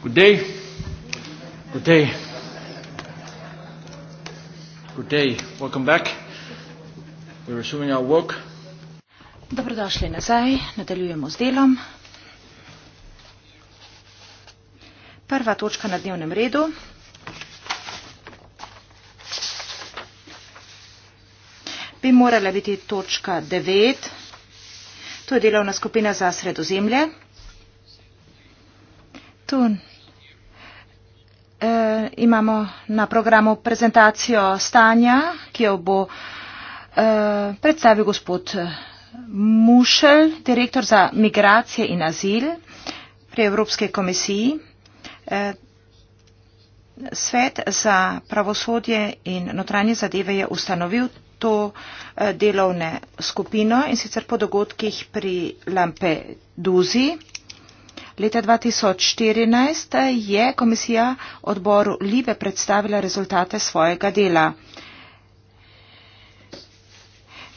Good day. Good day. Good day. Welcome back. We're resuming our work. Dobrodošli nazaj. Nadaljujemo z delom. Prva točka na dnevnem redu. Bi morala biti točka 9. To je delovna skupina za sredozemlje. Tun. E, eh, imamo na programu prezentacijo stanja, ki jo bo e, predstavil gospod Mušel, direktor za migracije in azil pri Evropske komisiji. E, Svet za pravosodje in notranje zadeve je ustanovil to delovne skupino in sicer po dogodkih pri Lampeduzi. Leta 2014 je komisija odboru Libe predstavila rezultate svojega dela.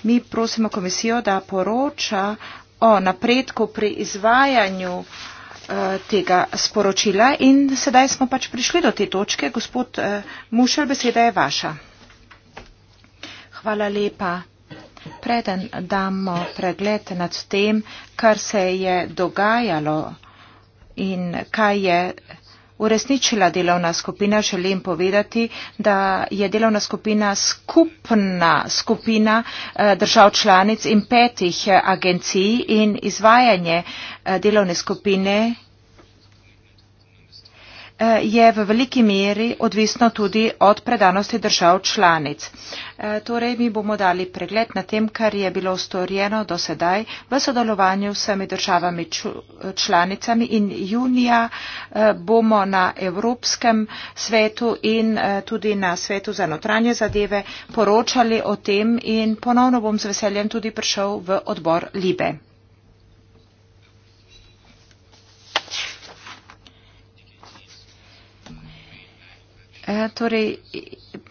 Mi prosimo komisijo, da poroča o napredku pri izvajanju eh, tega sporočila in sedaj smo pač prišli do te točke. Gospod eh, Mušel, beseda je vaša. Hvala lepa. Preden damo pregled nad tem, kar se je dogajalo in kaj je uresničila delovna skupina, želim povedati, da je delovna skupina skupna skupina eh, držav članic in petih eh, agencij in izvajanje eh, delovne skupine Eh, je v veliki meri odvisno tudi od predanosti držav članic. Eh, torej, mi bomo dali pregled na tem, kar je bilo storjeno do sedaj v sodelovanju s vsemi državami eh, članicami in junija bomo na Evropskem svetu in tudi na svetu za notranje zadeve poročali o tem in ponovno bom z veseljem tudi prišel v odbor Libe. Eh, torej,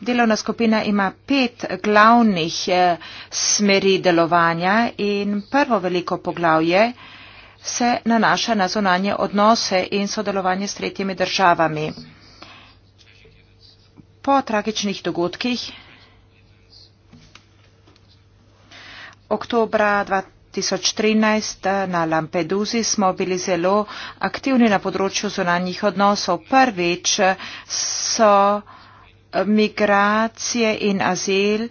delovna skupina ima pet glavnih eh, smeri delovanja in prvo veliko poglavje se nanaša na zonanje odnose in sodelovanje s tretjimi državami. Po tragičnih dogodkih oktobra 2020 2013 eh, na Lampeduzi smo bili zelo aktivni na področju zunanjih odnosov. Prvič eh, so eh, migracije in azil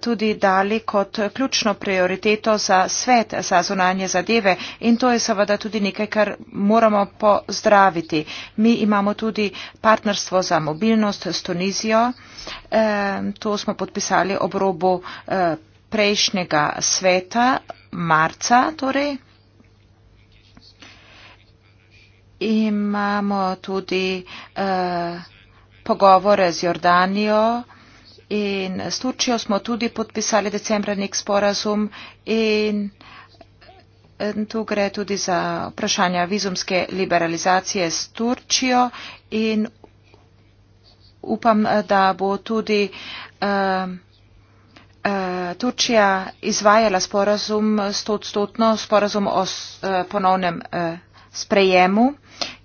tudi dali kot ključno prioriteto za svet, za zunanje zadeve in to je seveda tudi nekaj, kar moramo pozdraviti. Mi imamo tudi partnerstvo za mobilnost s Tunizijo, to smo podpisali ob robu prejšnjega sveta marca torej. Imamo tudi uh, pogovore z Jordanijo in s Turčijo smo tudi podpisali decembra nek sporazum in eh, Tu gre tudi za vprašanja vizumske liberalizacije s Turčijo in upam, eh, da bo tudi um, Eh, Turčija izvajala sporazum, stotstotno sporazum o eh, ponovnem eh, sprejemu.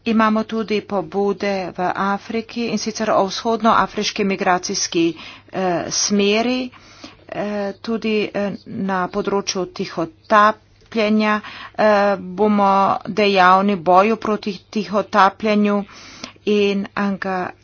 Imamo tudi pobude v Afriki in sicer o vzhodnoafriški migracijski smeri, tudi na področju tihotapljenja. Bomo dejavni boju proti tihotapljenju in angažiranju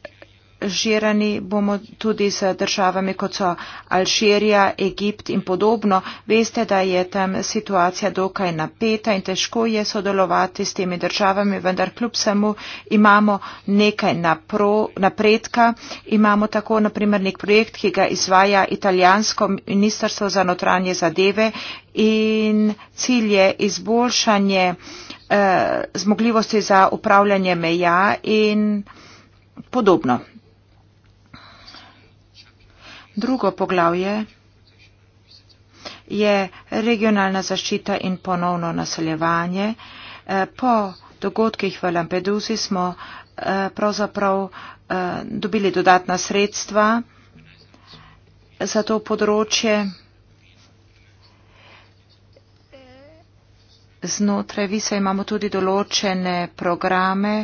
angažirani bomo tudi z državami, kot so Alžirija, Egipt in podobno. Veste, da je tam situacija dokaj napeta in težko je sodelovati s temi državami, vendar kljub samo imamo nekaj napro, napredka. Imamo tako, naprimer, nek projekt, ki ga izvaja italijansko ministrstvo za notranje zadeve in cilj je izboljšanje eh, zmogljivosti za upravljanje meja in podobno. Drugo poglavje je regionalna zaščita in ponovno naseljevanje. Eh, po dogodkih v Lampedusi smo eh, pravzaprav eh, dobili dodatna sredstva za to področje znotraj visa imamo tudi določene programe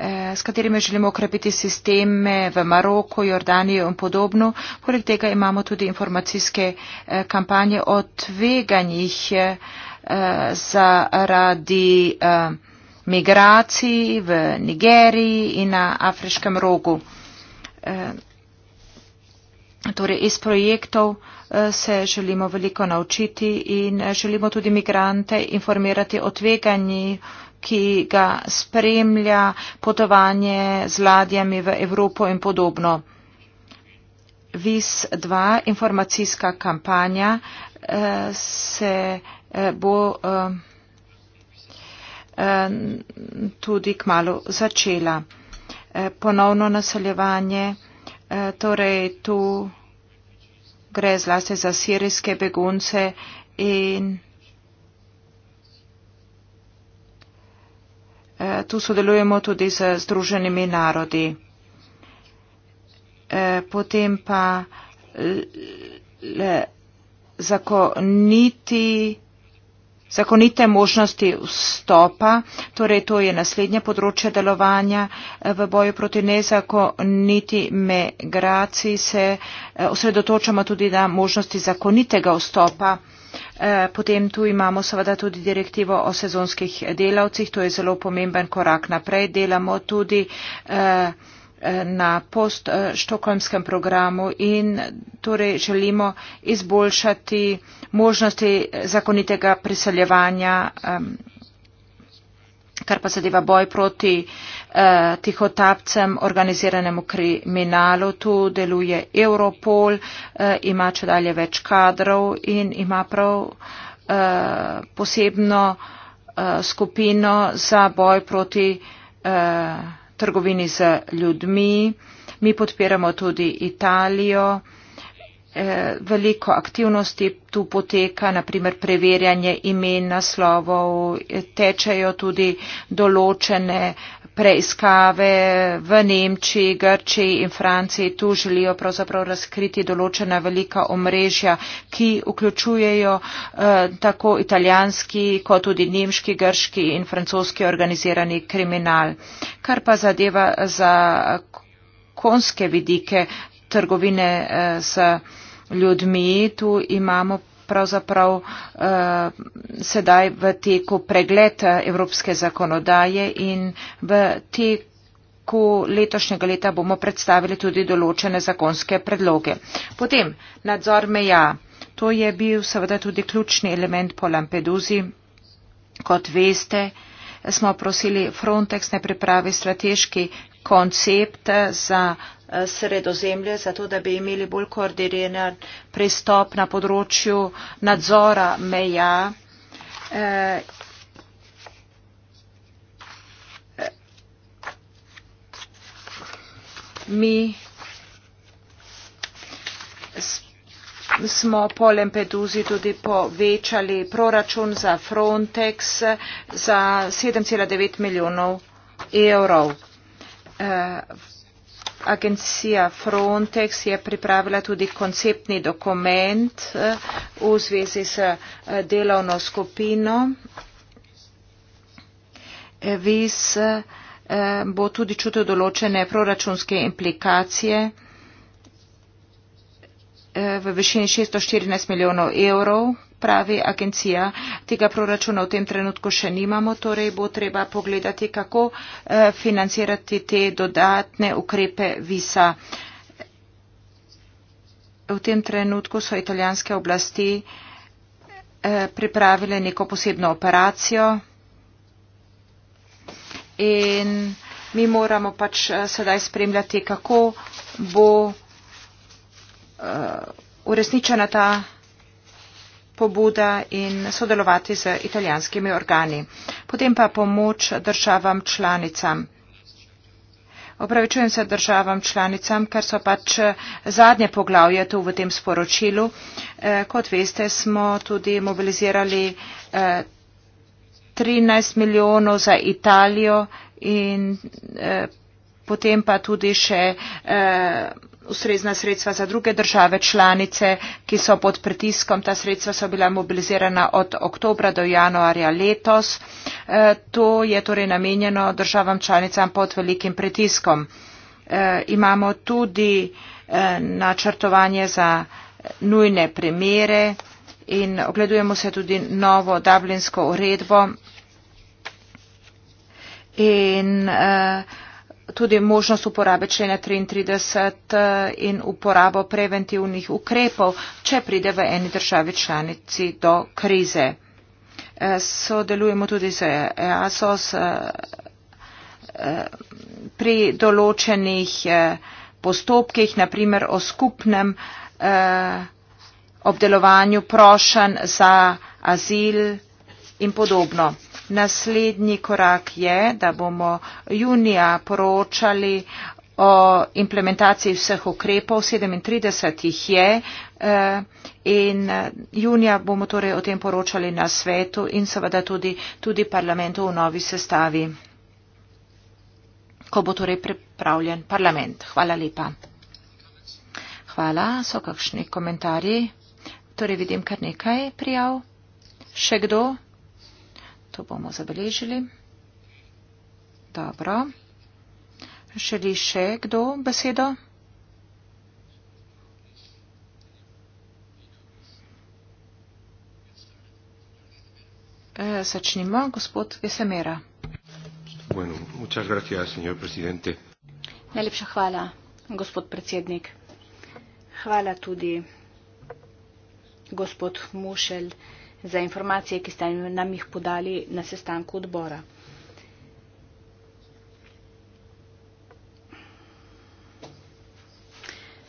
Eh, s katerimi želimo okrepiti sisteme v Maroku, Jordaniji in podobno. Poleg tega imamo tudi informacijske eh, kampanje o tveganjih eh, zaradi migraciji v Nigeriji in na Afriškem rogu. Torej, iz projektov se želimo veliko naučiti in želimo tudi migrante informirati o tveganjih ki ga spremlja potovanje z ladjami v Evropo in podobno. VIS-2 informacijska kampanja eh, se eh, bo eh, tudi k malu začela. Ponovno naseljevanje, torej tu gre zlasti za sirijske begunce in Eh, tu sodelujemo tudi z Združenimi narodi. Eh, potem pa zakoniti, zakonite možnosti vstopa, torej to je naslednje področje delovanja eh, v boju proti nezakoniti migraciji, se osredotočamo tudi na možnosti zakonitega vstopa. Eh, potem tu imamo seveda tudi direktivo o sezonskih delavcih, to je zelo pomemben korak naprej. Delamo tudi eh, eh, na poststokholmskem programu in torej želimo izboljšati možnosti zakonitega priseljevanja, kar pa zadeva boj proti uh, eh, tihotapcem, organiziranemu kriminalu. Tu deluje Europol, eh, ima če dalje več kadrov in ima prav eh, posebno eh, skupino za boj proti eh, trgovini z ljudmi. Mi podpiramo tudi Italijo. Eh, veliko aktivnosti tu poteka, naprimer preverjanje imen, naslovov, tečejo tudi določene eh, preiskave v Nemčiji, Grčiji in Franciji. Tu želijo pravzaprav razkriti določena velika omrežja, ki vključujejo eh, tako italijanski, kot tudi nemški, grški in francoski organizirani kriminal. Kar pa zadeva za konske vidike trgovine eh, z ljudmi, tu imamo pravzaprav uh, sedaj v teku pregled eh, evropske zakonodaje in v teku letošnjega leta bomo predstavili tudi določene zakonske predloge. Potem nadzor meja. To je bil seveda tudi ključni element po Lampeduzi. Kot veste, smo prosili Frontex ne pripravi strateški koncept eh, za Eh, sredozemlje, zato da bi imeli bolj koordiniran pristop na področju nadzora meja. Eh, eh, mi smo po Lempeduzi tudi povečali proračun za Frontex za 7,9 milijonov evrov. Agencija Frontex je pripravila tudi konceptni dokument eh, v zvezi s eh, delovno skupino. Viz eh, bo tudi čutil določene proračunske implikacije v višini 614 milijonov evrov pravi agencija. Tega proračuna v tem trenutku še nimamo, torej bo treba pogledati, kako eh, financirati te dodatne ukrepe visa. V tem trenutku so italijanske oblasti eh, pripravile neko posebno operacijo in mi moramo pač eh, sedaj spremljati, kako bo uresničena ta pobuda in sodelovati z italijanskimi organi. Potem pa pomoč državam članicam. Opravičujem se državam članicam, ker so pač zadnje poglavje tu v tem sporočilu. Eh, kot veste, smo tudi mobilizirali 13 eh, milijonov za Italijo in eh, potem pa tudi še eh, ustrezna sredstva za druge države članice, ki so pod pritiskom. Ta sredstva so bila mobilizirana od oktobra do januarja letos. Eh, to je torej namenjeno državam članicam pod velikim pritiskom. Eh, imamo tudi načrtovanje za nujne primere in ogledujemo se tudi novo dublinsko uredbo. In, uh, tudi možnost uporabe člena 33 eh, in uporabo preventivnih ukrepov, če pride v eni državi članici do krize. Eh, sodelujemo tudi z EASO eh, pri določenih postopkih, naprimer o skupnem obdelovanju prošen za azil in podobno. Naslednji korak je, da bomo junija poročali o implementaciji vseh ukrepov, 37 jih je eh, in eh, junija bomo torej o tem poročali na svetu in seveda tudi, tudi parlamentu v novi sestavi, ko bo torej pripravljen parlament. Hvala lepa. Hvala. So kakšni komentarji? Torej vidim kar nekaj prijav. Še kdo? To bomo zabeležili. Dobro. Želi še kdo besedo? E, začnimo, gospod Vesemera. Bueno, muchas gracias, señor presidente. Najlepša hvala, gospod predsednik. Hvala tudi, gospod Mušelj za informacije, ki ste nam jih podali na sestanku odbora.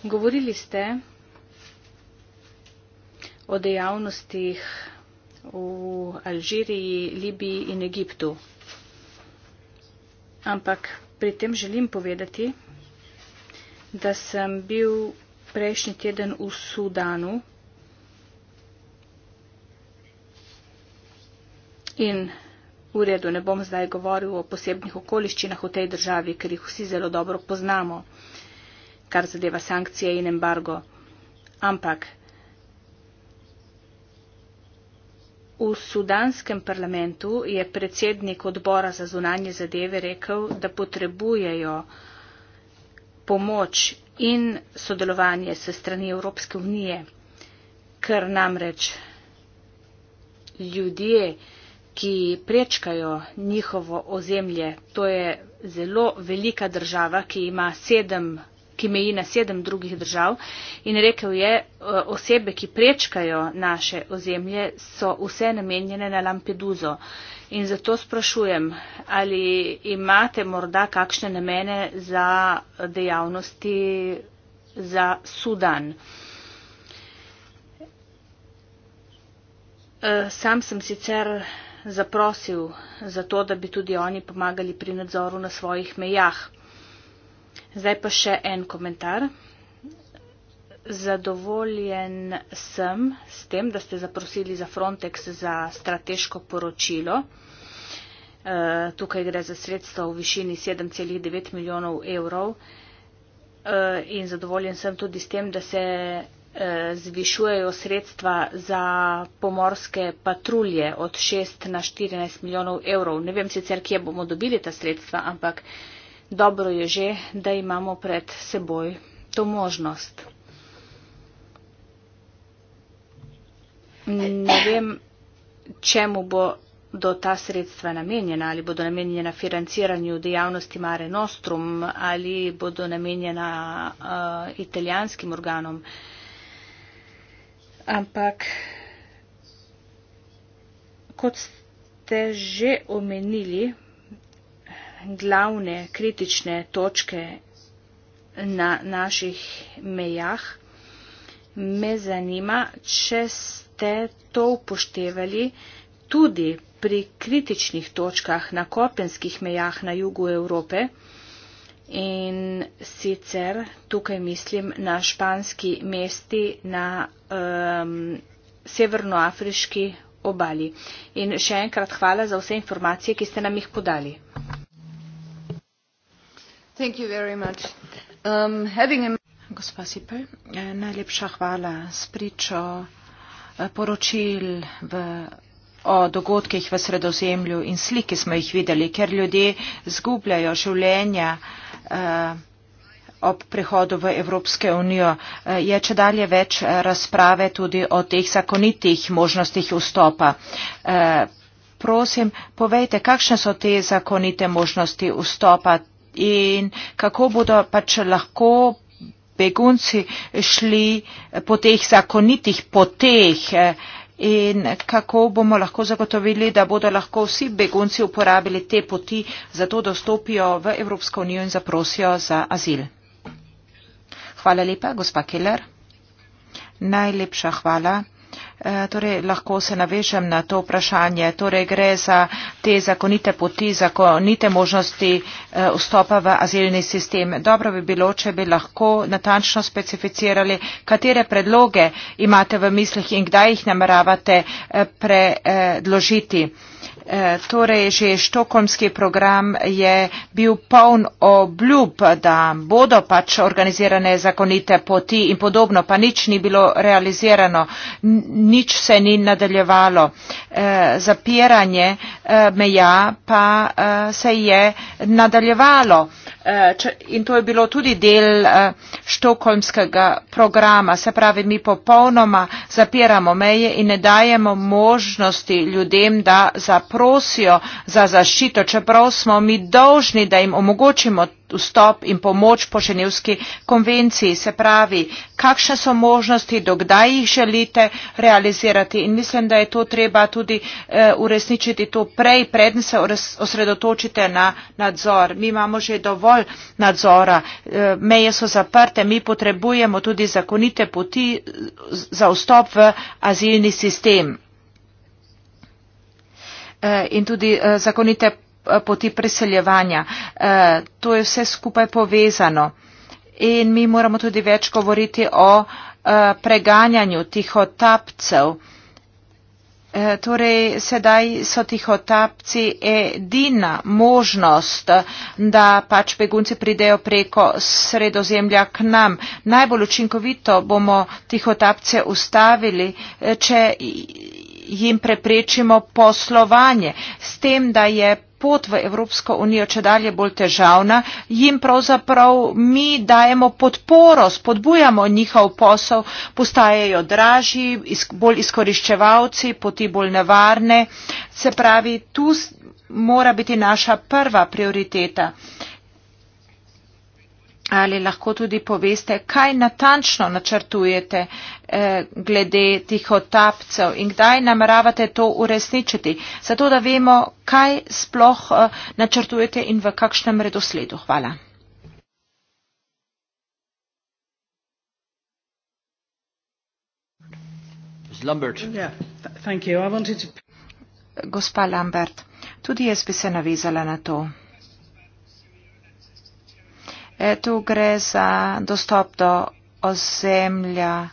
Govorili ste o dejavnostih v Alžiriji, Libiji in Egiptu. Ampak pri tem želim povedati, da sem bil prejšnji teden v Sudanu, In v redu, ne bom zdaj govoril o posebnih okoliščinah v tej državi, ker jih vsi zelo dobro poznamo, kar zadeva sankcije in embargo. Ampak v sudanskem parlamentu je predsednik odbora za zunanje zadeve rekel, da potrebujejo pomoč in sodelovanje se strani Evropske unije, ker namreč ljudje, ki prečkajo njihovo ozemlje. To je zelo velika država, ki ima sedem ki meji na sedem drugih držav in rekel je, e, osebe, ki prečkajo naše ozemlje, so vse namenjene na Lampeduzo. In zato sprašujem, ali imate morda kakšne namene za dejavnosti za Sudan? E, sam sem sicer zaprosil za to, da bi tudi oni pomagali pri nadzoru na svojih mejah. Zdaj pa še en komentar. Zadovoljen sem s tem, da ste zaprosili za Frontex za strateško poročilo. E, tukaj gre za sredstva v višini 7,9 milijonov evrov. E, in zadovoljen sem tudi s tem, da se zvišujejo sredstva za pomorske patrulje od 6 na 14 milijonov evrov. Ne vem sicer, kje bomo dobili ta sredstva, ampak dobro je že, da imamo pred seboj to možnost. Ne vem, čemu bo do ta sredstva namenjena, ali bodo namenjena financiranju dejavnosti Mare Nostrum, ali bodo namenjena uh, italijanskim organom. Uh, ampak kot ste že omenili, glavne kritične točke na naših mejah, me zanima, če ste to upoštevali tudi pri kritičnih točkah na kopenskih mejah na jugu Evrope in sicer tukaj mislim na španski mesti na um, severnoafriški obali. In še enkrat hvala za vse informacije, ki ste nam jih podali. Um, having... Gospa Sipe, eh, najlepša hvala s pričo eh, poročil v, o dogodkih v sredozemlju in sliki smo jih videli, ker ljudje zgubljajo življenja. Eh, ob prehodu v Evropske unijo eh, je če dalje več eh, razprave tudi o teh zakonitih možnostih vstopa. Prosim, povejte, kakšne so te zakonite možnosti vstopa in kako bodo pač lahko begunci šli po teh zakonitih poteh, in kako bomo lahko zagotovili, da bodo lahko vsi begunci uporabili te poti, zato dostopijo v Evropsko unijo in zaprosijo za azil. Hvala lepa, gospa Keller. Najlepša hvala. E, torej, lahko se navežem na to vprašanje. Torej, gre za te zakonite poti, zakonite možnosti e, vstopa v azilni sistem. Dobro bi bilo, če bi lahko natančno specificirali, katere predloge imate v mislih in kdaj jih nameravate e, predložiti. Eh, Eh, torej, že štokomski program je bil poln obljub, da bodo pač organizirane zakonite poti in podobno, pa nič ni bilo realizirano, nič se ni nadaljevalo. Eh, zapiranje eh, meja pa se je nadaljevalo. Eh, in to je bilo tudi del eh, štokholmskega programa. Se pravi, mi popolnoma zapiramo meje in ne dajemo možnosti ljudem, da zaprosijo za zaščito, čeprav smo mi dolžni, da jim omogočimo vstop in pomoč po ženevski konvenciji. Se pravi, kakšne so možnosti, do kdaj jih želite realizirati in mislim, da je to treba tudi eh, uresničiti to prej, predn se osredotočite na nadzor. Mi imamo že dovolj nadzora, eh, meje so zaprte, mi potrebujemo tudi zakonite poti za vstop v azilni sistem. Eh, in tudi eh, zakonite poti poti preseljevanja. E, to je vse skupaj povezano. In mi moramo tudi več govoriti o e, preganjanju tihotapcev. E, torej, sedaj so tihotapci edina možnost, da pač begunci pridejo preko sredozemlja k nam. Najbolj učinkovito bomo tihotapce ustavili, če jim preprečimo poslovanje. S tem, da je pot v Evropsko unijo če dalje bolj težavna, jim pravzaprav mi dajemo podporo, spodbujamo njihov posel, postajajo dražji, bolj izkoriščevalci, poti bolj nevarne. Se pravi, tu mora biti naša prva prioriteta ali lahko tudi poveste, kaj natančno načrtujete eh, glede tihotapcev in kdaj nameravate to uresničiti, zato da vemo, kaj sploh eh, načrtujete in v kakšnem redosledu. Hvala. Gospa Lambert, tudi jaz bi se navezala na to. E, tu gre za dostop do ozemlja.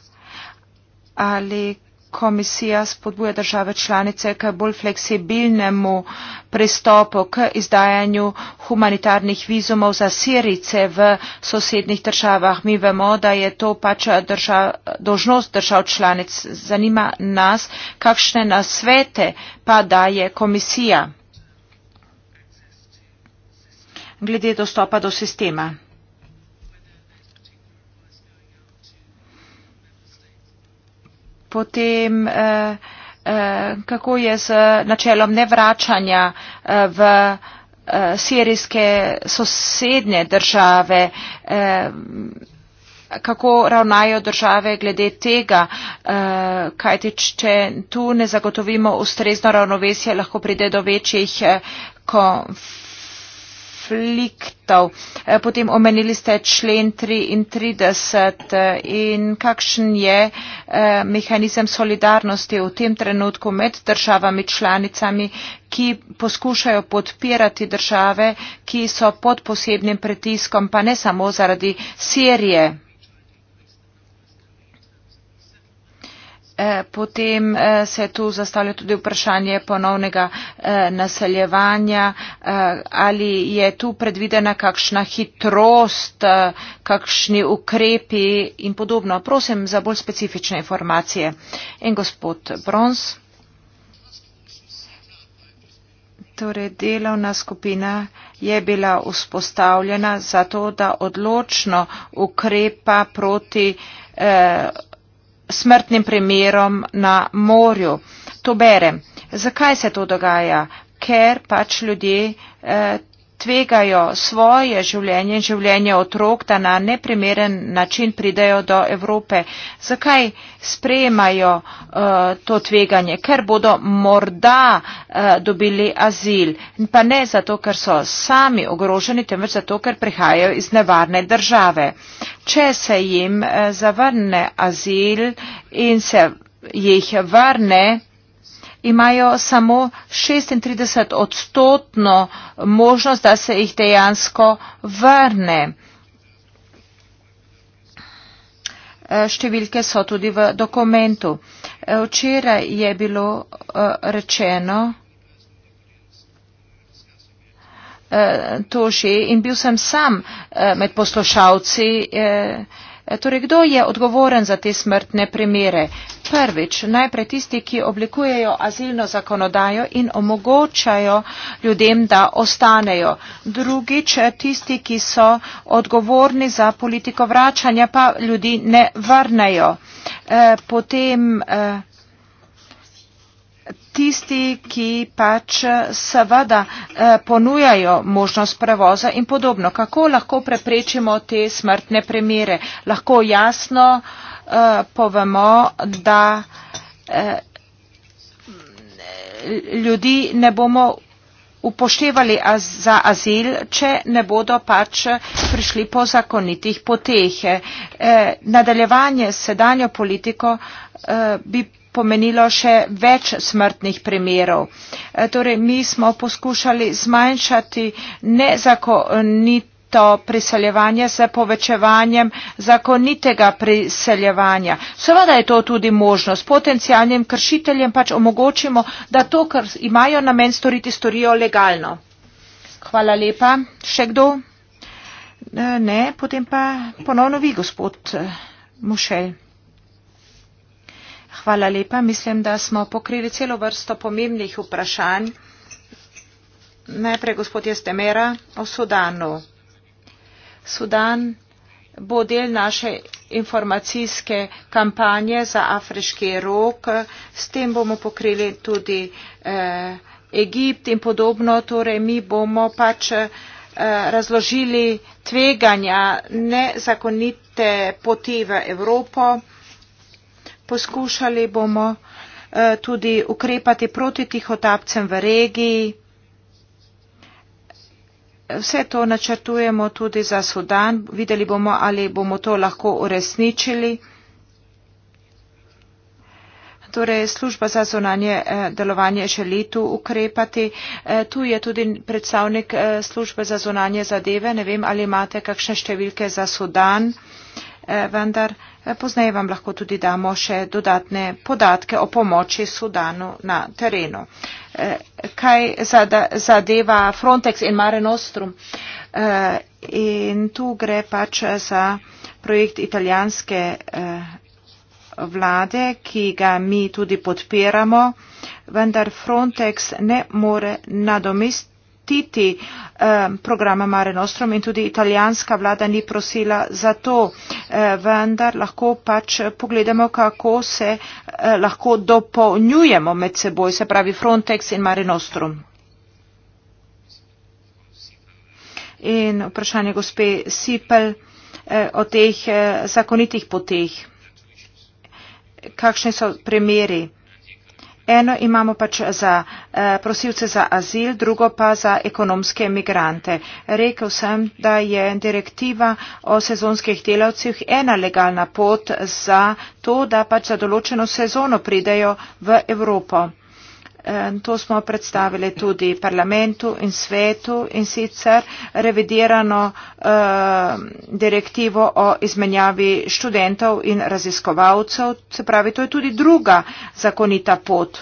Ali komisija spodbuja države članice k bolj fleksibilnemu pristopu k izdajanju humanitarnih vizumov za sirice v sosednih državah. Mi vemo, da je to pač držav, dožnost držav članic. Zanima nas, kakšne nasvete pa daje komisija glede dostopa do sistema. potem eh, eh, kako je z načelom nevračanja eh, v sirijske sosednje države, kako ravnajo države glede tega, kajti če tu ne zagotovimo ustrezno ravnovesje, lahko pride do večjih konfliktov konfliktov. E, potem omenili ste člen 33 e, in kakšen je e, mehanizem solidarnosti v tem trenutku med državami članicami, ki poskušajo podpirati države, ki so pod posebnim pritiskom, pa ne samo zaradi Sirije. Eh, potem eh, se tu zastavlja tudi vprašanje ponovnega eh, naseljevanja, ali je tu predvidena kakšna hitrost, kakšni ukrepi in podobno. Prosim za bolj specifične informacije. In gospod Brons. Torej, delovna skupina je bila vzpostavljena zato, da odločno ukrepa proti eh, smrtnim primerom na morju. To berem. Zakaj se to dogaja? Ker pač ljudje eh, tvegajo svoje življenje in življenje otrok, da na neprimeren način pridajo do Evrope. Zakaj sprejemajo uh, to tveganje? Ker bodo morda uh, dobili azil. In pa ne zato, ker so sami ogroženi, temveč zato, ker prihajajo iz nevarne države. Če se jim uh, zavrne azil in se jih vrne, imajo samo 36 odstotno možnost, da se jih dejansko vrne. E, številke so tudi v dokumentu. E, včeraj je bilo e, rečeno, to že in bil sem sam med poslušalci E, torej, kdo je odgovoren za te smrtne primere? Prvič, najprej tisti, ki oblikujejo azilno zakonodajo in omogočajo ljudem, da ostanejo. Drugič, tisti, ki so odgovorni za politiko vračanja, pa ljudi ne vrnejo. E, potem e, tisti, ki pač seveda eh, ponujajo možnost prevoza in podobno. Kako lahko preprečimo te smrtne primere? Lahko jasno eh, povemo, da eh, ljudi ne bomo upoštevali za azil, če ne bodo pač prišli po zakonitih poteh. Nadaljevanje sedanjo politiko bi pomenilo še več smrtnih primerov. E, torej, mi smo poskušali zmanjšati nezakonito priseljevanje z povečevanjem zakonitega priseljevanja. Seveda je to tudi možnost. Potencijalnim kršiteljem pač omogočimo, da to, kar imajo namen storiti, storijo legalno. Hvala lepa. Še kdo? E, ne, potem pa ponovno vi, gospod e, Mušelj. Hvala lepa. Mislim, da smo pokrili celo vrsto pomembnih vprašanj. Najprej gospod Jestemera o Sudanu. Sudan bo del naše informacijske kampanje za afriški rok. S tem bomo pokrili tudi eh, Egipt in podobno. Torej, mi bomo pač eh, razložili tveganja nezakonite poti v Evropo poskušali bomo eh, tudi ukrepati proti tihotapcem v regiji. Vse to načrtujemo tudi za Sudan. Videli bomo, ali bomo to lahko uresničili. Torej, služba za zunanje eh, delovanje želi tu ukrepati. Eh, tu je tudi predstavnik službe za zunanje zadeve. Ne vem, ali imate kakšne številke za Sudan. Vendar. Pozneje vam lahko tudi damo še dodatne podatke o pomoči Sudanu na terenu. E, kaj zadeva Frontex in Mare Nostrum? E, in tu gre pač za projekt italijanske e, vlade, ki ga mi tudi podpiramo, vendar Frontex ne more nadomestiti zaščititi um, eh, programa Mare Nostrum in tudi italijanska vlada ni prosila za to. E, vendar lahko pač pogledamo, kako se e, lahko dopolnjujemo med seboj, se pravi Frontex in Mare Nostrum. In vprašanje gospe Sipel e, o teh e, zakonitih poteh. Kakšni so primeri? Eno imamo pač za eh, prosilce za azil, drugo pa za ekonomske migrante. Rekel sem, da je direktiva o sezonskih delavcih ena legalna pot za to, da pač za določeno sezono pridejo v Evropo. Eh, to smo predstavili tudi parlamentu in svetu in sicer revidirano eh, direktivo o izmenjavi študentov in raziskovalcev. Se pravi, to je tudi druga zakonita pot.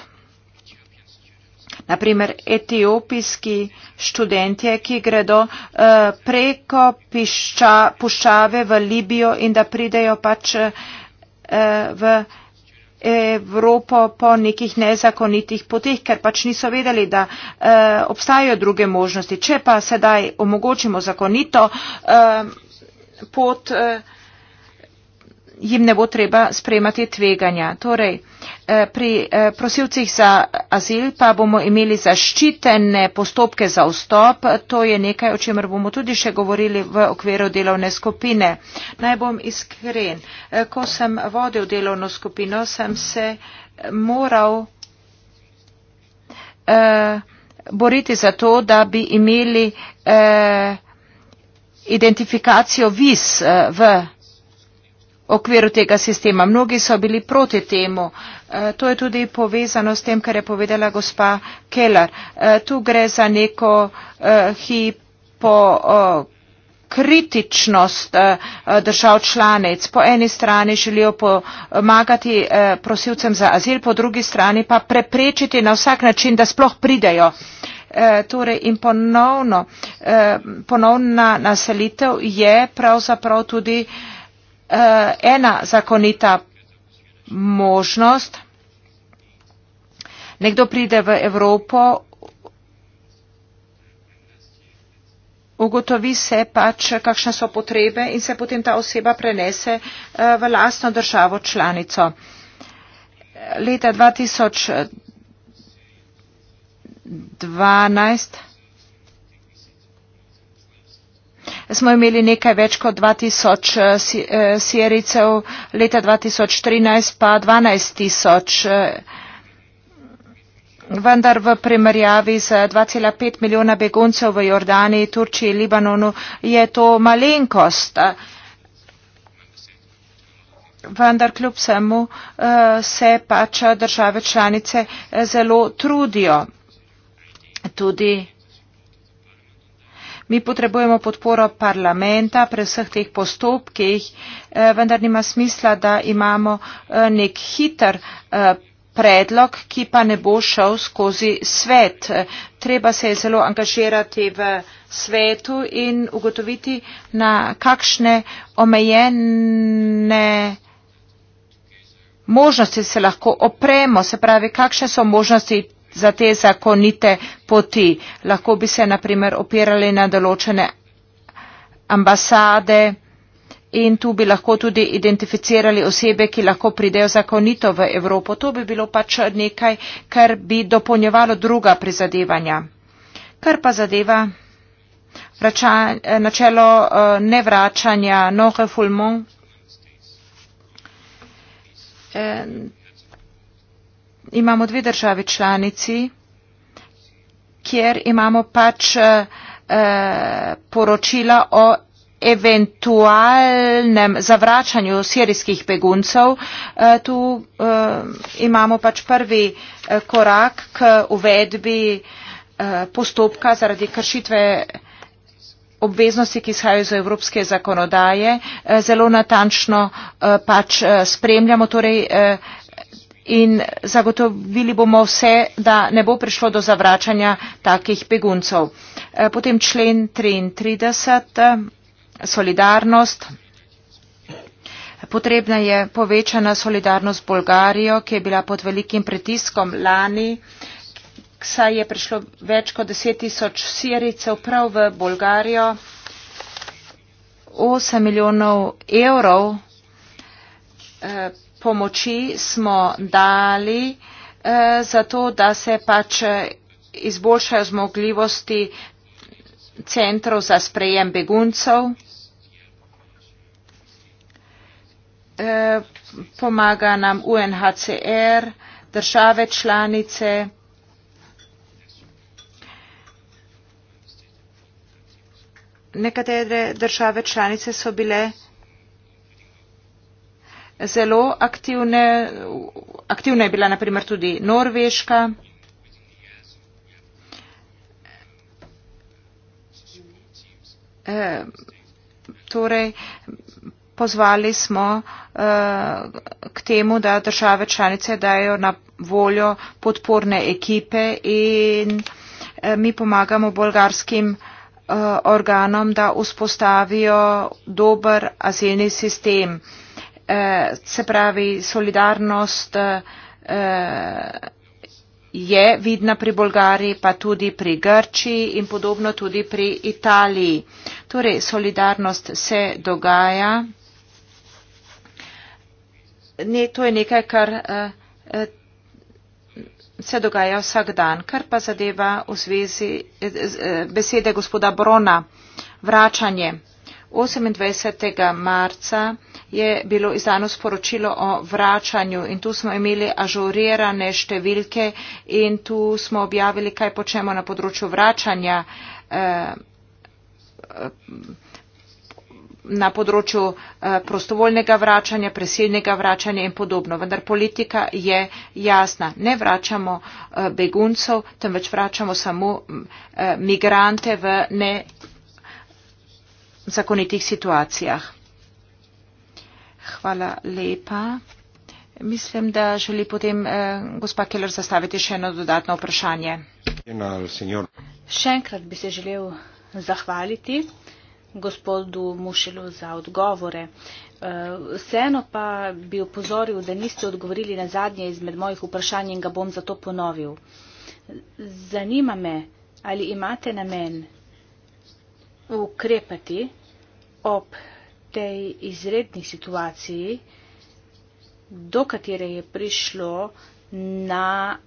Naprimer, etiopijski študentje, ki gredo eh, preko pišča, puščave v Libijo in da pridejo pač v. Evropo po nekih nezakonitih poteh, ker pač niso vedeli, da e, obstajajo druge možnosti. Če pa sedaj omogočimo zakonito e, pot. E, jim ne bo treba spremati tveganja. Torej, eh, pri eh, prosilcih za azil pa bomo imeli zaščitene postopke za vstop. To je nekaj, o čemer bomo tudi še govorili v okviru delovne skupine. Naj bom iskren. Eh, ko sem vodil delovno skupino, sem se moral boriti za to, da bi imeli identifikacijo viz v okviru tega sistema. Mnogi so bili proti temu. E, to je tudi povezano s tem, kar je povedala gospa Keller. E, tu gre za neko e, hipokritičnost držav članic. Po eni strani želijo pomagati prosilcem za azil, po drugi strani pa preprečiti na vsak način, da sploh pridejo. Torej in ponovno, ponovna naselitev je pravzaprav tudi Eh, ena zakonita možnost. Nekdo pride v Evropo, ugotovi se pač, kakšne so potrebe in se potem ta oseba prenese eh, v lastno državo članico. Leta 2012 smo imeli nekaj več kot 2000 eh, sirijcev, eh, leta 2013 pa 12 tisoč. Eh. Vendar v primerjavi z 2,5 milijona beguncev v Jordaniji, Turčiji, Libanonu je to malenkost. Vendar kljub vsemu se pač države članice zelo trudijo. Tudi Mi potrebujemo podporo parlamenta pri vseh teh postopkih, eh, vendar nima smisla, da imamo eh, nek hiter eh, predlog, ki pa ne bo šel skozi svet. Treba se je zelo angažirati v svetu in ugotoviti, na kakšne omejene možnosti se lahko opremo, se pravi, kakšne so možnosti za te zakonite poti. Lahko bi se naprimer opirali na določene ambasade in tu bi lahko tudi identificirali osebe, ki lahko pridejo zakonito v Evropo. To bi bilo pač nekaj, kar bi dopolnjevalo druga prizadevanja. Kar pa zadeva vrača, eh, načelo eh, nevračanja, no refoulement. Eh, imamo dve državi članici, kjer imamo pač eh, eh, poročila o eventualnem zavračanju sirijskih beguncev. Eh, tu imamo pač prvi korak k uvedbi postopka zaradi kršitve obveznosti, ki izhajajo iz evropske zakonodaje. Zelo natančno pač spremljamo torej in zagotovili bomo vse, da ne bo prišlo do zavračanja takih beguncev. Eh, potem člen 33, eh, solidarnost. Potrebna je povečana solidarnost Bolgarijo, ki je bila pod velikim pritiskom lani, saj je prišlo več kot 10 tisoč siricev prav v Bolgarijo. 8 milijonov evrov eh, pomoči smo dali eh, zato, da se pač eh, izboljšajo zmogljivosti centrov za sprejem beguncev. Eh, pomaga nam UNHCR, države članice. Nekatere države članice so bile zelo aktivne, aktivna je bila naprimer tudi Norveška. Eh, torej, pozvali smo eh, k temu, da države članice dajo na voljo podporne ekipe in eh, mi pomagamo bolgarskim organom, da vzpostavijo dober azilni sistem eh, se pravi, solidarnost eh, je vidna pri Bolgariji, pa tudi pri Grčiji in podobno tudi pri Italiji. Torej, solidarnost se dogaja. Ne, to je nekaj, kar eh, eh se dogaja vsak dan, kar pa zadeva v zvezi eh, eh besede gospoda Brona. Vračanje 28. marca je bilo izdano sporočilo o vračanju in tu smo imeli ažurirane številke in tu smo objavili, kaj počnemo na področju vračanja, eh, na področju eh, prostovoljnega vračanja, presilnega vračanja in podobno. Vendar politika je jasna. Ne vračamo eh, beguncev, temveč vračamo samo mm, migrante v ne zakonitih situacijah. Hvala lepa. Mislim, da želi potem eh, gospa Keller zastaviti še eno dodatno vprašanje. Še enkrat bi se želel zahvaliti gospodu Mušelu za odgovore. Eh, vseeno pa bi upozoril, da niste odgovorili na zadnje izmed mojih vprašanj in ga bom zato ponovil. Zanima me, ali imate namen ukrepati ob tej izredni situaciji, do katere je prišlo na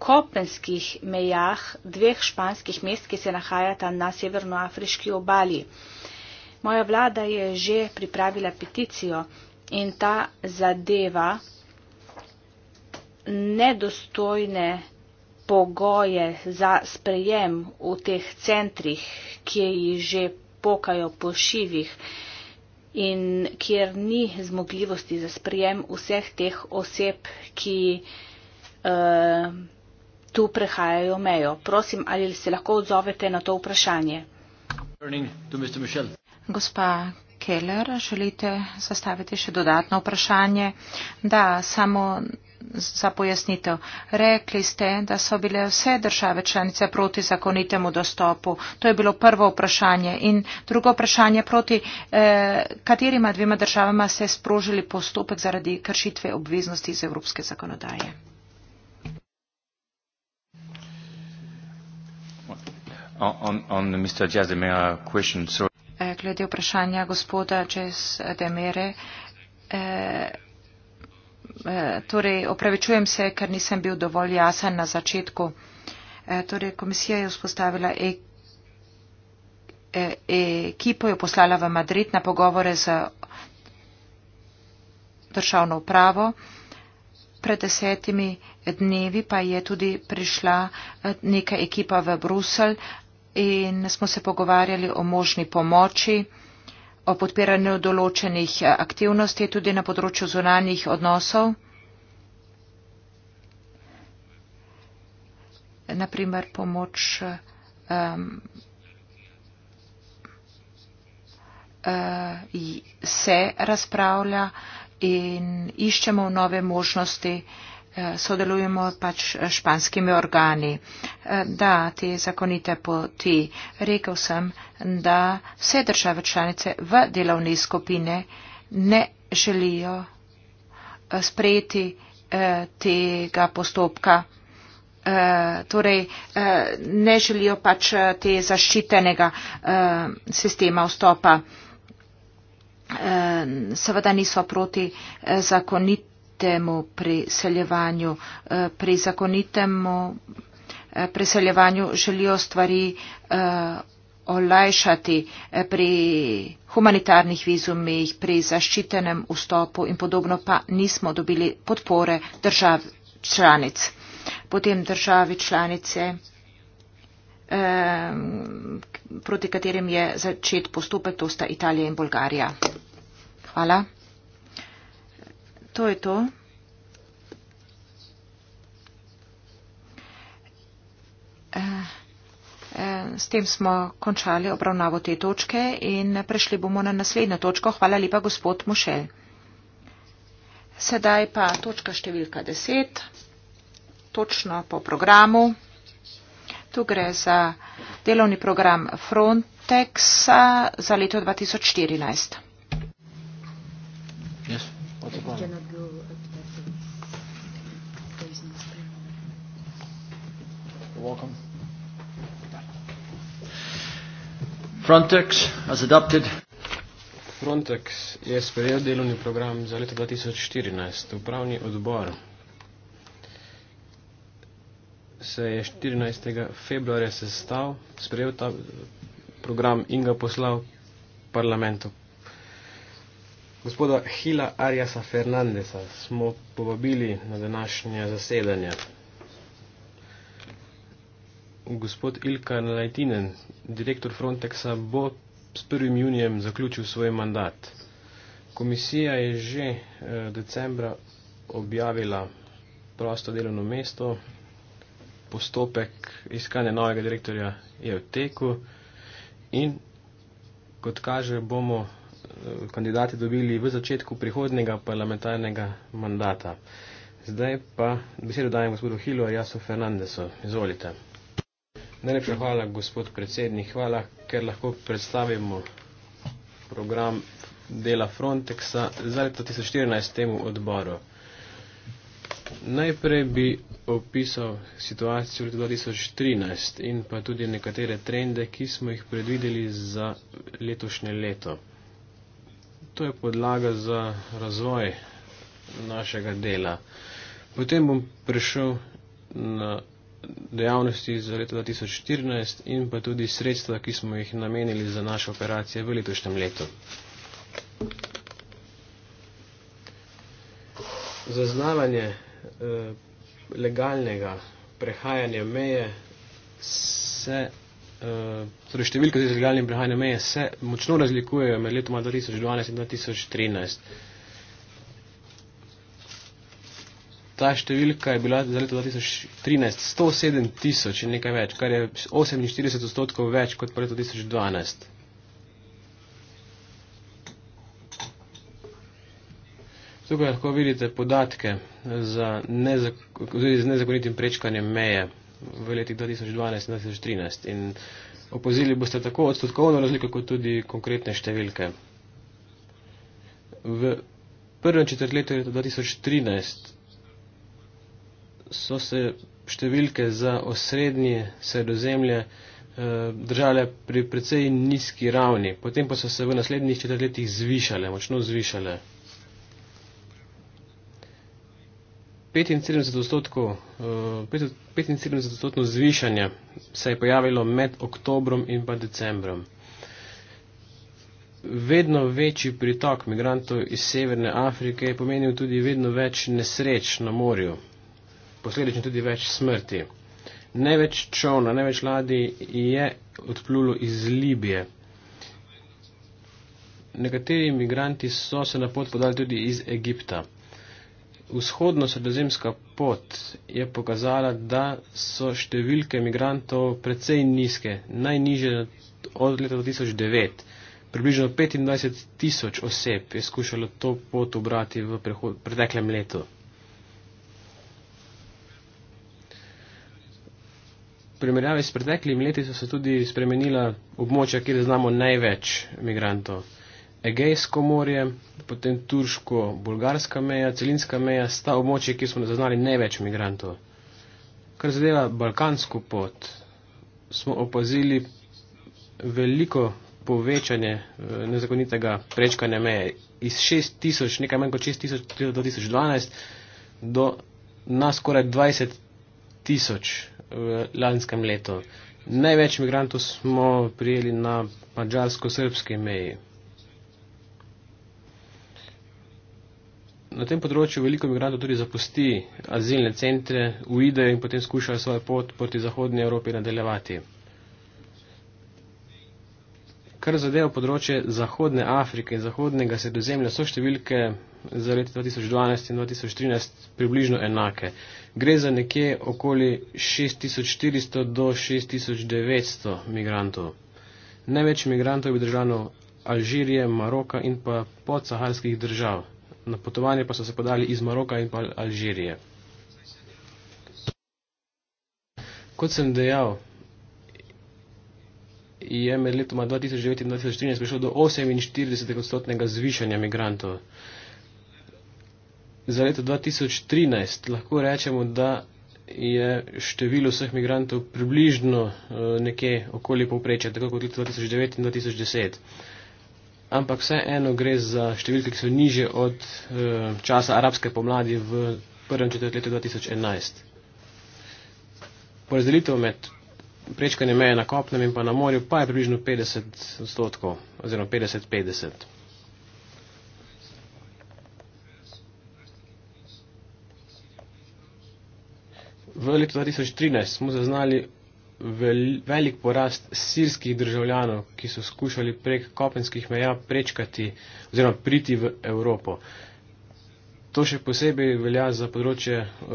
kopenskih mejah dveh španskih mest, ki se nahajata na severnoafriški obali. Moja vlada je že pripravila peticijo in ta zadeva nedostojne pogoje za sprejem v teh centrih, ki jih že pokajo po šivih in kjer ni zmogljivosti za sprijem vseh teh oseb, ki uh, tu prehajajo mejo. Prosim, ali se lahko odzovete na to vprašanje? Gospa Keller, želite zastaviti še dodatno vprašanje? Da, samo za pojasnitev. Rekli ste, da so bile vse države članice proti zakonitemu dostopu. To je bilo prvo vprašanje. In drugo vprašanje, proti eh, katerima dvema državama se je sprožili postopek zaradi kršitve obveznosti iz evropske zakonodaje? On, on, on eh, Glede vprašanja gospoda Jazz Demere, eh, Eh, torej opravičujem se, ker nisem bil dovolj jasen na začetku. Eh, torej, komisija je vzpostavila e-, eh, ekipo, jo poslala v Madrid na pogovore z državno upravo. Pred desetimi dnevi pa je tudi prišla neka ekipa v Brusel in smo se pogovarjali o možni pomoči o podpiranju določenih eh, aktivnosti tudi na področju zunanjih odnosov. Naprimer pomoč um, se razpravlja in iščemo nove možnosti, eh, sodelujemo pač španskimi organi. Da, te zakonite poti, rekel sem, da vse države članice v delovne skupine ne želijo eh, sprejeti eh, tega postopka. Eh, torej ne želijo pač te zaščitenega sistema vstopa. Seveda niso proti zakonitemu priseljevanju. Pri zakonitemu priseljevanju želijo stvari olajšati eh, pri humanitarnih vizumih, pri zaščitenem vstopu in podobno, pa nismo dobili podpore držav članic. Potem državi članice, ehm, proti katerim je začet postopek, to sta Italija in Bolgarija. Hvala. To je to. Uh. S tem smo končali obravnavo te točke in prešli bomo na naslednjo točko. Hvala lepa, gospod Mošelj. Sedaj pa točka številka 10, točno po programu. Tu gre za delovni program Frontexa za leto 2014. Yes. Welcome. Frontex has adopted. Frontex je sprejel delovni program za leto 2014. Upravni odbor se je 14. februarja sestal, sprejel ta program in ga poslal parlamentu. Gospoda Hila Ariasa Fernandesa smo povabili na današnje zasedanje gospod Ilka Nalajtinen, direktor Frontexa, bo s 1. junijem zaključil svoj mandat. Komisija je že eh, decembra objavila prosto delovno mesto, postopek iskanja novega direktorja je v teku in kot kaže, bomo eh, kandidati dobili v začetku prihodnega parlamentarnega mandata. Zdaj pa besedo dajem gospodu Hilo Jaso Fernandesu. Izvolite. Najlepša hvala, gospod predsednik. Hvala, ker lahko predstavimo program dela Frontexa za leto 2014 temu odboru. Najprej bi opisal situacijo v letu 2013 in pa tudi nekatere trende, ki smo jih predvideli za letošnje leto. To je podlaga za razvoj našega dela. Potem bom prišel na dejavnosti za leto 2014 in pa tudi sredstva, ki smo jih namenili za naše operacije v letošnjem letu. Zaznavanje eh, legalnega prehajanja meje se, eh, torej številka z legalnim prehajanjem meje se močno razlikujejo med letoma 2012 in 2013. ta številka je bila za leto 2013 107 tisoč in nekaj več, kar je 48 odstotkov več kot pa leto 2012. Tukaj lahko vidite podatke za nezak z nezakonitim prečkanjem meje v letih 2012 in 2013 in opozili boste tako odstotkovno razliko kot tudi konkretne številke. V prvem četrtletju leta 2013 so se številke za osrednje sredozemlje eh, držale pri precej nizki ravni. Potem pa so se v naslednjih četrletjih zvišale, močno zvišale. 75 odstotkov eh, zvišanje se je pojavilo med oktobrom in pa decembrom. Vedno večji pritok migrantov iz Severne Afrike je pomenil tudi vedno več nesreč na morju posledično tudi več smrti. Največ čovna, največ ladi je odplulo iz Libije. Nekateri imigranti so se na pot podali tudi iz Egipta. Vzhodno sredozemska pot je pokazala, da so številke imigrantov precej nizke, najniže od leta 2009. Približno 25 tisoč oseb je skušalo to pot obrati v preteklem letu. primerjavi s preteklimi leti so se tudi spremenila območja, kjer znamo največ migrantov. Egejsko morje, potem turško-bolgarska meja, celinska meja, sta območje, kjer smo zaznali največ migrantov. Kar zadeva balkansko pot, smo opazili veliko povečanje eh, nezakonitega prečkanja meje iz 6000, nekaj manj kot 6000 do 2012, do na skoraj 20 tisoč v lanskem letu. Največ migrantov smo prijeli na mađarsko-srbske meji. Na tem področju veliko migrantov tudi zapusti azilne centre, uide in potem skušajo svojo pot proti Zahodnji Evropi nadaljevati. Kar zadeva področje Zahodne Afrike in Zahodnega sredozemlja, so številke za leti 2012 in 2013 približno enake. Gre za nekje okoli 6400 do 6900 migrantov. Največ migrantov je državno Alžirije, Maroka in pa podsaharskih držav. Na potovanje pa so se podali iz Maroka in pa Alžirije. Kot sem dejal, je med letoma 2009 in 2013 prišlo do 48 odstotnega zvišanja migrantov. Za leto 2013 lahko rečemo, da je število vseh migrantov približno eh, nekje okoli povprečja, tako kot leto 2009 in 2010. Ampak vseeno gre za številke, ki so niže od eh, časa arabske pomladi v prvem četrtletju 2011. Porazdelitev med prečkanje meje na kopnem in pa na morju pa je približno 50 odstotkov oziroma 50-50. V letu 2013 smo zaznali velik porast sirskih državljanov, ki so skušali prek kopenskih meja prečkati oziroma priti v Evropo. To še posebej velja za področje uh,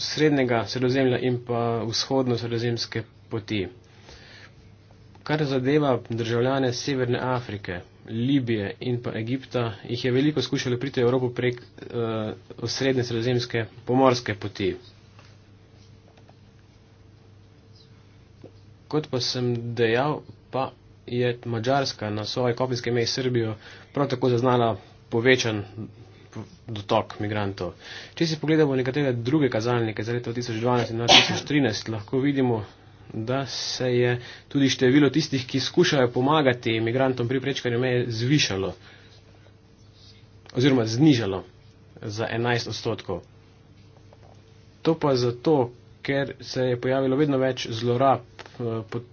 srednjega sredozemlja in pa vzhodno sredozemske poti. Kar zadeva državljane Severne Afrike, Libije in pa Egipta, jih je veliko skušalo priti v Evropo prek uh, osrednje sredozemske pomorske poti. Kot pa sem dejal, pa je Mađarska na svoje kopinske meje s Srbijo prav tako zaznala povečan dotok migrantov. Če si pogledamo nekatere druge kazalnike za leto 2012 in 2013, lahko vidimo, da se je tudi število tistih, ki skušajo pomagati imigrantom pri prečkanju meje, zvišalo oziroma znižalo za 11 odstotkov. To pa zato, ker se je pojavilo vedno več zlorab eh, pot,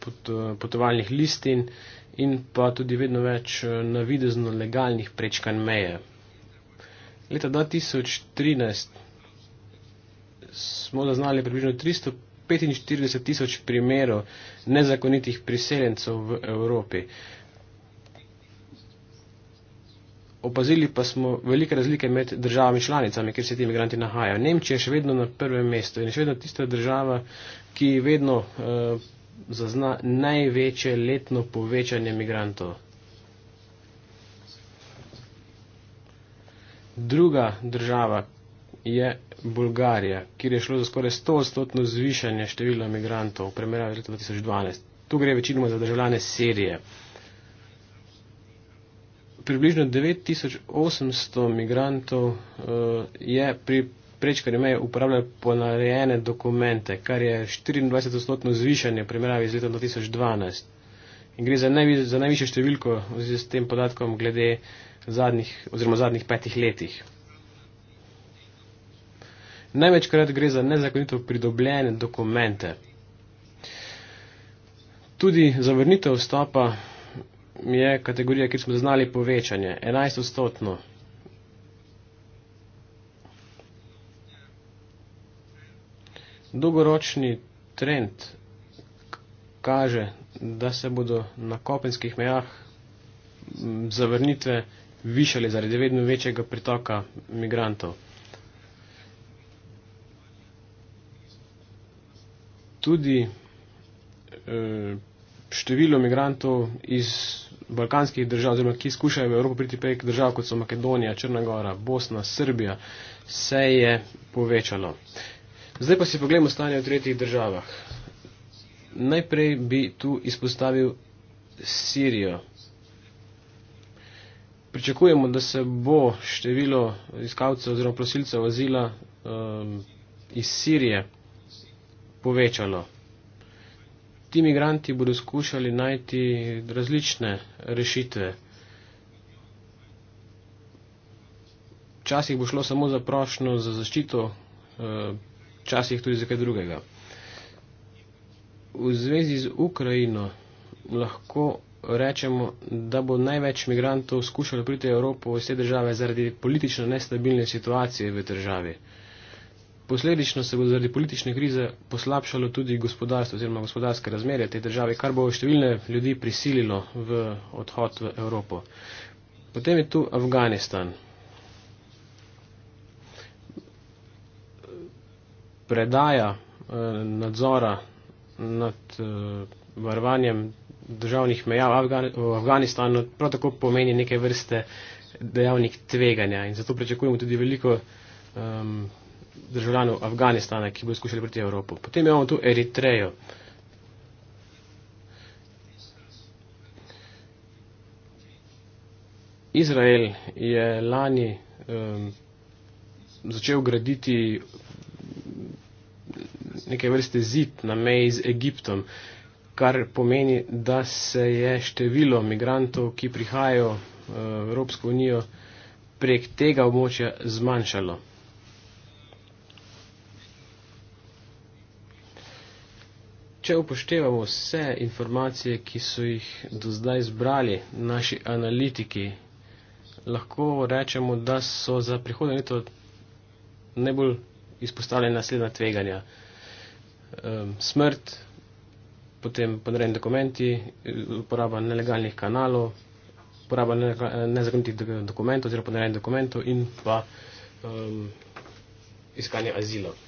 pot, eh, potovalnih listin in pa tudi vedno več eh, navidezno legalnih prečkanj meje. Leta 2013 smo zaznali približno 300 45 tisoč primerov nezakonitih priseljencev v Evropi. Opazili pa smo velike razlike med državami članicami, kjer se ti imigranti nahajajo. Nemčija je še vedno na prvem mestu in je še vedno tista država, ki vedno uh, zazna največje letno povečanje imigrantov. Druga država, je Bulgarija, kjer je šlo za skoraj 100-stotno zvišanje števila migrantov v primerjavi z leta 2012. Tu gre večinoma za državljane Sirije. Približno 9800 migrantov uh, je pri prečkanju meje uporabljalo ponarejene dokumente, kar je 24-stotno zvišanje v primerjavi z leta 2012. In gre za, najvi, za najvišjo številko z tem podatkom glede zadnjih, zadnjih petih letih. Največkrat gre za nezakonito pridobljene dokumente. Tudi zavrnitev vstopa je kategorija, kjer smo zaznali povečanje, 11 odstotno. Dolgoročni trend kaže, da se bodo na kopenskih mejah zavrnitve višali zaradi vedno večjega pritoka migrantov. tudi eh, število migrantov iz balkanskih držav, oziroma ki skušajo v Evropo priti prek držav, kot so Makedonija, Črnagora, Bosna, Srbija, se je povečalo. Zdaj pa si pogledamo stanje v tretjih državah. Najprej bi tu izpostavil Sirijo. Pričakujemo, da se bo število iskalcev oziroma prosilcev azila um, iz Sirije povečano. Ti migranti bodo skušali najti različne rešitve. Včasih bo šlo samo za prošnjo za zaščito, eh, včasih tudi za kaj drugega. V zvezi z Ukrajino lahko rečemo, da bo največ migrantov skušalo priti v Evropo iz te države zaradi politično nestabilne situacije v državi. Posledično se bo zaradi politične krize poslabšalo tudi gospodarstvo oziroma gospodarske razmerje te države, kar bo številne ljudi prisililo v odhod v Evropo. Potem je tu Afganistan. Predaja eh, nadzora nad eh, varovanjem državnih meja v, Afgan v Afganistanu prav tako pomeni neke vrste dejavnik tveganja in zato pričakujemo tudi veliko. Eh, državljanov Afganistana, ki bodo skušali priti v Evropo. Potem imamo tu Eritrejo. Izrael je lani um, začel graditi neke vrste zid na meji z Egiptom, kar pomeni, da se je število migrantov, ki prihajajo v Evropsko unijo, prek tega območja zmanjšalo. Če upoštevamo vse informacije, ki so jih do zdaj zbrali naši analitiki, lahko rečemo, da so za prihodnje leto najbolj izpostavljena naslednja tveganja. Ehm, smrt, potem ponarejeni dokumenti, uporaba nelegalnih kanalov, uporaba nezakonitih dokumentov oziroma ponarejenih dokumentov in pa um, iskanje azilov.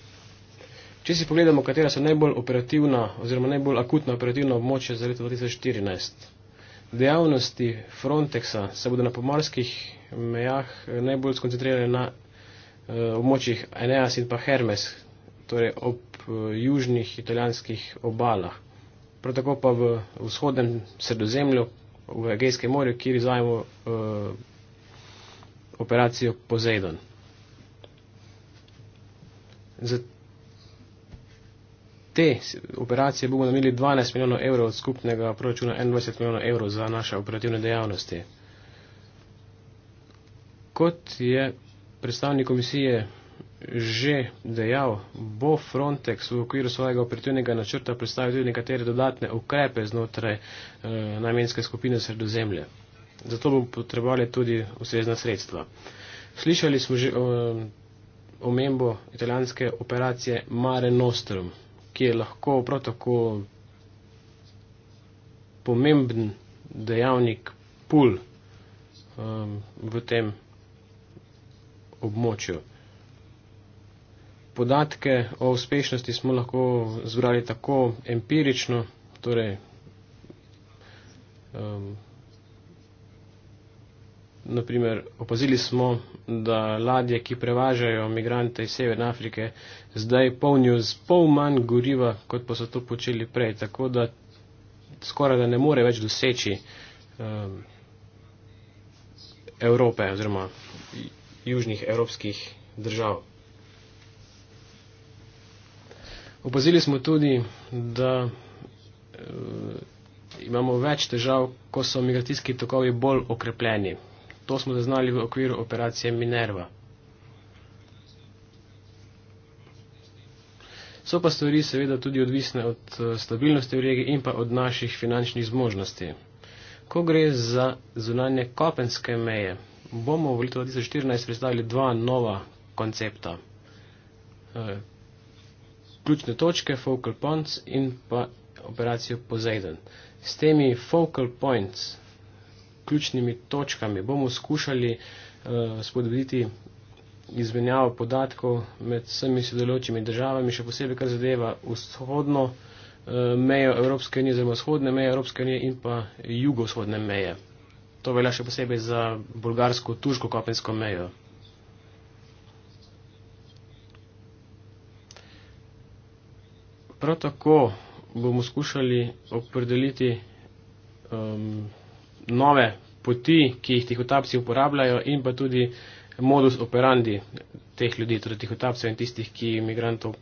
Če si pogledamo, katera so najbolj operativna oziroma najbolj akutna operativna območja za leto 2014, dejavnosti Frontexa se bodo na pomorskih mejah eh, najbolj skoncentrirale na eh, območjih Eneas in pa Hermes, torej ob eh, južnih italijanskih obalah. Prav tako pa v vzhodnem sredozemlju, v Egejskem morju, kjer izvajamo eh, operacijo Poseidon. Za te operacije bomo namenili 12 milijonov evrov od skupnega proračuna 21 milijonov evrov za naše operativne dejavnosti. Kot je predstavnik komisije že dejal, bo Frontex v okviru svojega operativnega načrta predstavil tudi nekatere dodatne ukrepe znotraj eh, namenske skupine sredozemlje. Zato bomo potrebovali tudi ustrezna sredstva. Slišali smo že eh, omembo italijanske operacije Mare Nostrum ki je lahko prav tako pomemben dejavnik pul um, v tem območju. Podatke o uspešnosti smo lahko zbrali tako empirično, torej um, naprimer, opazili smo, da ladje, ki prevažajo migrante iz Severne Afrike, zdaj polnijo z pol manj goriva, kot pa so to počeli prej, tako da skoraj da ne more več doseči um, Evrope oziroma južnih evropskih držav. Opazili smo tudi, da uh, imamo več težav, ko so migracijski tokovi bolj okrepljeni. To smo zaznali v okviru operacije Minerva. So pa stvari seveda tudi odvisne od eh, stabilnosti v regiji in pa od naših finančnih zmožnosti. Ko gre za zunanje kopenske meje, bomo v letu 2014 predstavili dva nova koncepta. Eh, ključne točke, focal points in pa operacijo Poseidon. S temi focal points ključnimi točkami. Bomo skušali uh, spodbuditi izmenjavo podatkov med vsemi sodelujočimi državami, še posebej, kar zadeva vzhodno uh, mejo Evropske unije, oziroma vzhodne meje Evropske unije in pa jugovzhodne meje. To velja še posebej za bolgarsko, turško, kopensko mejo. Prav tako bomo skušali opredeliti um, nove poti, ki jih tihotapci uporabljajo in pa tudi modus operandi teh ljudi, torej tihotapcev in tistih, ki imigrantov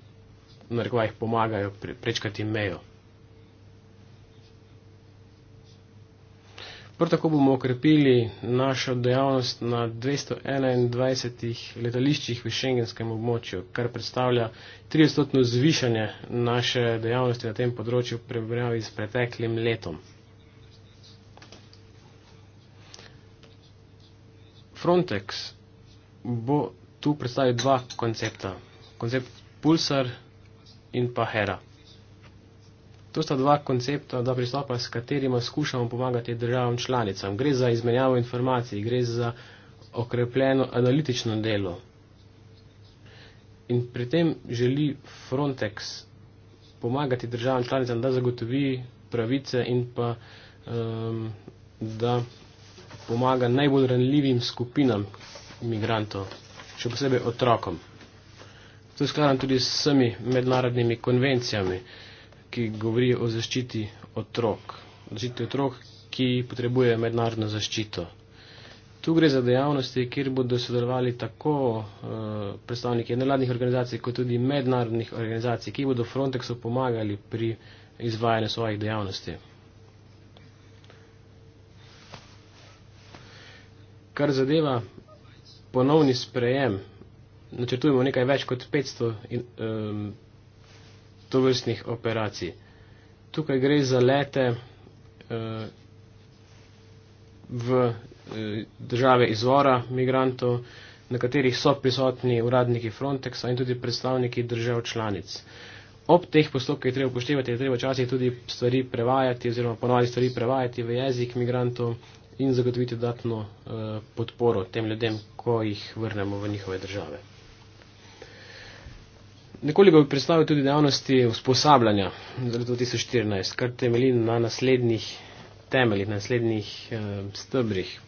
narekovajih pomagajo prečkati mejo. Prav tako bomo okrepili našo dejavnost na 221 letališčih v šengenskem območju, kar predstavlja 30-stotno zvišanje naše dejavnosti na tem področju v primerjavi s preteklim letom. Frontex bo tu predstavil dva koncepta. Koncept Pulsar in pa Hera. To sta dva koncepta, dva pristopa, s katerima skušamo pomagati državam članicam. Gre za izmenjavo informacij, gre za okrepljeno analitično delo. In pri tem želi Frontex pomagati državam članicam, da zagotovi pravice in pa um, da pomaga najbolj ranljivim skupinam imigrantov, še posebej otrokom. To je skladno tudi s vsemi mednarodnimi konvencijami, ki govorijo o zaščiti otrok, zaščiti otrok, ki potrebujejo mednarodno zaščito. Tu gre za dejavnosti, kjer bodo sodelovali tako uh, predstavniki nevladnih organizacij, kot tudi mednarodnih organizacij, ki bodo Frontexu pomagali pri izvajanju svojih dejavnosti. Kar zadeva ponovni sprejem, načrtujemo nekaj več kot 500 in, um, tovrstnih operacij. Tukaj gre za lete uh, v uh, države izvora migrantov, na katerih so prisotni uradniki Frontexa in tudi predstavniki držav članic. Ob teh postopkih je treba upoštevati, da je treba včasih tudi stvari prevajati oziroma ponovno stvari prevajati v jezik migrantov in zagotoviti dodatno eh, podporo tem ljudem, ko jih vrnemo v njihove države. Nekoliko bi predstavil tudi dejavnosti usposabljanja za leto 2014, kar temelji na naslednjih temeljih, na naslednjih eh, stebrih.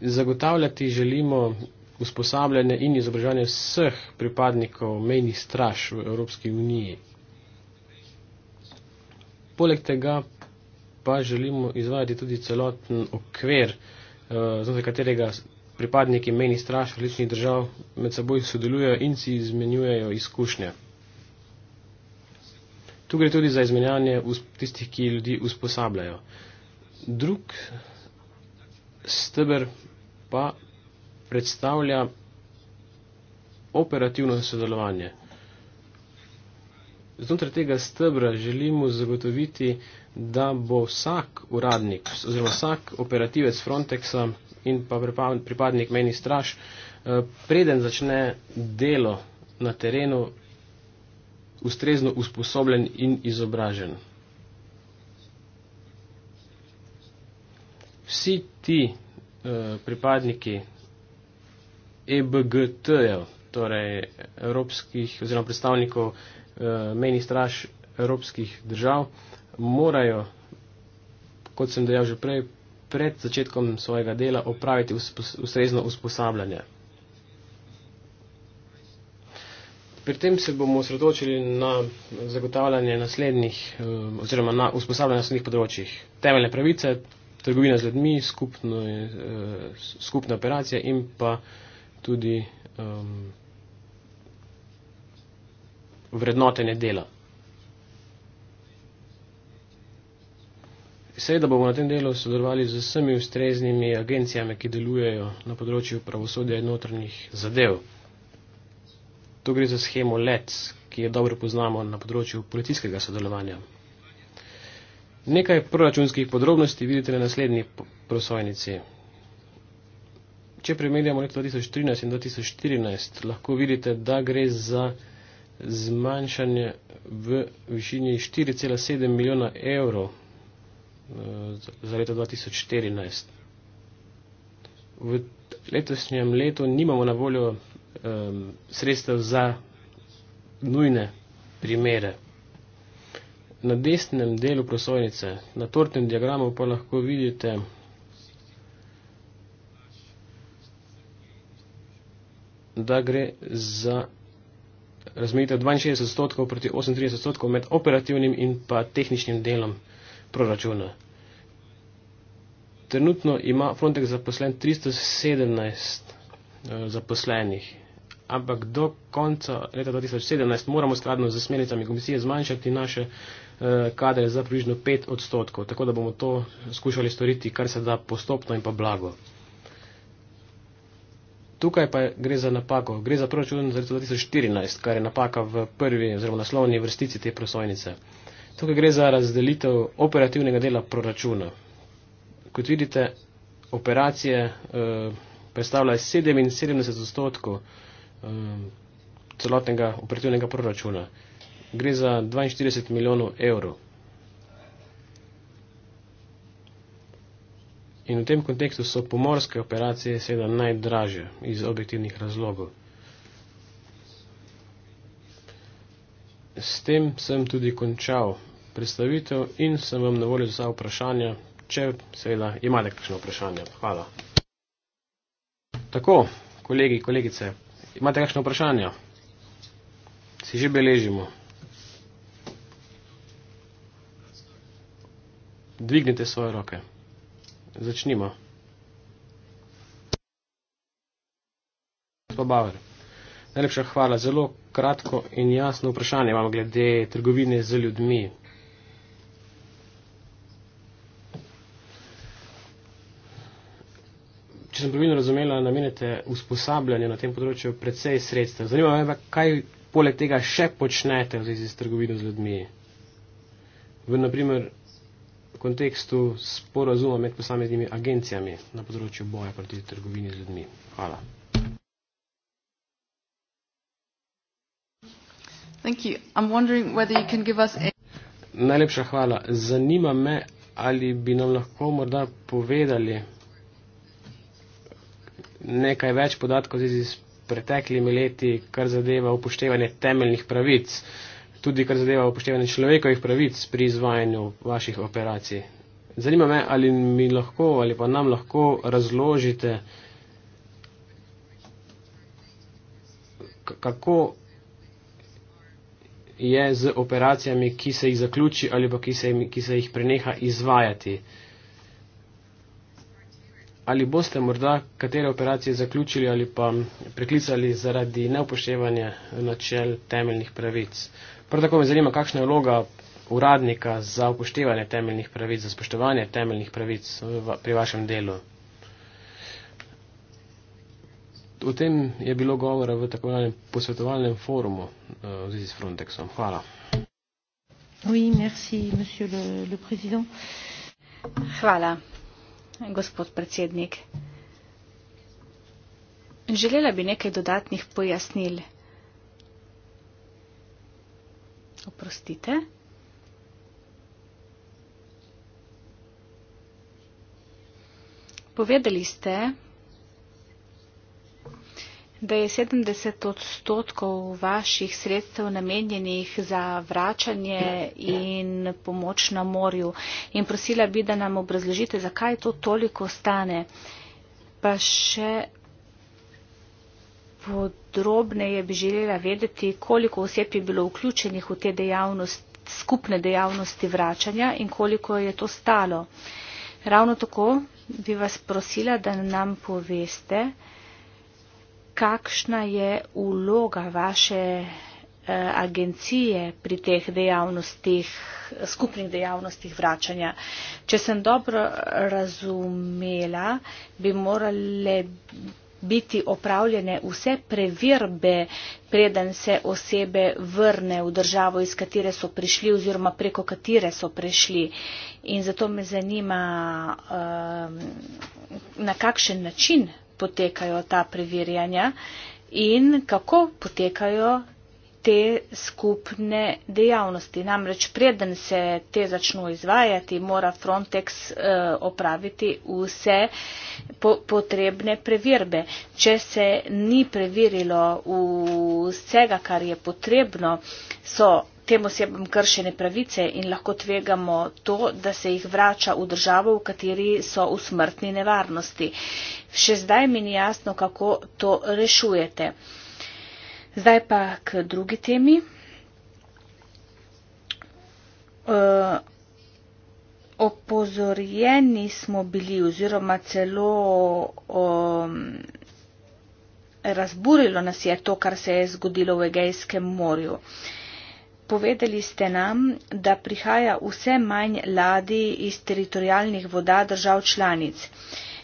Zagotavljati želimo usposabljanje in izobraževanje vseh pripadnikov mejnih straž v Evropski uniji. Poleg tega pa želimo izvajati tudi celoten okvir, eh, znotraj katerega pripadniki meni straš različnih držav med seboj sodelujejo in si izmenjujejo izkušnje. Tu gre tudi za izmenjanje tistih, ki ljudi usposabljajo. Drug steber pa predstavlja operativno sodelovanje. Znotraj tega stebra želimo zagotoviti uh, da bo vsak uradnik oziroma vsak operativec Frontexa in pa pripadnik meni straž, eh, preden začne delo na terenu, ustrezno usposobljen in izobražen. Vsi ti eh, pripadniki EBGT-jev, torej evropskih oziroma predstavnikov eh, meni straž evropskih držav, morajo, kot sem dejal že prej, pred začetkom svojega dela opraviti ustrezno usposabljanje. Pri tem se bomo osredotočili na zagotavljanje naslednjih eh, oziroma na usposabljanje naslednjih področjih. Temeljne pravice, trgovina z ljudmi, skupno, eh, skupna operacija in pa tudi um, vrednotenje dela. Seveda bomo na tem delu sodelovali z vsemi ustreznimi agencijami, ki delujejo na področju pravosodja in notranjih zadev. To gre za schemo LED, ki jo dobro poznamo na področju policijskega sodelovanja. Nekaj proračunskih podrobnosti vidite na naslednji prosojnici. Če primerjamo leto 2013 in 2014, lahko vidite, da gre za zmanjšanje v višini 4,7 milijona evrov za leto 2014. V letošnjem letu nimamo na voljo um, sredstev za nujne primere. Na desnem delu prosojnice, na tortnem diagramu pa lahko vidite da gre za razmejitev 62 odstotkov proti 38 odstotkov med operativnim in pa tehničnim delom proračuna. Trenutno ima Frontex zaposlen 317 eh, zaposlenih, ampak do konca leta 2017 moramo skladno z smernicami komisije zmanjšati naše eh, kadre za približno 5 odstotkov, tako da bomo to skušali storiti, kar se da postopno in pa blago. Tukaj pa gre za napako, gre za proračun za leto 2014, kar je napaka v prvi oziroma naslovni vrstici te prosojnice. Tukaj gre za razdelitev operativnega dela proračuna. Kot vidite, operacije eh, predstavljajo 77 odstotkov eh, celotnega operativnega proračuna. Gre za 42 milijonov evrov. In v tem kontekstu so pomorske operacije seveda najdraže iz objektivnih razlogov. S tem sem tudi končal predstavitev in sem vam na voljo za vprašanja, če seveda imate kakšno vprašanje. Hvala. Tako, kolegi, kolegice, imate kakšno vprašanje? Si že beležimo. Dvignite svoje roke. Začnimo. Bauer. Najlepša hvala. Zelo kratko in jasno vprašanje imam glede trgovine z ljudmi. če sem pravilno razumela, namenjate usposabljanje na tem področju precej sredstev. Zanima me, kaj poleg tega še počnete v zvezi s trgovino z ljudmi. V naprimer kontekstu sporazuma med posameznimi agencijami na področju boja proti trgovini z ljudmi. Hvala. Thank you. I'm wondering whether you can give us a... Najlepša hvala. Zanima me, ali bi nam lahko morda povedali, nekaj več podatkov iz preteklimi leti, kar zadeva upoštevanje temeljnih pravic, tudi kar zadeva upoštevanje človekovih pravic pri izvajanju vaših operacij. Zanima me, ali mi lahko ali pa nam lahko razložite, kako je z operacijami, ki se jih zaključi ali pa ki se, ki se jih preneha izvajati ali boste morda katere operacije zaključili ali pa preklicali zaradi neupoštevanja načel temeljnih pravic. Prav tako me zanima, kakšna je vloga uradnika za upoštevanje temeljnih pravic, za spoštovanje temeljnih pravic pri vašem delu. O tem je bilo govora v tako imenem posvetovalnem forumu eh, v zvezi s Frontexom. Hvala. Oui, merci, le, le Hvala, gospod predsednik. Želela bi nekaj dodatnih pojasnil. Oprostite. Povedali ste, da je 70 odstotkov vaših sredstev namenjenih za vračanje in pomoč na morju. In prosila bi, da nam obrazložite, zakaj to toliko stane. Pa še podrobneje bi želela vedeti, koliko oseb je bilo vključenih v te dejavnosti skupne dejavnosti vračanja in koliko je to stalo. Ravno tako bi vas prosila, da nam poveste, kakšna je vloga vaše eh, agencije pri teh dejavnostih, skupnih dejavnostih vračanja. Če sem dobro razumela, bi morale biti opravljene vse preverbe, preden se osebe vrne v državo, iz katere so prišli oziroma preko katere so prišli. In zato me zanima, ehm, na kakšen način potekajo ta preverjanja in kako potekajo te skupne dejavnosti. Namreč preden se te začnu izvajati, mora Frontex uh, opraviti vse po potrebne preverbe. Če se ni preverilo vsega, kar je potrebno, so tem osebam kršene pravice in lahko tvegamo to, da se jih vrača v državo, v kateri so v smrtni nevarnosti. Še zdaj mi ni jasno, kako to rešujete. Zdaj pa k drugi temi. Uh, opozorjeni smo bili oziroma celo um, razburilo nas je to, kar se je zgodilo v Egejskem morju. Uh, Povedali ste nam, da prihaja vse manj ladi iz teritorijalnih voda držav članic.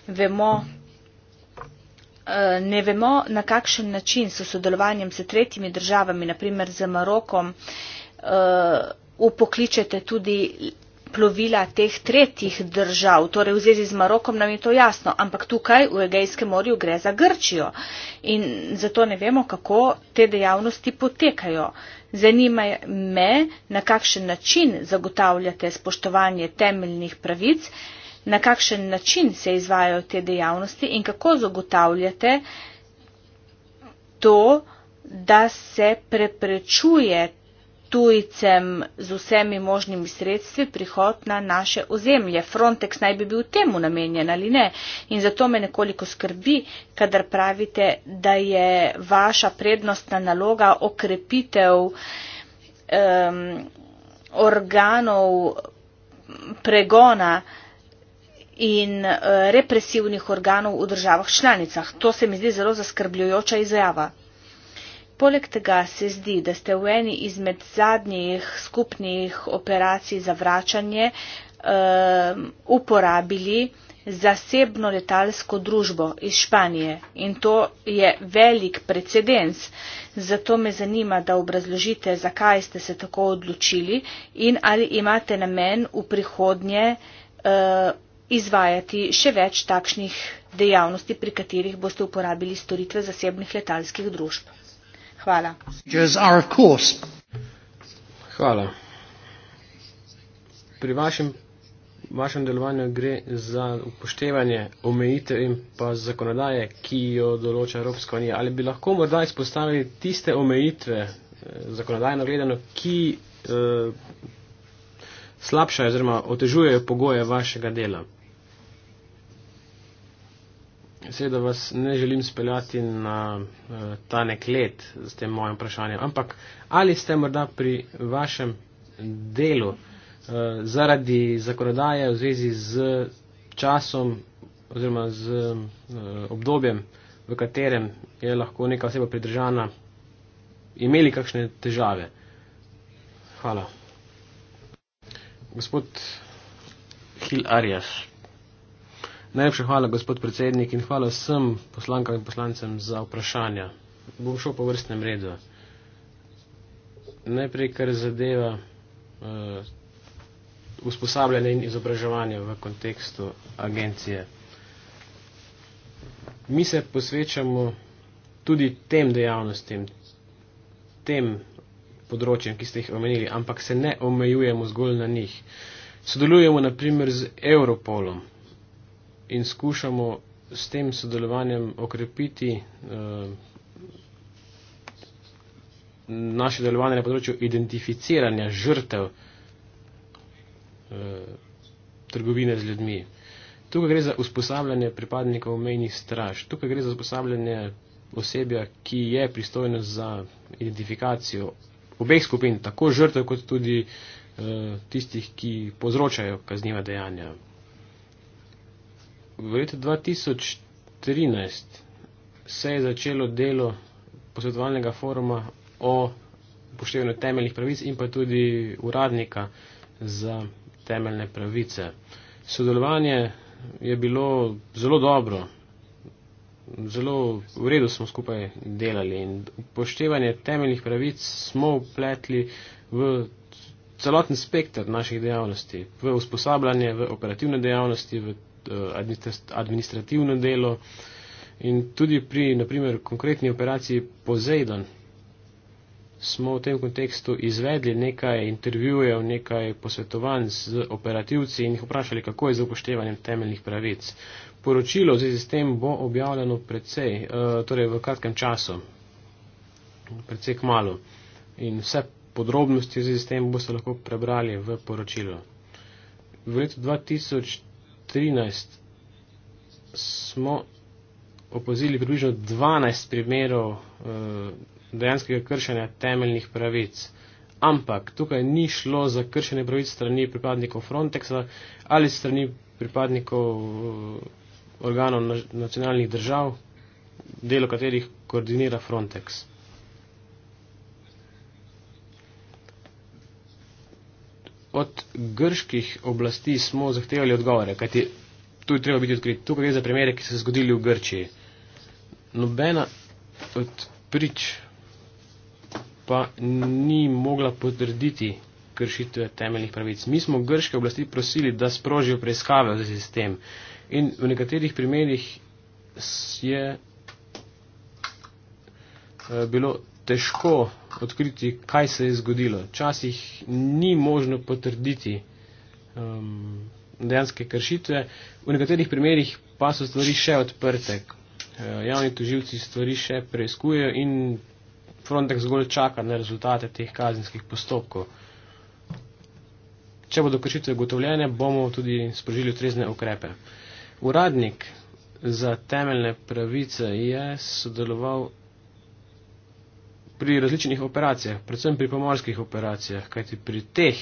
Vemo, e, ne vemo, na kakšen način so sodelovanjem s tretjimi državami, naprimer z Marokom, upokličete e, tudi plovila teh tretjih držav. Torej v zvezi z Marokom nam je to jasno, ampak tukaj v Egejskem morju gre za Grčijo in zato ne vemo, kako te dejavnosti potekajo. Zanima me, na kakšen način zagotavljate spoštovanje temeljnih pravic, na kakšen način se izvajajo te dejavnosti in kako zagotavljate to, da se preprečuje tujcem z vsemi možnimi sredstvi prihod na naše ozemlje. Frontex naj bi bil temu namenjen ali ne. In zato me nekoliko skrbi, kadar pravite, da je vaša prednostna naloga okrepitev um, organov pregona in eh, represivnih organov v državah članicah. To se mi zdi zelo zaskrbljujoča izjava. Poleg tega se zdi, da ste v eni izmed zadnjih skupnih operacij za vračanje uh, uporabili zasebno letalsko družbo iz Španije in to je velik precedens. Zato me zanima, da obrazložite, zakaj ste se tako odločili in ali imate namen v prihodnje uh, izvajati še več takšnih dejavnosti, pri katerih boste uporabili storitve zasebnih letalskih družb. Hvala. Hvala. Pri vašem, vašem delovanju gre za upoštevanje omejitev in pa zakonodaje, ki jo določa Evropska unija. Ali bi lahko morda izpostavili tiste omejitve, eh, zakonodajno gledano, ki eh, slabšajo oziroma otežujejo pogoje vašega dela? Seveda vas ne želim speljati na uh, ta nek let z tem mojim vprašanjem, ampak ali ste morda pri vašem delu uh, zaradi zakonodaje v zvezi z časom oziroma z uh, obdobjem, v katerem je lahko neka oseba pridržana, imeli kakšne težave? Hvala. Gospod Hil Arias. Najlepša hvala, gospod predsednik, in hvala vsem poslankam in poslancem za vprašanja. Bom šel po vrstnem redu. Najprej, kar zadeva uh, usposabljanje in izobraževanje v kontekstu agencije. Mi se posvečamo tudi tem dejavnostim, tem področjem, ki ste jih omenili, ampak se ne omejujemo zgolj na njih. Sodelujemo naprimer z Europolom, in skušamo s tem sodelovanjem okrepiti uh, naše delovanje na področju identificiranja žrtev uh, trgovine z ljudmi. Tukaj gre za usposabljanje pripadnikov mejnih straž, tukaj gre za usposabljanje osebja, ki je pristojno za identifikacijo obeh skupin, tako žrtev kot tudi uh, tistih, ki povzročajo kazniva dejanja v letu 2013 se je začelo delo posvetovalnega foruma o upoštevanju temeljnih pravic in pa tudi uradnika za temeljne pravice. Sodelovanje je bilo zelo dobro, zelo v redu smo skupaj delali in upoštevanje temeljnih pravic smo upletli v celoten spektr naših dejavnosti, v usposabljanje, v operativne dejavnosti, v Eh, administrativno delo in tudi pri, naprimer, konkretni operaciji Poseidon smo v tem kontekstu izvedli nekaj intervjujev, nekaj posvetovanj z operativci in jih vprašali, kako je z upoštevanjem temeljnih pravic. Poročilo v zvezi s tem bo objavljeno precej, eh, torej v kratkem času, precej kmalo. In vse podrobnosti v zvezi s tem boste lahko prebrali v poročilu. V letu 2000. 13 smo opazili približno 12 primerov uh, dejanskega kršenja temeljnih pravic. Ampak tukaj ni šlo za kršenje pravic strani pripadnikov Frontexa ali strani pripadnikov uh, organov na nacionalnih držav, delo katerih koordinira Frontex. od grških oblasti smo zahtevali odgovore, kajti tu je treba biti odkrit. Tukaj gre za primere, ki so se zgodili v Grčiji. Nobena od prič pa ni mogla potrditi kršitve temeljnih pravic. Mi smo grške oblasti prosili, da sprožijo preiskave v sistem. In v nekaterih primerih je eh, bilo težko odkriti, kaj se je zgodilo. Včasih ni možno potrditi um, dejanske kršitve, v nekaterih primerjih pa so stvari še odprte. Uh, javni tuživci stvari še preizkujejo in Frontex zgolj čaka na rezultate teh kazenskih postopkov. Če bodo kršitve ugotovljene, bomo tudi sprožili ustrezne ukrepe. Uradnik za temeljne pravice je sodeloval pri različnih operacijah, predvsem pri pomorskih operacijah, kajti pri teh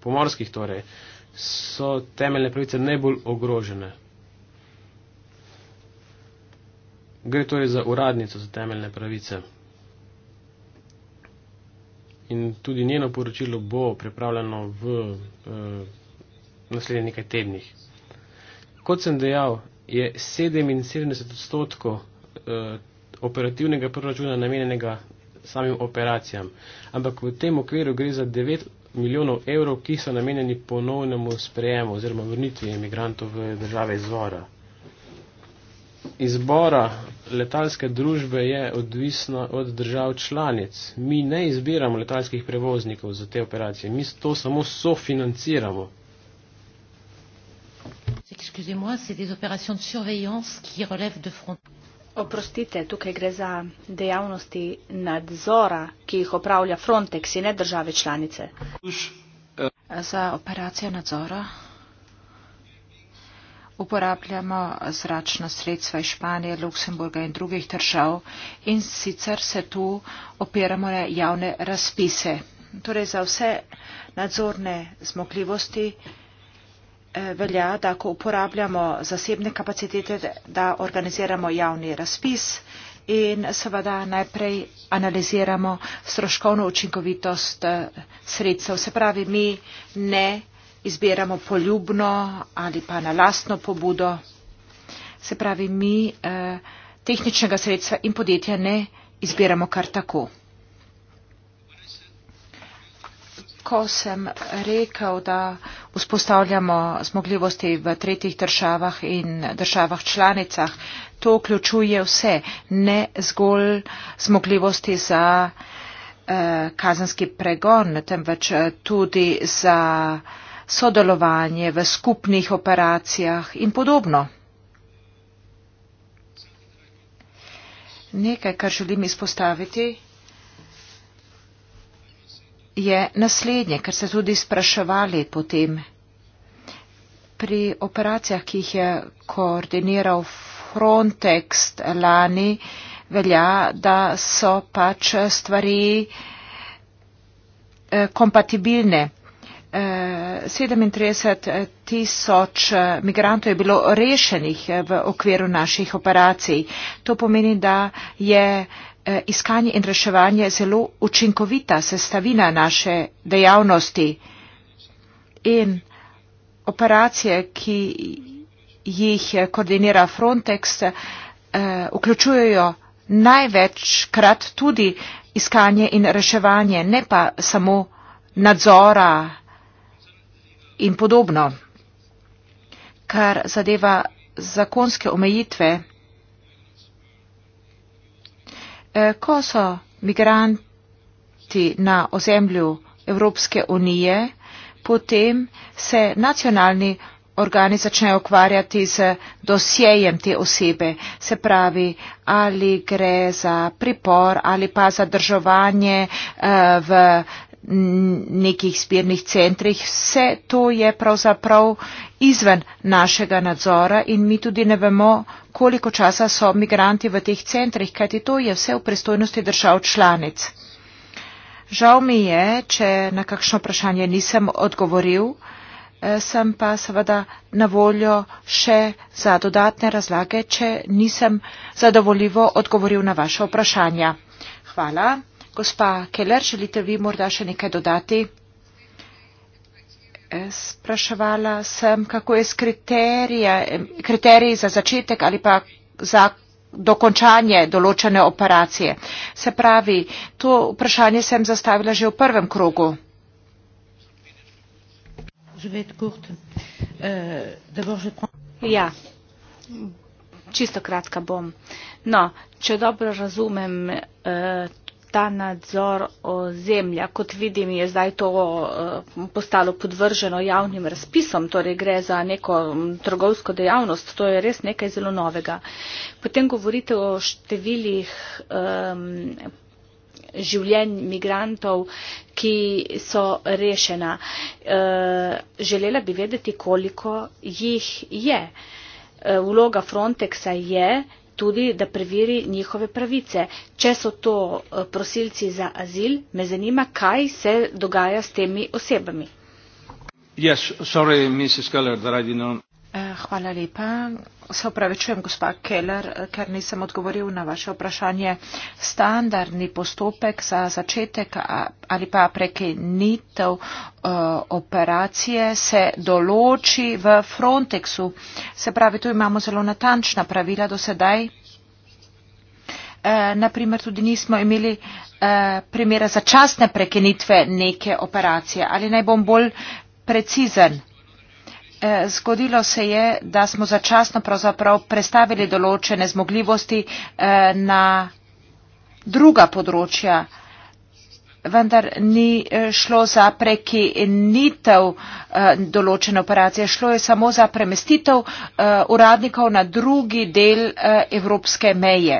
pomorskih torej so temeljne pravice najbolj ogrožene. Gre torej za uradnico za temeljne pravice. In tudi njeno poročilo bo pripravljeno v, v eh, naslednjih nekaj tednih. Kot sem dejal, je 77 odstotkov eh, operativnega proračuna namenjenega samim operacijam. Ampak v tem okviru gre za 9 milijonov evrov, ki so namenjeni ponovnemu sprejemu oziroma vrnitvi imigrantov v države izvora. Izbora letalske družbe je odvisna od držav članic. Mi ne izbiramo letalskih prevoznikov za te operacije, mi to samo sofinanciramo. Excusez-moi, c'est des opérations de surveillance qui relèvent de frontières. Oprostite, tukaj gre za dejavnosti nadzora, ki jih opravlja Frontex in ne države članice. Za operacijo nadzora uporabljamo zračna sredstva iz Španije, Luksemburga in drugih držav in sicer se tu opiramo na javne razpise. Torej za vse nadzorne zmogljivosti velja, da ko uporabljamo zasebne kapacitete, da organiziramo javni razpis in seveda najprej analiziramo stroškovno učinkovitost eh, sredstev. Se pravi, mi ne izbiramo poljubno ali pa na lastno pobudo. Se pravi, mi eh, tehničnega sredstva in podjetja ne izbiramo kar tako. ko sem rekel, da vzpostavljamo zmogljivosti v tretjih državah in državah članicah, to vključuje vse, ne zgolj zmogljivosti za eh, kazanski pregon, temveč eh, tudi za sodelovanje v skupnih operacijah in podobno. Nekaj, kar želim izpostaviti je naslednje, ker se tudi spraševali potem pri operacijah, ki jih je koordiniral Frontex lani, velja, da so pač stvari eh, kompatibilne. 37 eh, tisoč eh, migrantov je bilo rešenih v okviru naših operacij. To pomeni, da je Eh, iskanje in reševanje zelo učinkovita sestavina naše dejavnosti in operacije, ki jih eh, koordinira Frontex, eh, vključujejo največkrat tudi iskanje in reševanje, ne pa samo nadzora in podobno. Kar zadeva zakonske omejitve, Eh, ko so migranti na ozemlju Evropske unije, potem se nacionalni organi začnejo ukvarjati z dosjejem te osebe, se pravi, ali gre za pripor ali pa zadrževanje eh, v nekih spirnih centrih, vse to je pravzaprav izven našega nadzora in mi tudi ne vemo, koliko časa so migranti v teh centrih, kajti to je vse v pristojnosti držav članic. Žal mi je, če na kakšno vprašanje nisem odgovoril, eh, sem pa seveda na voljo še za dodatne razlage, če nisem zadovoljivo odgovoril na vaše vprašanja. Hvala. Gospa Keller, želite vi morda še nekaj dodati? Eh, spraševala sem, kako je s kriteriji za začetek ali pa za dokončanje določene operacije. Se pravi, to vprašanje sem zastavila že v prvem krogu. Euh, ja, čisto kratka bom. No, če dobro razumem eh, ta nadzor ozemlja. Kot vidim, je zdaj to eh, postalo podvrženo javnim razpisom, torej gre za neko trgovsko dejavnost, to je res nekaj zelo novega. Potem govorite o številih življenj migrantov, ki so rešena. Eh, želela bi vedeti, koliko jih je. Eh, vloga Frontexa je tudi, da preveri njihove pravice. Če so to eh, prosilci za azil, me zanima, kaj se dogaja s temi osebami. Yes, sorry, Eh, hvala lepa. Se upravičujem, gospa Keller, eh, ker nisem odgovoril na vaše vprašanje. Standardni postopek za začetek ali pa prekinitev eh, operacije se določi v Frontexu. Se pravi, tu imamo zelo natančna pravila do sedaj. Naprimer, tudi nismo imeli primera začasne prekinitve neke operacije. Ali naj bom bolj precizen? Eh, zgodilo se je, da smo začasno prestavili določene zmogljivosti eh, na druga področja, vendar ni eh, šlo za prekinitev določene operacije, šlo je samo za premestitev uradnikov na drugi del evropske meje.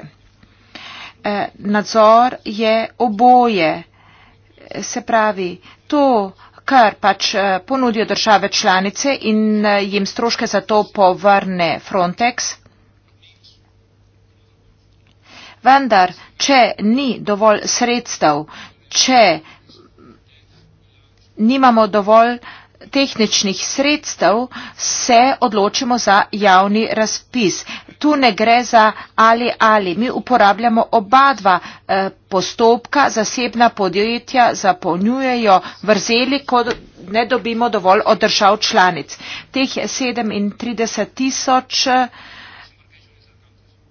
Nadzor je oboje, se pravi, to, kar pač eh, ponudijo države članice in eh, jim stroške za to povrne Frontex. Vendar, če ni dovolj sredstev, če nimamo dovolj uh, tehničnih sredstev se odločimo za javni razpis. Tu ne gre za ali ali. Mi uporabljamo oba dva eh, postopka, zasebna podjetja zapolnjujejo vrzeli, ko ne dobimo dovolj od držav članic. Teh 37 tisoč, eh,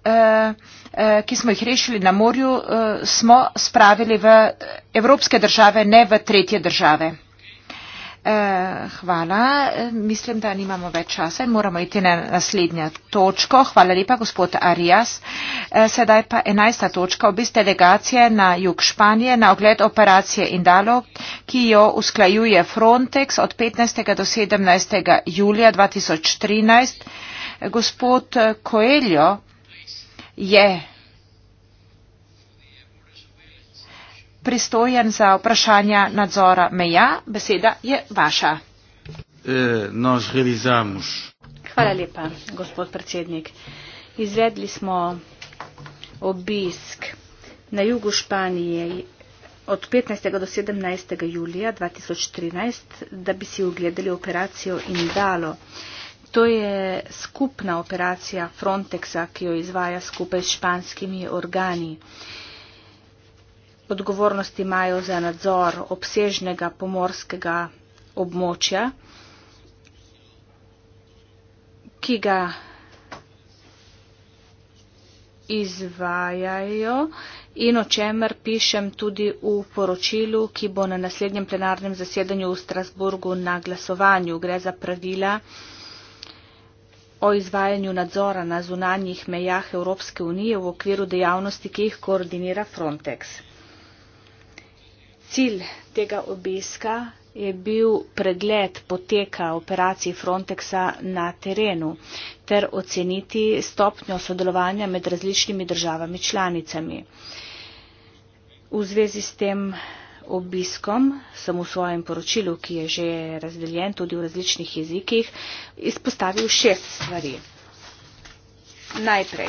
eh, ki smo jih rešili na morju, smo spravili v evropske države, ne v tretje države. Eh, hvala. Mislim, da nimamo več časa in moramo iti na naslednjo točko. Hvala lepa, gospod Arias. Eh, sedaj pa enajsta točka. Obist delegacije na jug Španije na ogled operacije Indalo, ki jo usklajuje Frontex od 15. do 17. julija 2013. Gospod Coelho je pristojen za vprašanja nadzora meja. Beseda je vaša. E, Hvala lepa, gospod predsednik. Izvedli smo obisk na jugu Španije od 15. do 17. julija 2013, da bi si ogledali operacijo Indalo. To je skupna operacija Frontexa, ki jo izvaja skupaj s španskimi organi odgovornost imajo za nadzor obsežnega pomorskega območja, ki ga izvajajo in o čemer pišem tudi v poročilu, ki bo na naslednjem plenarnem zasedanju v Strasburgu na glasovanju. Gre za pravila o izvajanju nadzora na zunanjih mejah Evropske unije v okviru dejavnosti, ki jih koordinira Frontex cilj tega obiska je bil pregled poteka operacij Frontexa na terenu ter oceniti stopnjo sodelovanja med različnimi državami članicami. V zvezi s tem obiskom sem v svojem poročilu, ki je že razdeljen tudi v različnih jezikih, izpostavil šest stvari. Najprej.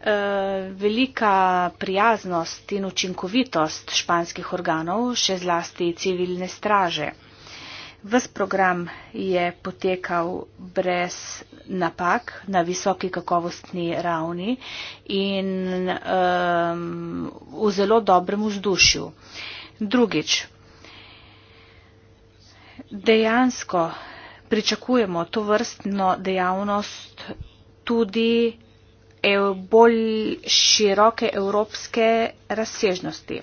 Eh, velika prijaznost in učinkovitost španskih organov, še zlasti civilne straže. Ves program je potekal brez napak na visoki kakovostni ravni in um, v zelo dobrem vzdušju. Drugič, dejansko pričakujemo to vrstno dejavnost tudi bolj široke evropske razsežnosti.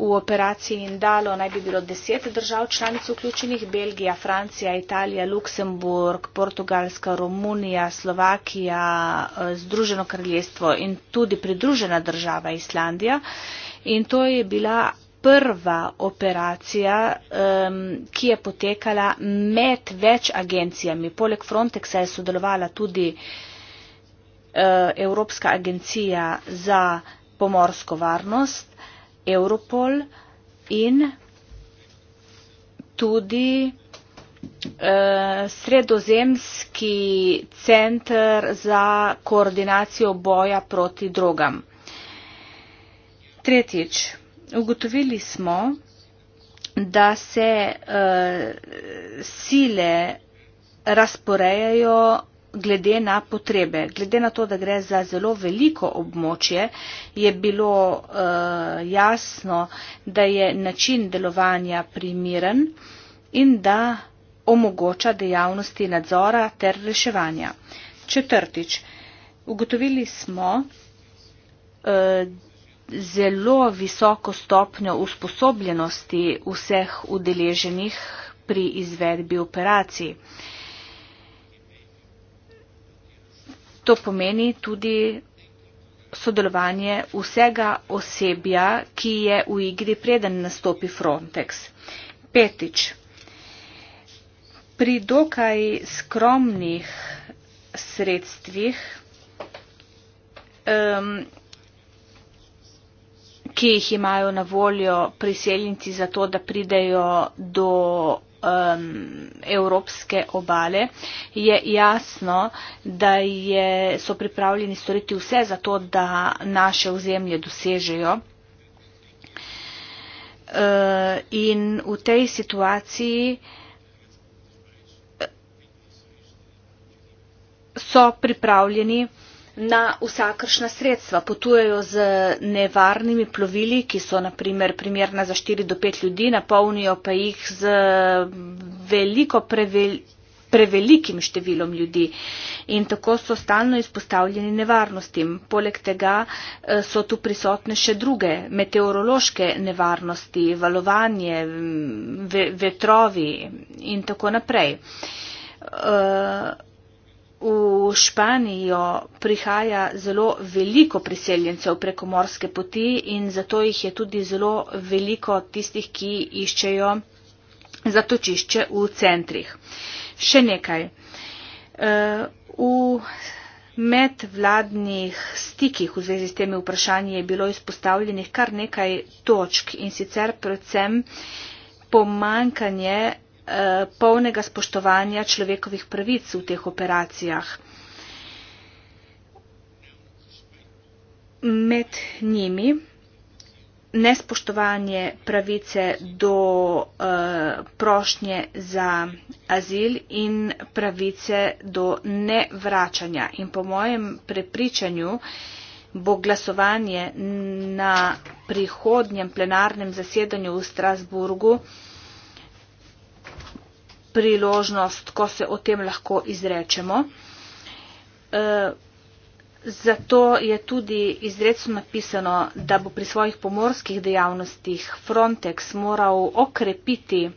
V operaciji Indalo naj bi bilo deset držav članic vključenih, Belgija, Francija, Italija, Luksemburg, Portugalska, Romunija, Slovakija, eh, Združeno kraljestvo in tudi pridružena država Islandija. In to je bila prva operacija, ki je potekala med več agencijami. Poleg Frontexa je sodelovala tudi Eh, Evropska agencija za pomorsko varnost, Europol in tudi eh, Sredozemski centr za koordinacijo boja proti drogam. Tretjič, ugotovili smo, da se eh, sile razporejajo glede na potrebe. Glede na to, da gre za zelo veliko območje, je bilo uh, jasno, da je način delovanja primiren in da omogoča dejavnosti nadzora ter reševanja. Četrtič, ugotovili smo uh, zelo visoko stopnjo usposobljenosti vseh udeleženih pri izvedbi operacij. Uh, To pomeni tudi sodelovanje vsega osebja, ki je v igri, preden nastopi Frontex. Petič. Pri dokaj skromnih sredstvih um, ki jih imajo na voljo priseljenci za to, da pridejo do um, evropske obale, je jasno, da je, so pripravljeni storiti vse za to, da naše ozemlje dosežejo. Uh, in v tej situaciji uh, so pripravljeni na vsakršna sredstva, potujejo z nevarnimi plovili, ki so naprimer primerna za 4 do 5 ljudi, napolnijo pa jih z veliko prevel prevelikim številom ljudi in tako so stalno izpostavljeni nevarnostim. Poleg tega eh, so tu prisotne še druge meteorološke nevarnosti, valovanje, vetrovi in tako naprej. Eh, V Španijo prihaja zelo veliko priseljencev preko morske poti in zato jih je tudi zelo veliko tistih, ki iščejo zatočišče v centrih. Še nekaj. Eh, v medvladnih stikih v zvezi s temi vprašanji je bilo izpostavljenih kar nekaj točk in sicer predvsem pomankanje Eh, polnega spoštovanja človekovih pravic v teh operacijah. Med njimi nespoštovanje pravice do uh, prošnje za azil in pravice do nevračanja. In po mojem prepričanju bo glasovanje na prihodnjem plenarnem zasedanju v Strasburgu uh, priložnost, ko se o tem lahko izrečemo. E, zato je tudi izredno napisano, da bo pri svojih pomorskih dejavnostih Frontex moral okrepiti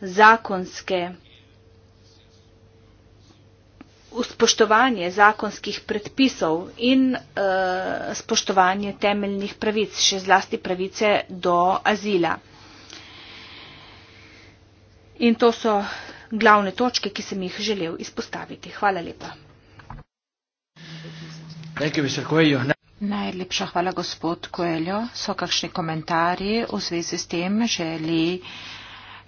zakonske spoštovanje zakonskih predpisov in uh, spoštovanje temeljnih pravic, še zlasti pravice do azila. In to so glavne točke, ki sem jih želel izpostaviti. Hvala lepa. Najlepša hvala, gospod Koeljo. So kakšni komentarji v zvezi s tem? Želi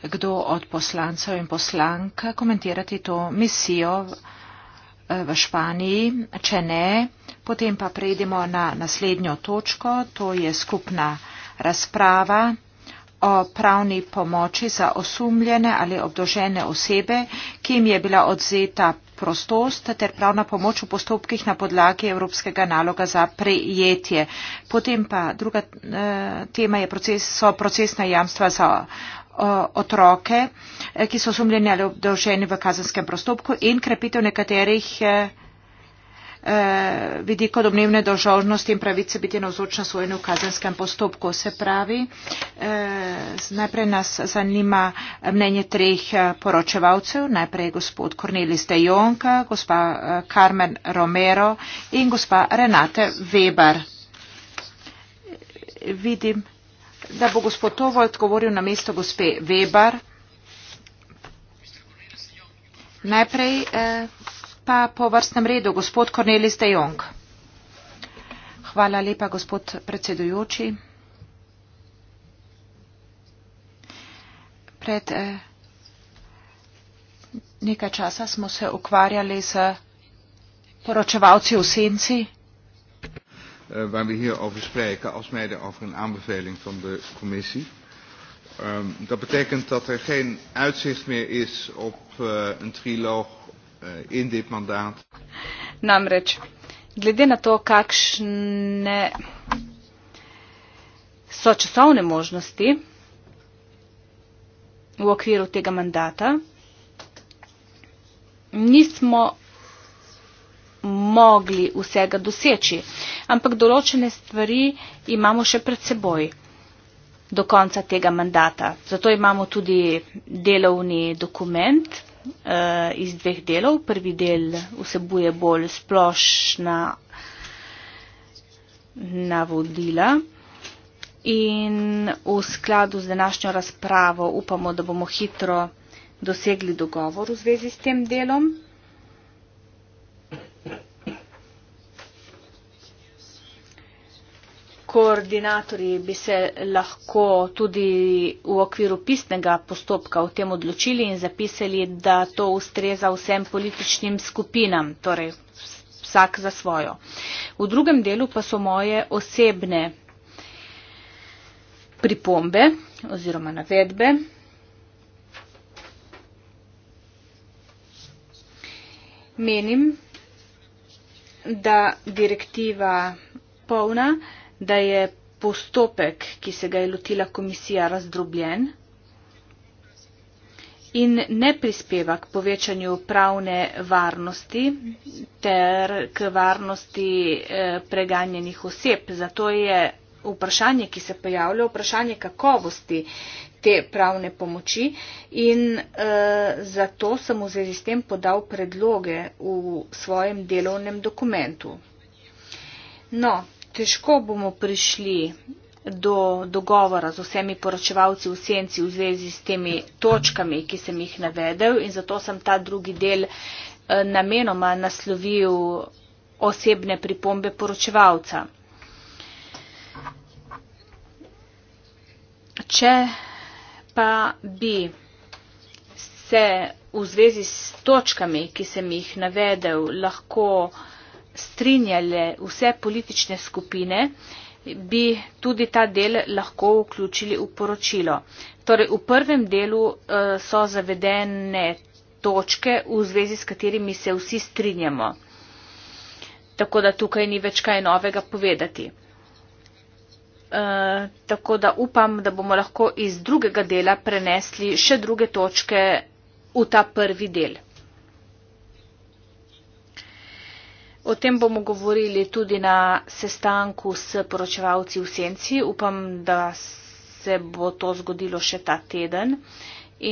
kdo od poslancev in poslank komentirati to misijo eh, v Španiji? Če ne, potem pa prejdemo na naslednjo točko, to je skupna razprava o pravni pomoči za osumljene ali obdožene osebe, ki jim je bila odzeta prostost ter pravna pomoč v postopkih na podlagi evropskega naloga za prejetje. Potem pa druga eh, tema je proces, so procesna jamstva za otroke, eh, ki so osumljeni ali obdolženi v kazenskem postopku in krepitev nekaterih eh, eh, vidiko domnevne dožavnosti in pravice biti navzočna svojenju v kazenskem postopku. Se pravi, eh, najprej nas zanima mnenje treh eh, poročevalcev, najprej gospod Cornelis de Jong, gospa eh, Carmen Romero in gospa Renate Weber. Vidim, da bo gospod Tovolt govoril na mesto gospe Weber. Najprej eh, pa po vrstnem redu gospod Cornelis de Jong. Hvala lepa, gospod predsedujoči. Pred eh, nekaj časa smo se ukvarjali z poročevalci v senci. Eh, waar we hier over spreken, als mede over een aanbeveling van de commissie. Um, dat betekent dat er geen uitzicht meer is op uh, een triloog Eh, in dip mandat? Namreč, glede na to, kakšne so časovne možnosti v okviru tega mandata, nismo mogli vsega doseči, ampak določene stvari imamo še pred seboj do konca tega mandata. Zato imamo tudi delovni dokument, Eh, iz dveh delov. Prvi del vsebuje bolj splošna navodila in v skladu z današnjo razpravo upamo, da bomo hitro dosegli dogovor v zvezi s tem delom. koordinatorji bi se lahko tudi v okviru pisnega postopka o tem odločili in zapisali, da to ustreza vsem političnim skupinam, torej vsak za svojo. V drugem delu pa so moje osebne pripombe oziroma navedbe. Menim, da direktiva polna da je postopek, ki se ga je lotila komisija, razdrobljen in ne prispeva k povečanju pravne varnosti ter k varnosti eh, preganjenih oseb. Zato je vprašanje, ki se pojavlja, vprašanje kakovosti te pravne pomoči in uh, zato sem v zvezi s tem podal predloge v svojem delovnem dokumentu. No, težko bomo prišli do dogovora z vsemi poročevalci v senci v zvezi s temi točkami, ki sem jih navedel in zato sem ta drugi del eh, namenoma naslovil osebne pripombe poročevalca. Če pa bi se v zvezi s točkami, ki sem jih navedel, lahko uh, strinjale vse politične skupine, bi tudi ta del lahko vključili v poročilo. Torej, v prvem delu eh, so zavedene točke, v zvezi s katerimi se vsi strinjamo. Tako da tukaj ni več kaj novega povedati. E, tako da upam, da bomo lahko iz drugega dela prenesli še druge točke v ta prvi del. O tem bomo govorili tudi na sestanku s poročevalci v Senci. Upam, da se bo to zgodilo še ta teden.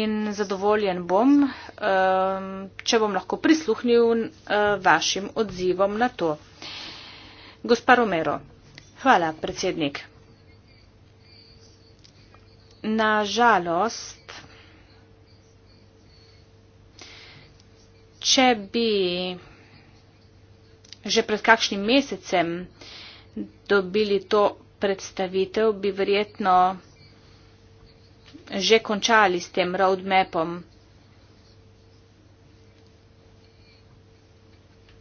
In zadovoljen bom, ehm, če bom lahko prisluhnil eh, vašim odzivom na to. Gospa Romero, hvala, predsednik. Na žalost, če bi že pred kakšnim mesecem dobili to predstavitev, bi verjetno že končali s tem roadmapom.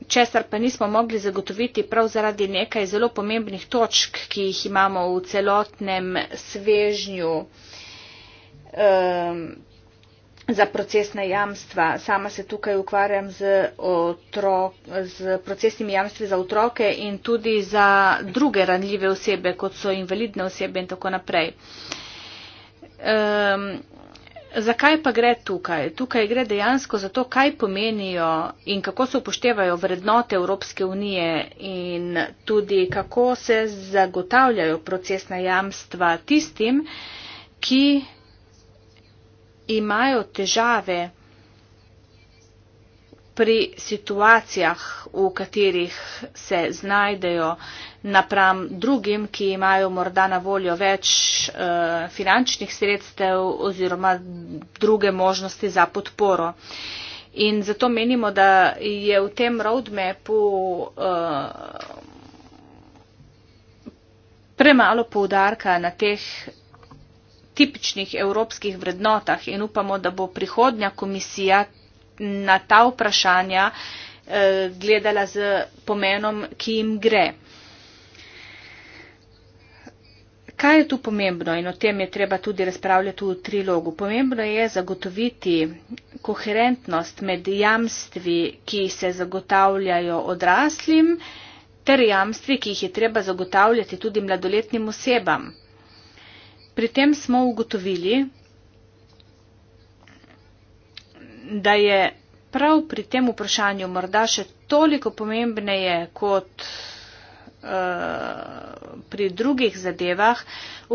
Česar pa nismo mogli zagotoviti prav zaradi nekaj zelo pomembnih točk, ki jih imamo v celotnem svežnju. Um, za procesna jamstva. Sama se tukaj ukvarjam z, otrok, z procesnimi jamstvi za otroke in tudi za druge ranljive osebe, kot so invalidne osebe in tako naprej. Um, zakaj pa gre tukaj? Tukaj gre dejansko za to, kaj pomenijo in kako se upoštevajo vrednote Evropske unije in tudi kako se zagotavljajo procesna jamstva tistim, ki imajo težave pri situacijah, v katerih se znajdejo napram drugim, ki imajo morda na voljo več eh, finančnih sredstev oziroma druge možnosti za podporo. In zato menimo, da je v tem roadmapu eh, premalo poudarka na teh tipičnih evropskih vrednotah in upamo, da bo prihodnja komisija na ta vprašanja eh, gledala z pomenom, ki jim gre. Kaj je tu pomembno in o tem je treba tudi razpravljati v trilogu? Pomembno je zagotoviti koherentnost med jamstvi, ki se zagotavljajo odraslim, ter jamstvi, ki jih je treba zagotavljati tudi mladoletnim osebam. Pri tem smo ugotovili, da je prav pri tem vprašanju morda še toliko pomembneje kot uh, pri drugih zadevah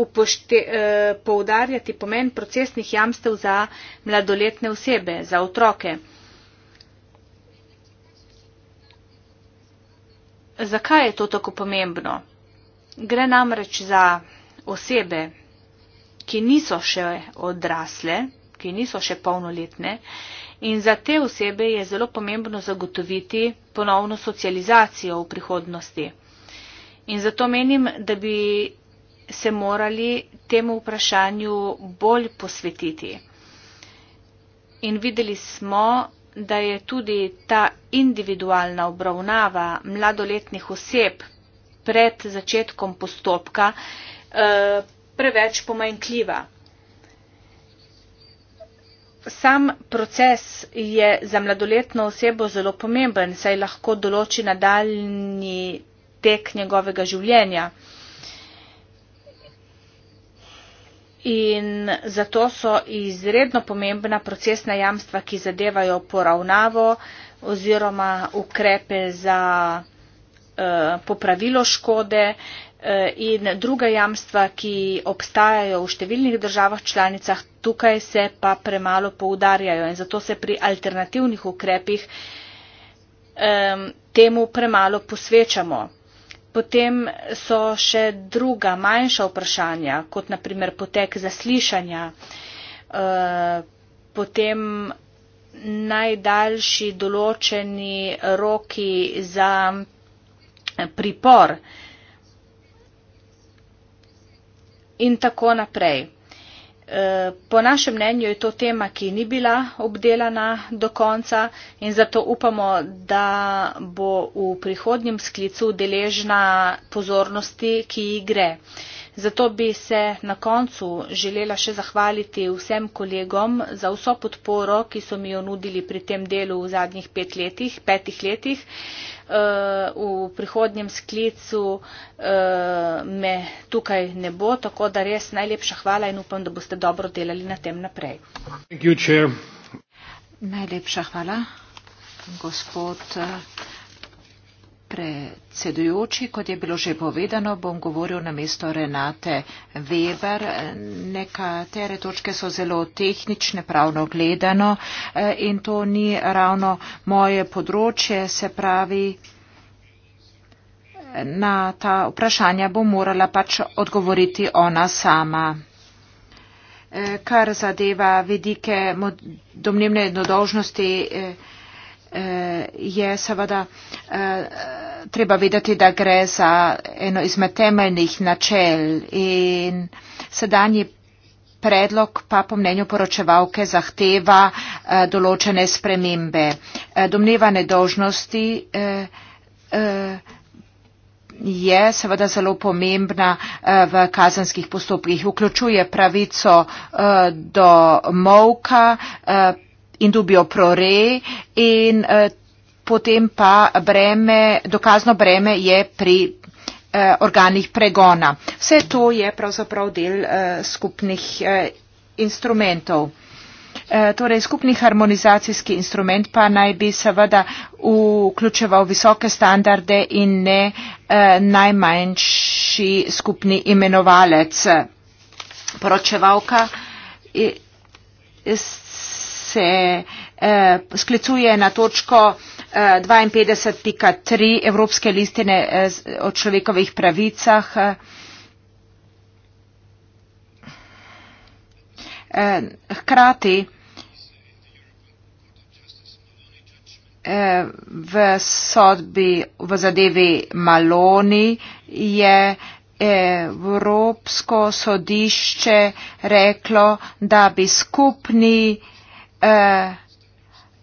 upošte, uh, poudarjati pomen procesnih jamstev za mladoletne osebe, za otroke. Zakaj je to tako pomembno? Gre namreč za osebe, ki niso še odrasle, ki niso še polnoletne. In za te osebe je zelo pomembno zagotoviti ponovno socializacijo v prihodnosti. In zato menim, da bi se morali temu vprašanju bolj posvetiti. In videli smo, da je tudi ta individualna obravnava mladoletnih oseb pred začetkom postopka eh, preveč pomanjkljiva. Sam proces je za mladoletno osebo zelo pomemben, saj lahko določi nadaljni tek njegovega življenja. In zato so izredno pomembna procesna jamstva, ki zadevajo poravnavo oziroma ukrepe za eh, popravilo škode, eh, Eh, in druga jamstva, ki obstajajo v številnih državah članicah, tukaj se pa premalo poudarjajo in zato se pri alternativnih ukrepih temu premalo posvečamo. Potem so še druga manjša vprašanja, kot naprimer potek zaslišanja, eh, potem najdaljši določeni roki za pripor, in tako naprej. E, po našem mnenju je to tema, ki ni bila obdelana do konca in zato upamo, da bo v prihodnjem sklicu deležna pozornosti, ki ji gre. Zato bi se na koncu želela še zahvaliti vsem kolegom za vso podporo, ki so mi jo nudili pri tem delu v zadnjih pet letih, petih letih. Eh, v prihodnjem sklicu eh, me tukaj ne bo, tako da res najlepša hvala in upam, da boste dobro delali na tem naprej. You, najlepša hvala, gospod. Eh, predsedujoči, kot je bilo že povedano, bom govoril na mesto Renate Weber. Nekatere točke so zelo tehnične, pravno gledano eh, in to ni ravno moje področje, se pravi. Na ta vprašanja bo morala pač odgovoriti ona sama. Eh, kar zadeva vidike domnevne jednodolžnosti, eh, Eh, je seveda eh, treba vedeti, da gre za eno izmed temeljnih načel in sedanji predlog pa po mnenju poročevalke zahteva eh, določene spremembe. Domneva nedožnosti je seveda zelo pomembna v kazanskih postopkih. Vključuje pravico do molka, in dobijo prore in potem pa breme, dokazno breme je pri eh, organih pregona. Vse to je pravzaprav del eh, skupnih eh, instrumentov. Torej, skupni harmonizacijski instrument pa naj bi seveda vključeval visoke standarde in ne eh, najmanjši skupni imenovalec. Poročevalka se eh, sklicuje na točko eh, 52.3 Evropske listine eh, o človekovih pravicah. Eh, hkrati eh, v sodbi v zadevi Maloni je eh, Evropsko sodišče reklo, da bi skupni eh,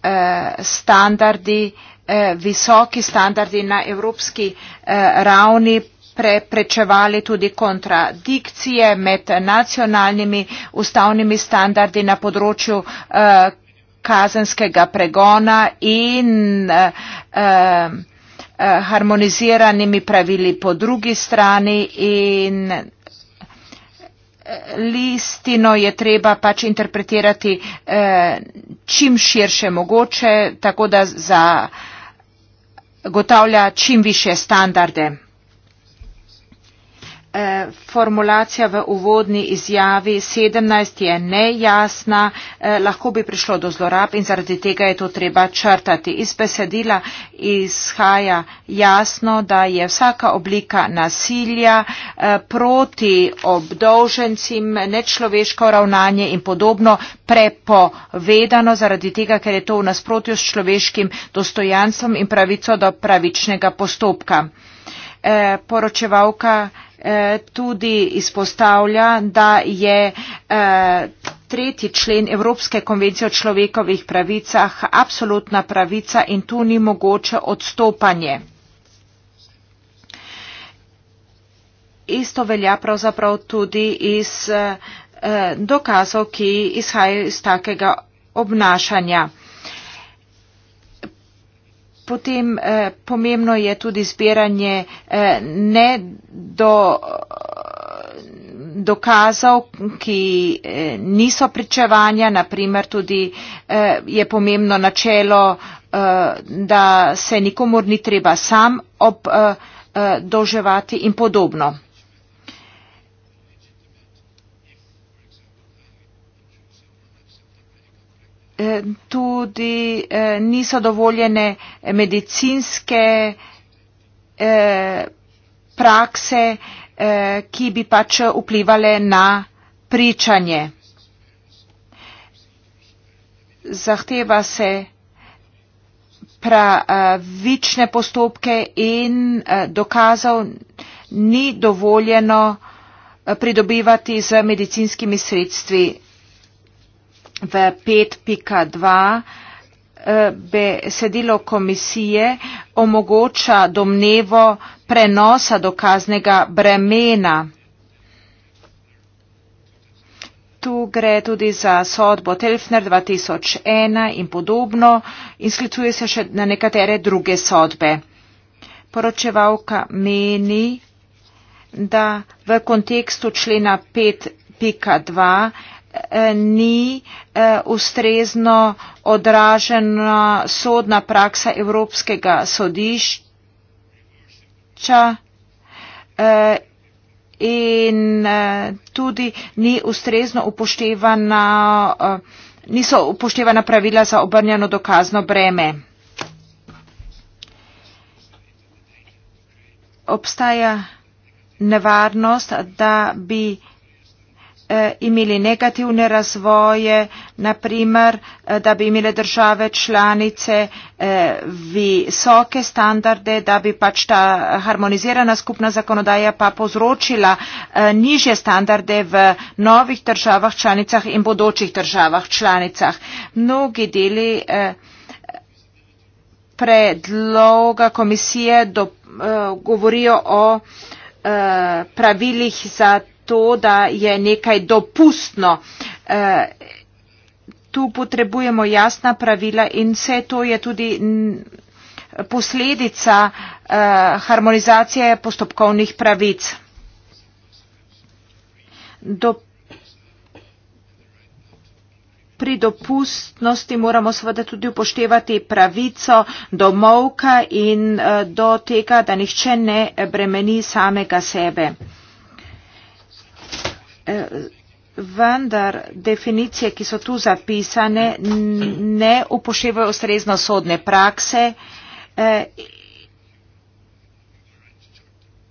eh, standardi, eh, visoki standardi na evropski eh, ravni preprečevali tudi kontradikcije med nacionalnimi ustavnimi standardi na področju eh, kazenskega pregona in eh, eh, harmoniziranimi pravili po drugi strani in listino je treba pač interpretirati eh, čim širše mogoče, tako da zagotavlja čim više standarde. Eh, formulacija v uvodni izjavi 17 je nejasna, eh, lahko bi prišlo do zlorab in zaradi tega je to treba črtati. Iz besedila izhaja jasno, da je vsaka oblika nasilja eh, proti obdolžencim nečloveško ravnanje in podobno prepovedano zaradi tega, ker je to v nasprotju s človeškim dostojanstvom in pravico do pravičnega postopka. Poročevalka Eh, tudi izpostavlja, da je eh, tretji člen Evropske konvencije o človekovih pravicah apsolutna pravica in tu ni mogoče odstopanje. Isto velja pravzaprav tudi iz eh, dokazov, ki izhajajo iz takega obnašanja potem eh, pomembno je tudi zbiranje eh, ne do dokazov, ki eh, niso pričevanja, naprimer tudi eh, je pomembno načelo, eh, da se nikomor ni treba sam obdolževati eh, eh in podobno. Eh, tudi eh, niso dovoljene medicinske eh, prakse, ki bi pač vplivale na pričanje. Zahteva se pravične postopke in dokazov ni dovoljeno pridobivati z medicinskimi sredstvi v 5.2 eh, besedilo komisije omogoča domnevo prenosa dokaznega bremena. Tu gre tudi za sodbo Telfner 2001 in podobno in sklicuje se še na nekatere druge sodbe. Poročevalka meni, da v kontekstu člena 5.2 Eh, ni eh, ustrezno odražena sodna praksa Evropskega sodišča eh, in tudi ni ustrezno upoštevana, niso upoštevana pravila za obrnjeno dokazno breme. Obstaja nevarnost, da bi Eh, imeli negativne razvoje, naprimer, eh, da bi imele države članice eh, visoke standarde, da bi pač ta harmonizirana skupna zakonodaja pa povzročila nižje standarde v novih državah članicah in bodočih državah članicah. Mnogi deli predloga komisije do, govorijo o pravilih za to, da je nekaj dopustno. Eh, tu potrebujemo jasna pravila in vse to je tudi posledica eh, harmonizacije postopkovnih pravic. Do Pri dopustnosti moramo seveda tudi upoštevati pravico do molka in eh, do tega, da nihče ne bremeni samega sebe vendar definicije, ki so tu zapisane, ne upoštevajo ustrezno sodne prakse eh,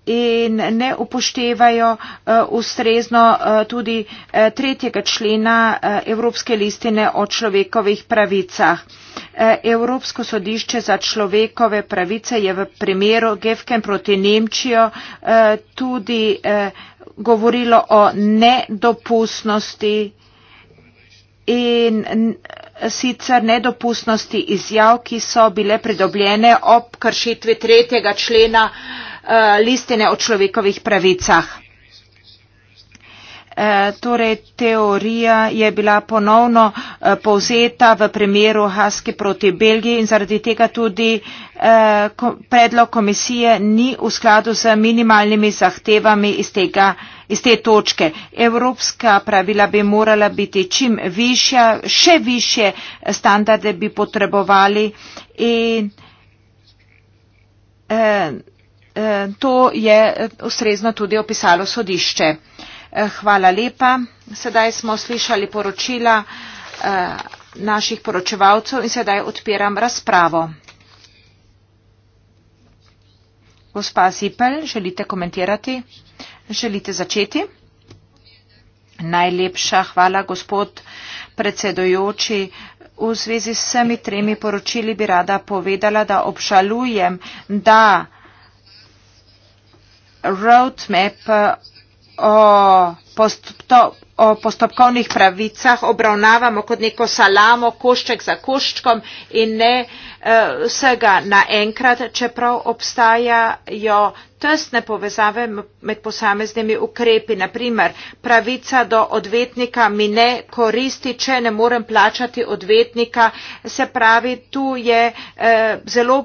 in ne upoštevajo eh, ustrezno eh, tudi tretjega člena Evropske listine o človekovih pravicah. Evropsko sodišče za človekove pravice je v primeru Gefken proti Nemčijo tudi govorilo o nedopustnosti in sicer nedopustnosti izjav, ki so bile pridobljene ob kršitvi tretjega člena eh, listine o človekovih pravicah. Eh, torej teorija je bila ponovno eh, povzeta v primeru Haske proti Belgiji in zaradi tega tudi eh, predlog komisije ni v skladu z minimalnimi zahtevami iz tega iz te točke. Evropska pravila bi morala biti čim višja, še više standarde bi potrebovali in eh, eh, to je ustrezno tudi opisalo sodišče. Eh, Eh, hvala lepa. Sedaj smo slišali poročila eh, naših poročevalcev in sedaj odpiram razpravo. Gospa Zipel, želite komentirati? Želite začeti? Najlepša hvala, gospod predsedojoči. V zvezi s vsemi tremi poročili bi rada povedala, da obžalujem, da roadmap o, postop, o postopkovnih pravicah obravnavamo kot neko salamo, košček za koščkom in ne uh, vsega naenkrat, čeprav obstajajo tesne povezave med posameznimi ukrepi. Naprimer, pravica do odvetnika mi ne koristi, če ne morem plačati odvetnika. Se pravi, tu je uh, zelo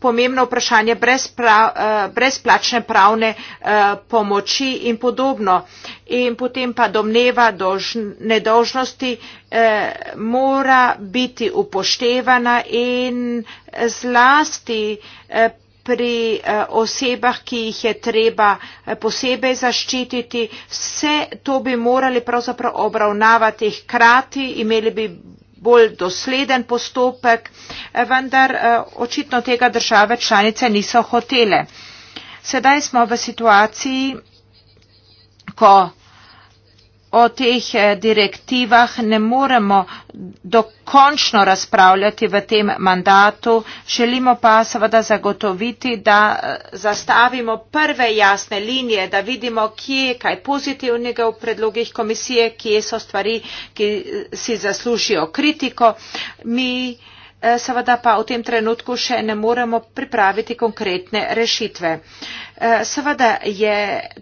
pomembno vprašanje eh, brezplačne pravne eh, pomoči in podobno. In potem pa domneva nedožnosti eh, mora biti upoštevana in zlasti pri osebah, ki jih je treba posebej zaščititi. Vse to bi morali pravzaprav obravnavati hkrati, imeli bi bolj dosleden postopek, eh, vendar eh, očitno tega države članice niso hotele. Sedaj smo v situaciji, ko o teh eh, direktivah ne moremo dokončno razpravljati v tem mandatu. Želimo pa seveda zagotoviti, da eh, zastavimo prve jasne linije, da vidimo, kje je kaj pozitivnega v predlogih komisije, kje so stvari, ki eh, si zaslužijo kritiko. Mi seveda pa v tem trenutku še ne moremo pripraviti konkretne rešitve. Eh, seveda je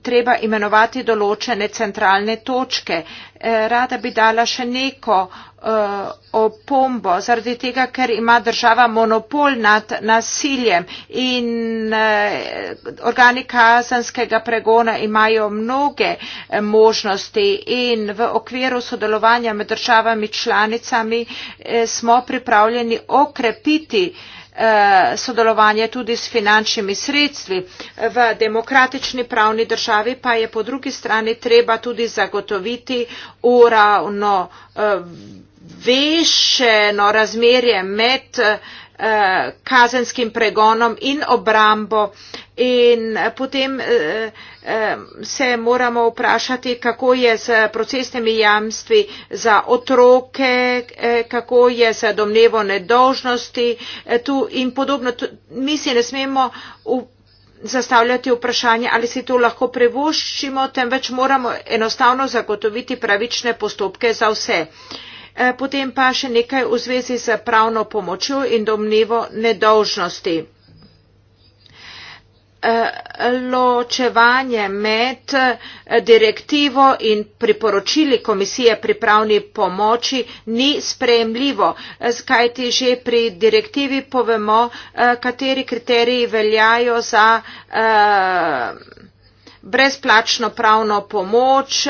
treba imenovati določene centralne točke. Eh, rada bi dala še neko eh, opombo, zaradi tega, ker ima država monopol nad nasiljem in organi kazanskega pregona imajo mnoge možnosti in v okviru sodelovanja med državami članicami smo pripravljeni okrepiti Eh, sodelovanje tudi s finančnimi sredstvi. V demokratični pravni državi pa je po drugi strani treba tudi zagotoviti uravno eh, vešeno razmerje med eh, kazenskim pregonom in obrambo in eh, potem eh, eh, se moramo vprašati, kako je z procesnimi jamstvi za otroke, kako je z domnevo nedolžnosti tu in podobno. Mi si ne smemo zastavljati vprašanje, ali si to lahko prevoščimo, temveč moramo enostavno zagotoviti pravične postopke za vse. Potem pa še nekaj v zvezi z pravno pomočjo in domnevo nedolžnosti ločevanje med eh, direktivo in priporočili komisije pripravni pomoči ni sprejemljivo, skajti eh, že pri direktivi povemo, eh, kateri kriteriji veljajo za brezplačno pravno pomoč,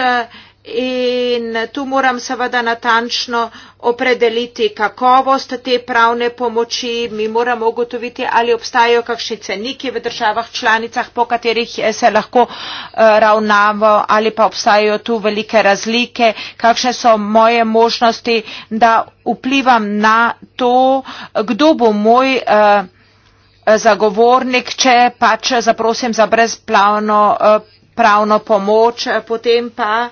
in tu moram seveda natančno opredeliti kakovost te pravne pomoči. Mi moramo ugotoviti, ali obstajajo kakšni ceniki v državah članicah, po katerih eh, se lahko eh, ravnamo, ali pa obstajajo tu velike razlike, kakšne so moje možnosti, da vplivam na to, kdo bo moj eh, zagovornik, če pač zaprosim za brezplavno pravno pomoč, eh, potem pa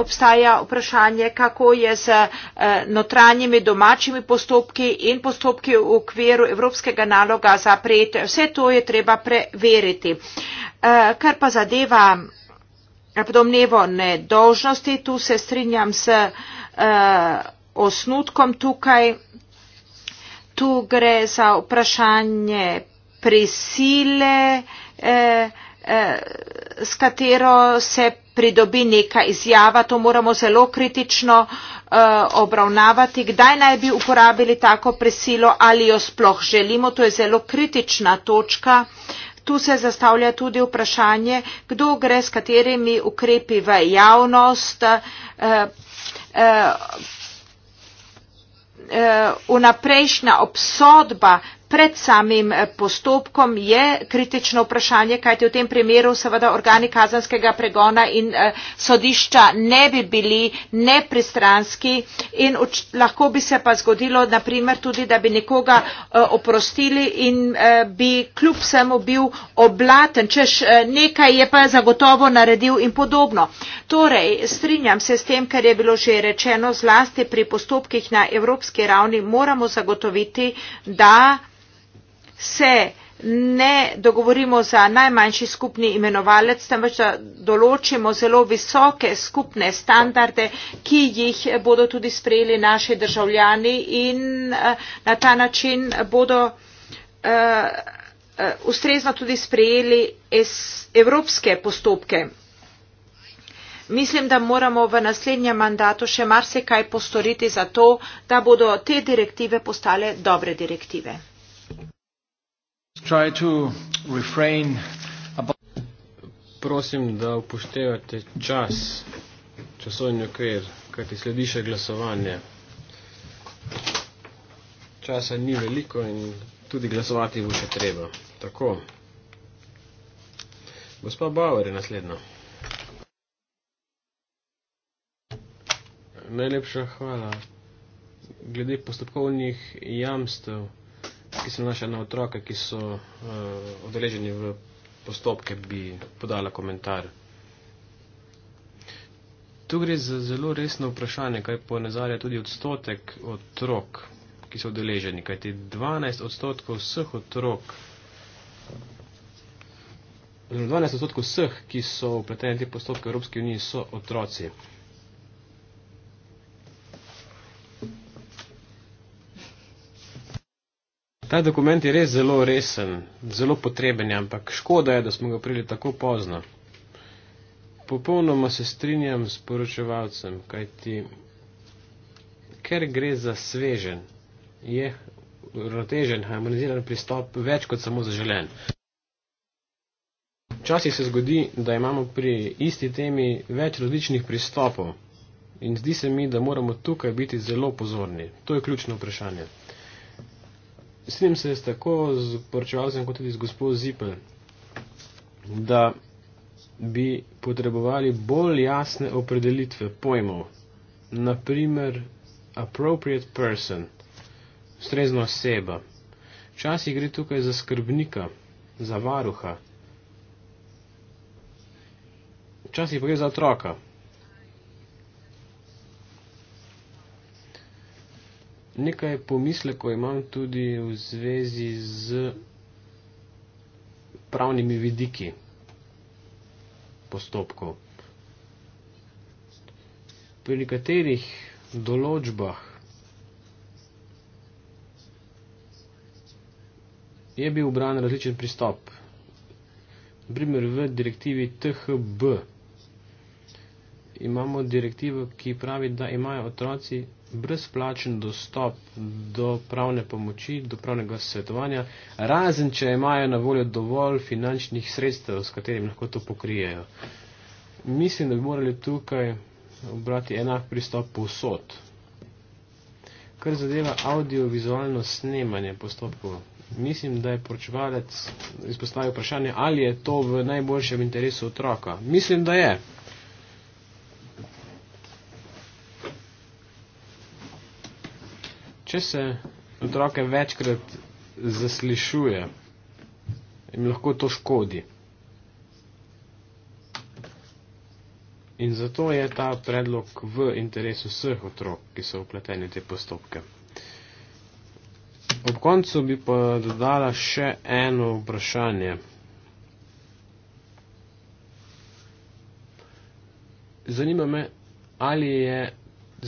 obstaja vprašanje, kako je z eh, notranjimi domačimi postopki in postopki v okviru evropskega naloga za prijetje. Vse to je treba preveriti. Eh, kar pa zadeva domnevo nedolžnosti, tu se strinjam s osnutkom tukaj. Tu gre za vprašanje prisile. Eh, Eh, s katero se pridobi neka izjava. To moramo zelo kritično eh, obravnavati, kdaj naj bi uporabili tako prisilo ali jo sploh želimo. To je zelo kritična točka. Tu se zastavlja tudi vprašanje, kdo gre s katerimi ukrepi v javnost. Eh, vnaprejšnja obsodba pred samim eh, postopkom je kritično vprašanje, kajti v tem primeru seveda organi kazanskega pregona in eh, sodišča ne bi bili nepristranski in lahko bi se pa zgodilo naprimer tudi, da bi nekoga eh, oprostili in bi kljub vsemu bil oblaten, češ nekaj je pa zagotovo naredil in podobno. Torej, strinjam se s tem, ker je bilo že rečeno, zlasti pri postopkih na evropski ravni moramo zagotoviti, da se ne dogovorimo za najmanjši skupni imenovalec, temveč da določimo zelo visoke skupne standarde, ki jih bodo tudi sprejeli naši državljani in eh, na ta način bodo eh, eh, ustrezno tudi sprejeli evropske postopke. Mislim, da moramo v naslednjem mandatu še marsikaj postoriti za to, da bodo te direktive postale dobre direktive. Prosim, da upoštevate čas, časovni okvir, kaj ti sledi še glasovanje. Časa ni veliko in tudi glasovati bo še treba. Tako. Gospa Bauer je naslednja. Najlepša hvala. Glede postopkovnih jamstev ki se nanaša na otroke, ki so uh, eh, odeleženi v postopke, bi podala komentar. Tu gre za zelo resno vprašanje, kaj ponazarja tudi odstotek otrok, ki so odeleženi, kajti 12 odstotkov vseh otrok. 12 odstotkov vseh, ki so upleteni v te postopke v Evropski uniji, so otroci. Ta dokument je res zelo resen, zelo potreben, ampak škoda je, da smo ga prili tako pozno. Popolnoma se strinjam s poročevalcem, kajti ker gre za svežen, je rotežen, harmoniziran pristop več kot samo zaželen. Včasih se zgodi, da imamo pri isti temi več različnih pristopov in zdi se mi, da moramo tukaj biti zelo pozorni. To je ključno vprašanje strinjam se s tako z poročevalcem, kot tudi z gospod Zipel, da bi potrebovali bolj jasne opredelitve pojmov. Naprimer, appropriate person, ustrezna oseba. Včasih gre tukaj za skrbnika, za varuha. Včasih pa gre za otroka, Nekaj pomislekov imam tudi v zvezi z pravnimi vidiki postopkov. Pri nekaterih določbah je bil obran različen pristop. Primer v direktivi THB imamo direktivo, ki pravi, da imajo otroci brezplačen dostop do pravne pomoči, do pravnega svetovanja, razen če imajo na voljo dovolj finančnih sredstev, s katerim lahko to pokrijejo. Mislim, da bi morali tukaj obrati enak pristop povsod. Kar zadeva audiovizualno snemanje postopkov, mislim, da je poročevalec izpostavil vprašanje, ali je to v najboljšem interesu otroka. Mislim, da je. Če se otroke večkrat zaslišuje, jim lahko to škodi. In zato je ta predlog v interesu vseh otrok, ki so upleteni v te postopke. Ob koncu bi pa dodala še eno vprašanje. Zanima me, ali je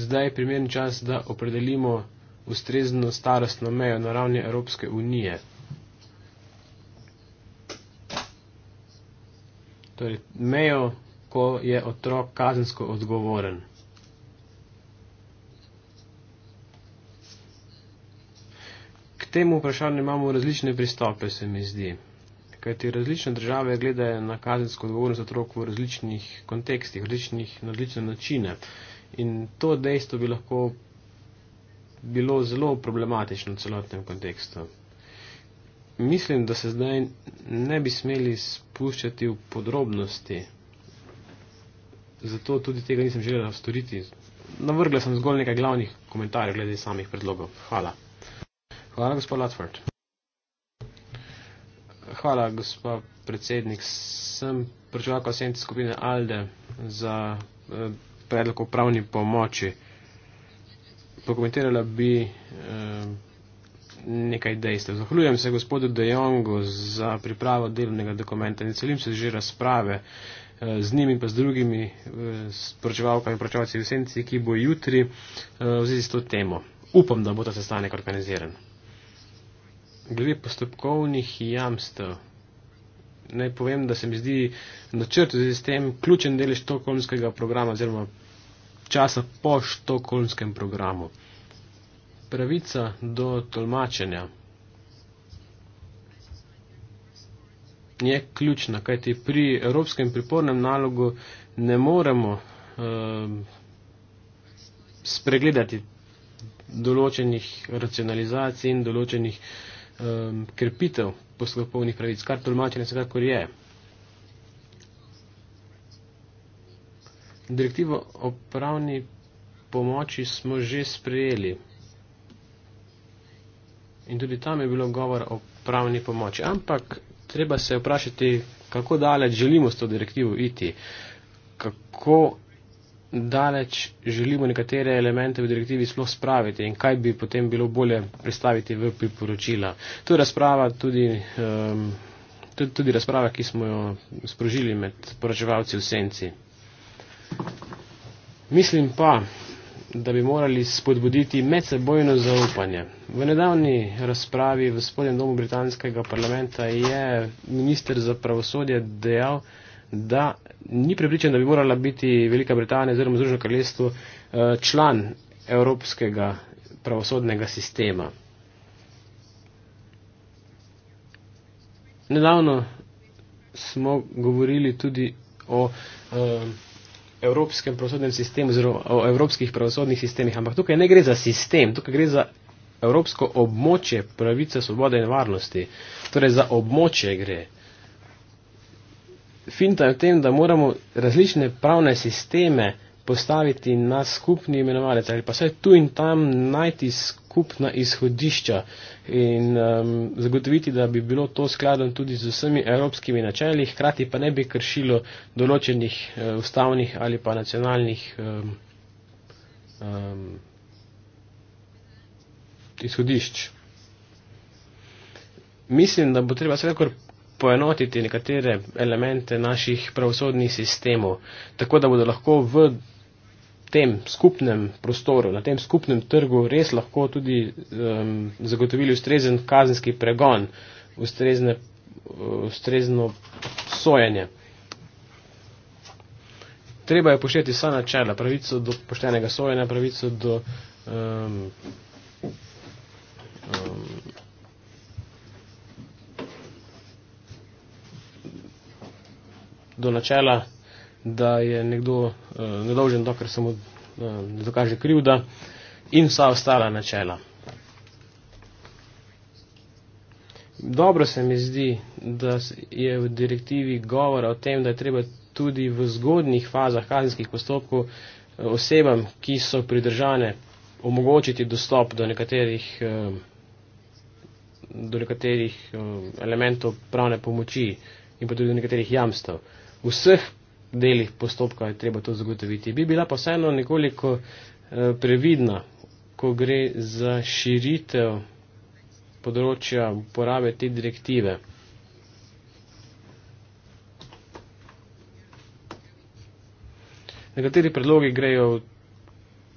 zdaj primern čas, da opredelimo ustrezno starostno mejo na ravni Evropske unije. Torej, mejo, ko je otrok kazensko odgovoren. K temu vprašanju imamo različne pristope, se mi zdi. Kajti različne države gledajo na kazensko odgovornost otrok v različnih kontekstih, različnih, na različne načine. In to dejstvo bi lahko bilo zelo problematično v celotnem kontekstu. Mislim, da se zdaj ne bi smeli spuščati v podrobnosti, zato tudi tega nisem želela storiti. Navrgla sem zgolj nekaj glavnih komentarjev glede samih predlogov. Hvala. Hvala, gospod Latford. Hvala, gospod predsednik. Sem prečevalka osebnice skupine ALDE za eh, predlog o pravni pomoči pokomentirala bi eh, nekaj dejstev. Zahvaljujem se gospodu De Jongu za pripravo delovnega dokumenta. Ne celim se že razprave eh, z njimi in pa z drugimi eh, sporočevalkami in pročevalci v senci, ki bo jutri v zvezi s to temo. Upam, da bo ta sestanek organiziran. Glede postopkovnih jamstev. Naj povem, da se mi zdi načrt v zvezi s tem ključen delež tokomskega programa oziroma časa po štokholmskem programu. Pravica do tolmačenja je ključna, kajti pri evropskem pripornem nalogu ne moremo eh, spregledati določenih racionalizacij in določenih eh, krepitev poslopovnih pravic, kar tolmačenje vsekakor je. Direktivo o pravni pomoči smo že sprejeli. In tudi tam je bilo govor o pravni pomoči. Ampak treba se vprašati, kako daleč želimo s to direktivo iti. Kako daleč želimo nekatere elemente v direktivi sploh spraviti in kaj bi potem bilo bolje predstaviti v priporočila. To je razprava tudi. Um, Tudi razprava, ki smo jo sprožili med poročevalci v senci. Mislim pa, da bi morali spodbuditi medsebojno zaupanje. V nedavni razpravi v spodnjem domu britanskega parlamenta je minister za pravosodje dejal, da ni pripričan, da bi morala biti Velika Britanija oziroma Združeno kraljestvo eh, član evropskega pravosodnega sistema. Nedavno smo govorili tudi o uh, evropskem pravosodnem sistemu oziroma o evropskih pravosodnih sistemih, ampak tukaj ne gre za sistem, tukaj gre za evropsko območje pravice, svobode in varnosti. Torej za območje gre. Finta je v tem, da moramo različne pravne sisteme postaviti na skupni imenovalec ali pa vsaj tu in tam najti skupna izhodišča in um, zagotoviti, da bi bilo to skladno tudi z vsemi evropskimi načeli, hkrati pa ne bi kršilo določenih uh, ustavnih ali pa nacionalnih um, um, izhodišč. Mislim, da bo treba vsekakor poenotiti nekatere elemente naših pravosodnih sistemov, tako da bodo lahko v tem skupnem prostoru, na tem skupnem trgu res lahko tudi um, zagotovili ustrezen kazenski pregon, ustrezne, ustrezno sojenje. Treba je pošteti vsa načela, pravico do poštenega sojenja, pravico do um, um, do načela da je nekdo uh, nedolžen, dokler se mu uh, ne dokaže krivda in vsa ostala načela. Dobro se mi zdi, da je v direktivi govora o tem, da je treba tudi v zgodnih fazah kazenskih postopkov eh, osebam, ki so pridržane, omogočiti dostop do nekaterih, do nekaterih elementov pravne pomoči in pa tudi do nekaterih jamstev. Vseh delih postopka je treba to zagotoviti. Bi bila pa vseeno nekoliko eh, previdna, ko gre za širitev področja uporabe te direktive. Nekateri predlogi grejo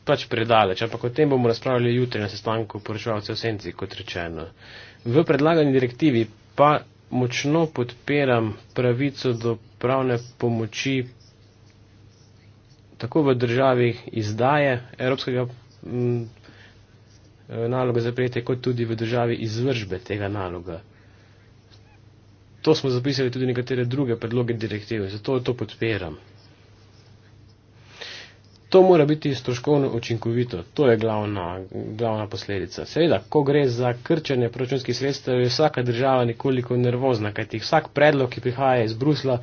pač predaleč, ampak o tem bomo razpravljali jutri na sestanku poročevalcev v senci, kot rečeno. V predlagani direktivi pa močno podpiram pravico do pravne pomoči tako v državi izdaje evropskega mm, eh, naloga za prijetje, kot tudi v državi izvržbe tega naloga. To smo zapisali tudi nekatere druge predloge direktive, zato to podpiram. To mora biti stroškovno učinkovito, to je glavna, glavna posledica. Seveda, ko gre za krčanje proračunskih sredstev, je vsaka država nekoliko nervozna, kajti vsak predlog, ki prihaja iz Brusla,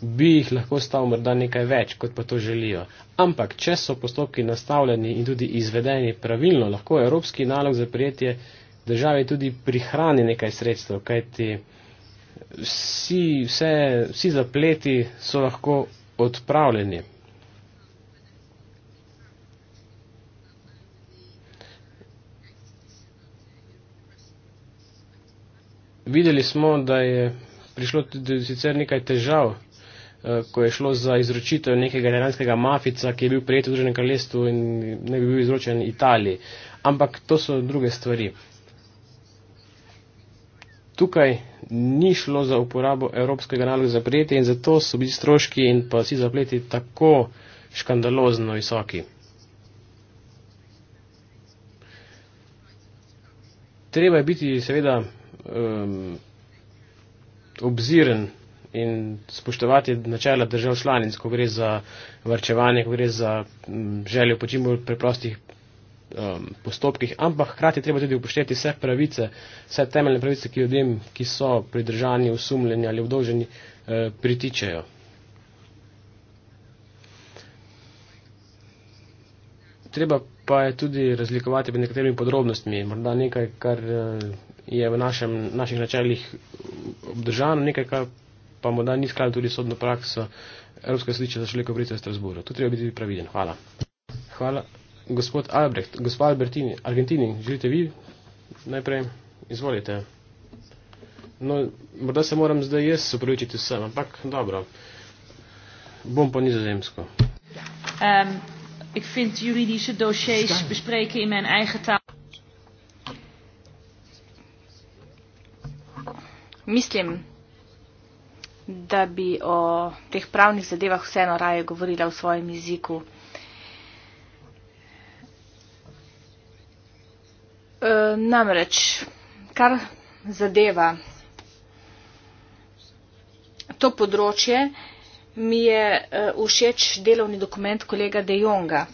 bi jih lahko stal morda nekaj več, kot pa to želijo. Ampak, če so postopki nastavljeni in tudi izvedeni pravilno, lahko evropski nalog za prijetje države tudi prihrani nekaj sredstev, kajti vsi, vse, vsi zapleti so lahko odpravljeni. Videli smo, da je prišlo tudi sicer nekaj težav, eh, ko je šlo za izročitev nekega iranskega mafica, ki je bil prijet v Združenem kraljestvu in ne bi bil izročen Italiji. Ampak to so druge stvari. Tukaj ni šlo za uporabo evropskega naloga za prijetje in zato so bili stroški in pa vsi zapleti tako škandalozno visoki. Treba je biti seveda um, obziren in spoštovati načela držav članic, ko gre za vrčevanje, ko gre za mm, željo po čim bolj preprostih um, postopkih, ampak hkrati treba tudi upoštevati vse pravice, vse temeljne pravice, ki ljudem, ki so pridržani, usumljeni ali obdolženi, eh, pritičajo. Treba pa je tudi razlikovati med nekaterimi podrobnostmi, morda nekaj, kar. Eh, je v našem, naših načeljih obdržano nekaj, kar pa morda ni skladno tudi sodno prakso Evropske sodišče za človekove pravice v Strasburu. Tu treba biti previden. Hvala. Hvala. Gospod Albrecht, gospod Albertini, Argentini, želite vi najprej? Izvolite. No, morda se moram zdaj jaz upravičiti vsem, ampak dobro. Bom po nizozemsko. Um, ik vind juridische dossiers bespreken in mijn eigen taal. mislim, da bi o teh pravnih zadevah vseeno raje govorila v svojem jeziku. E, namreč, kar zadeva to področje, mi je e, všeč delovni dokument kolega De Jonga.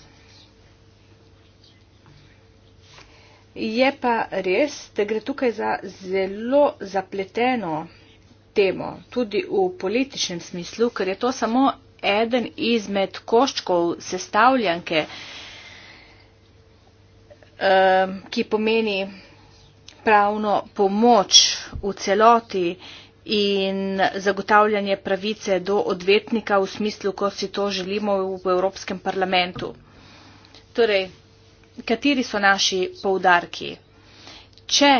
Je pa res, da gre tukaj za zelo zapleteno temo, tudi v političnem smislu, ker je to samo eden izmed koščkov sestavljanke, eh, ki pomeni pravno pomoč v celoti in zagotavljanje pravice do odvetnika v smislu, kot si to želimo v Evropskem parlamentu. Torej, kateri so naši poudarki. Če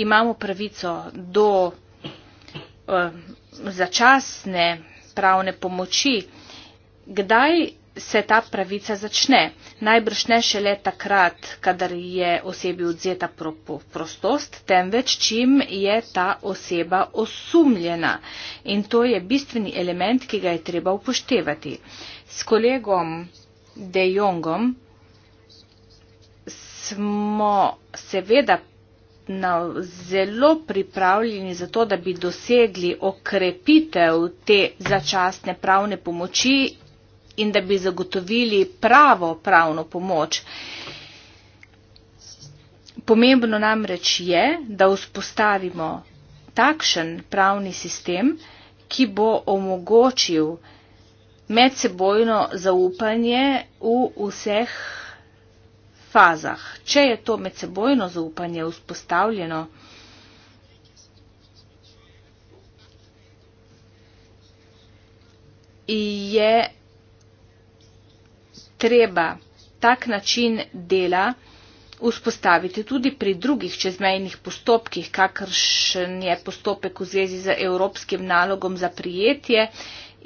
imamo pravico do eh, začasne pravne pomoči, kdaj se ta pravica začne? Najbrž ne šele takrat, kadar je osebi odzeta prostost, temveč čim je ta oseba osumljena. In to je bistveni element, ki ga je treba upoštevati. S kolegom De Jongom smo seveda na zelo pripravljeni za to, da bi dosegli okrepitev te začasne pravne pomoči in da bi zagotovili pravo pravno pomoč. Pomembno namreč je, da vzpostavimo takšen pravni sistem, ki bo omogočil medsebojno zaupanje v vseh fazah. Če je to medsebojno zaupanje vzpostavljeno, je treba tak način dela vzpostaviti tudi pri drugih čezmejnih postopkih, kakršen je postopek v zvezi z evropskim nalogom za prijetje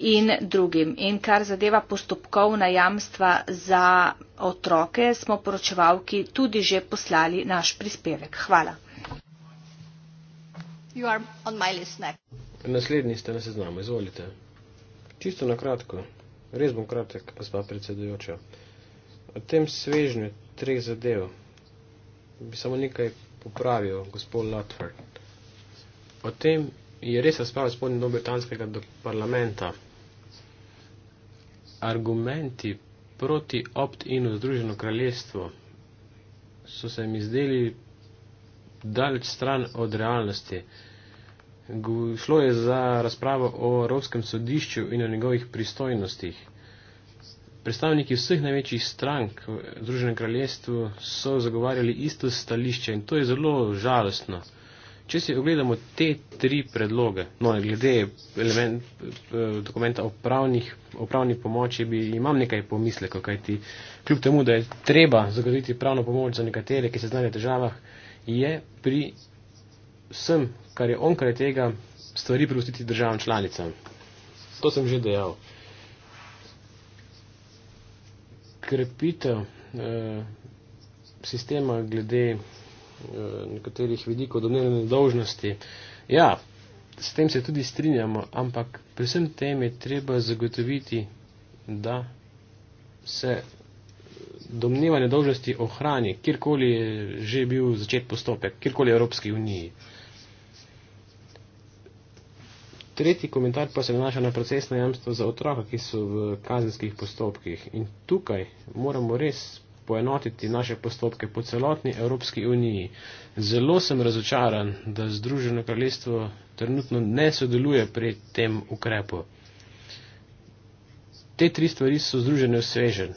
in drugim. In kar zadeva postopkovna jamstva za otroke, smo poročevalki tudi že poslali naš prispevek. Hvala. Naslednji ste na seznamu, izvolite. Čisto na kratko, res bom kratek, gospa predsedujoča. O tem svežnju treh zadev bi samo nekaj popravil gospod Latford. O tem je res razpravljal spodnji dom britanskega parlamenta argumenti proti opt-inu Združeno kraljestvo so se mi zdeli daleč stran od realnosti. Šlo je za razpravo o Evropskem sodišču in o njegovih pristojnostih. Predstavniki vseh največjih strank v Združenem kraljestvu so zagovarjali isto stališče in to je zelo žalostno. Če si ogledamo te tri predloge, no, glede element, eh, dokumenta o pravni pomoči, bi imam nekaj pomisleko, kaj ti kljub temu, da je treba zagotoviti pravno pomoč za nekatere, ki se znajo v državah, je pri vsem, kar je onkraj tega, stvari prepustiti državam članicam. To sem že dejal. Krepitev eh, sistema glede Eh, nekaterih vidikov domnevne dolžnosti. Ja, s tem se tudi strinjamo, ampak pri vsem tem je treba zagotoviti, da se domnevanje dolžnosti ohrani, kjerkoli je že bil začet postopek, kjerkoli Evropski uniji. Tretji komentar pa se nanaša na procesno jamstvo za otroka, ki so v kazenskih postopkih. In tukaj moramo res poenotiti naše postopke po celotni Evropski uniji. Zelo sem razočaran, da Združeno kraljestvo trenutno ne sodeluje pri tem ukrepu. Te tri stvari so združene v svežen.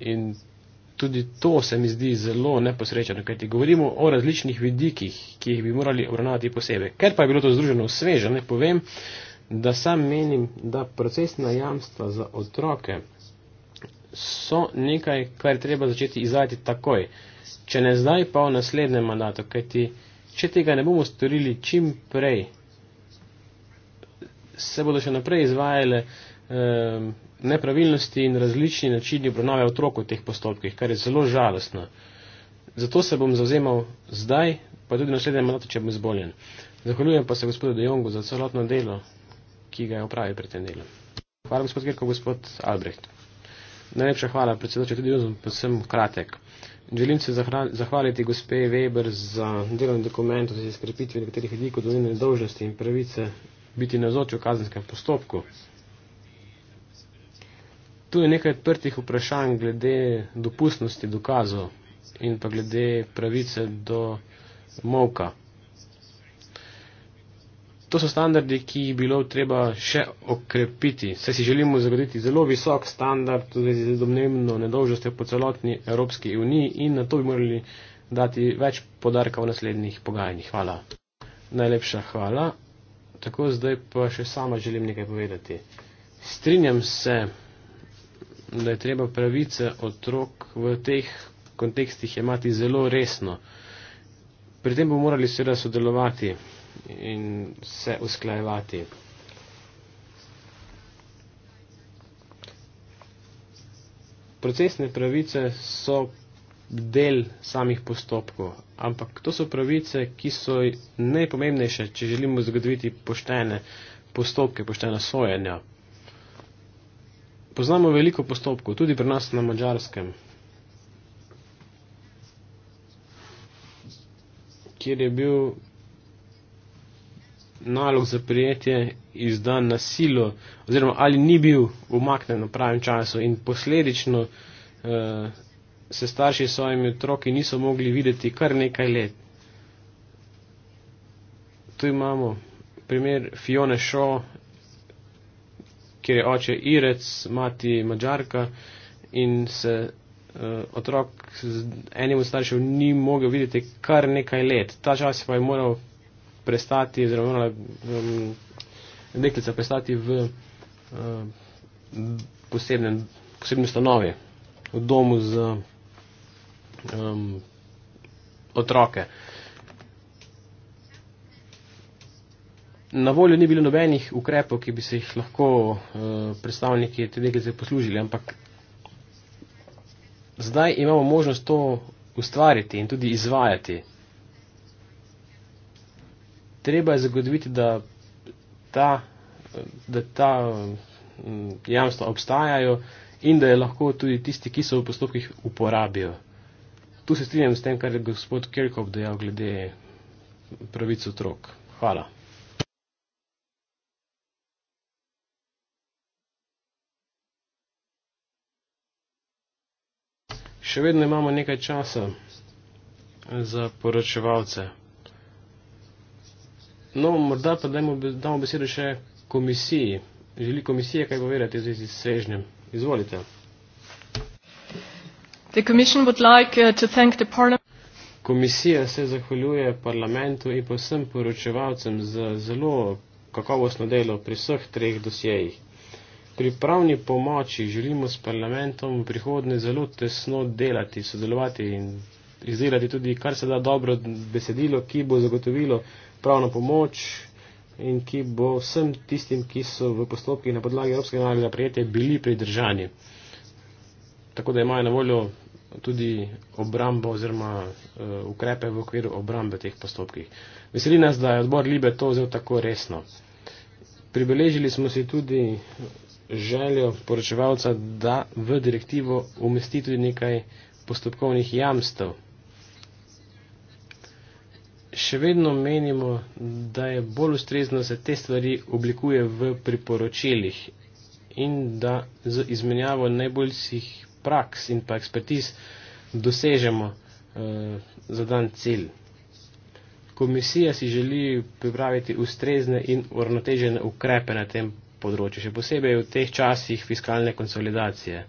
In tudi to se mi zdi zelo neposrečeno, kajti govorimo o različnih vidikih, ki jih bi morali obravnavati posebej. Ker pa je bilo to združeno v svežen, ne povem, da sam menim, da procesna jamstva za otroke so nekaj, kar je treba začeti izvajati takoj. Če ne zdaj, pa v naslednjem mandatu, kajti če tega ne bomo storili čim prej, se bodo še naprej izvajale eh, nepravilnosti in različni načini obravnave otrok v teh postopkih, kar je zelo žalostno. Zato se bom zauzemal zdaj, pa tudi v naslednjem mandatu, če bom izboljen. Zahvaljujem pa se gospodu Dejongu za celotno delo, ki ga je opravil pri tem delu. Hvala gospod Gerko, gospod Albrecht. Najlepša hvala, predsedoče, tudi jaz sem kratek. Želim se zahvaliti gospe Weber za delovni dokument o skrepitvi nekaterih vidikov dovoljene dolžnosti in pravice biti na zoču v kazenskem postopku. Tu je nekaj odprtih vprašanj glede dopustnosti dokazov in pa glede pravice do molka to so standardi, ki jih bilo treba še okrepiti. Vse si želimo zagoditi zelo visok standard, tudi z domnevno nedolžnostjo po celotni Evropski uniji in na to bi morali dati več podarka v naslednjih pogajanjih. Hvala. Najlepša hvala. Tako zdaj pa še sama želim nekaj povedati. Strinjam se, da je treba pravice otrok v teh kontekstih imati zelo resno. Pri tem bomo morali seveda sodelovati in se usklajevati. Procesne pravice so del samih postopkov, ampak to so pravice, ki so najpomembnejše, če želimo zagotoviti poštene postopke, poštena sojenja. Poznamo veliko postopkov, tudi pri nas na mačarskem, kjer je bil nalog za prijetje izdan na silo, oziroma ali ni bil umaknen na pravem času in posledično uh, se starši s svojimi otroki niso mogli videti kar nekaj let. Tu imamo primer Fione Shaw, kjer je oče Irec, mati Mačarka in se uh, otrok z enim od staršev ni mogel videti kar nekaj let. Ta čas pa je moral prestati, oziroma morala um, deklica prestati v um, posebnem, posebnem stanovi, v domu z um, otroke. Na voljo ni bilo nobenih ukrepov, ki bi se jih lahko uh, predstavniki te deklice poslužili, ampak zdaj imamo možnost to ustvariti in tudi izvajati treba je zagotoviti, da ta, da ta mm, jamstva obstajajo in da je lahko tudi tisti, ki so v postopkih, uporabijo. Tu se strinjam s tem, kar je gospod Kirkov dejal glede pravic otrok. Hvala. Še vedno imamo nekaj časa za poročevalce. No, morda pa dajmo, damo besedo še komisiji. Želi komisija kaj povedati v zvezi s svežnjem? Izvolite. The commission would like uh, to thank the parliament. Komisija se zahvaljuje parlamentu in pa vsem poročevalcem za zelo kakovostno delo pri vseh treh dosjejih. Pri pravni pomoči želimo s parlamentom v prihodnje zelo tesno delati, sodelovati in izdelati tudi kar se da dobro besedilo, ki bo zagotovilo pravno pomoč in ki bo vsem tistim, ki so v postopkih na podlagi Evropskega narodnega prijetja bili pridržani. Tako da imajo na voljo tudi obrambo oziroma uh, ukrepe v okviru obrambe teh postopkih. Veseli nas, da je odbor Libe to vzel tako resno. Pribeležili smo si tudi željo poročevalca, da v direktivo umesti tudi nekaj postopkovnih jamstev še vedno menimo, da je bolj ustrezno, da se te stvari oblikuje v priporočilih in da z izmenjavo najboljših praks in pa ekspertiz dosežemo eh, zadan cilj. Komisija si želi pripraviti ustrezne in uravnotežene ukrepe na tem področju, še posebej v teh časih fiskalne konsolidacije.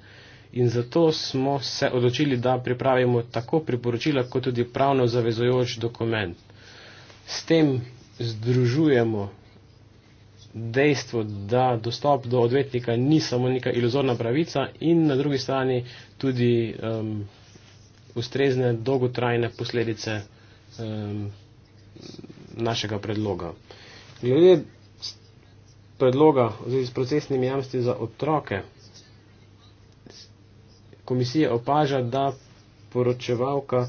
In zato smo se odločili, da pripravimo tako priporočila, kot tudi pravno zavezojoč dokument s tem združujemo dejstvo, da dostop do odvetnika ni samo neka iluzorna pravica in na drugi strani tudi um, ustrezne dolgotrajne posledice um, našega predloga. Glede predloga oziroma s procesnimi jamstvi za otroke, komisija opaža, da poročevalka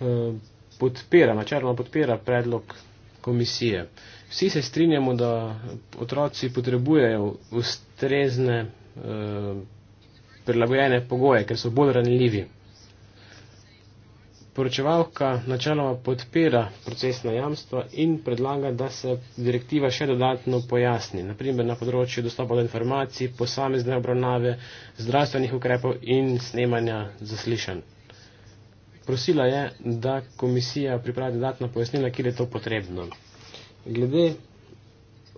um, podpira, načeloma podpira predlog komisije. Vsi se strinjamo, da otroci potrebujejo ustrezne eh, prilagojene pogoje, ker so bolj ranljivi. Poročevalka načeloma podpira procesna jamstva in predlaga, da se direktiva še dodatno pojasni, naprimer na področju dostopa do informacij, posamezne obravnave, zdravstvenih ukrepov in snemanja zaslišanj. Prosila je, da komisija pripravi dodatna pojasnila, kjer je to potrebno. Glede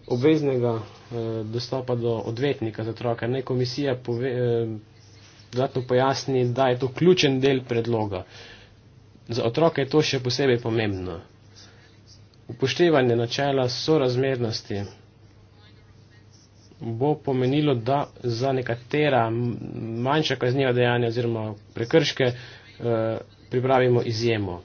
obveznega eh, dostopa do odvetnika za otroka, naj komisija pove, eh, dodatno pojasni, da je to ključen del predloga. Za otroka je to še posebej pomembno. Upoštevanje načela sorazmernosti bo pomenilo, da za nekatera manjša kazniva dejanja oziroma prekrške eh, pripravimo izjemo.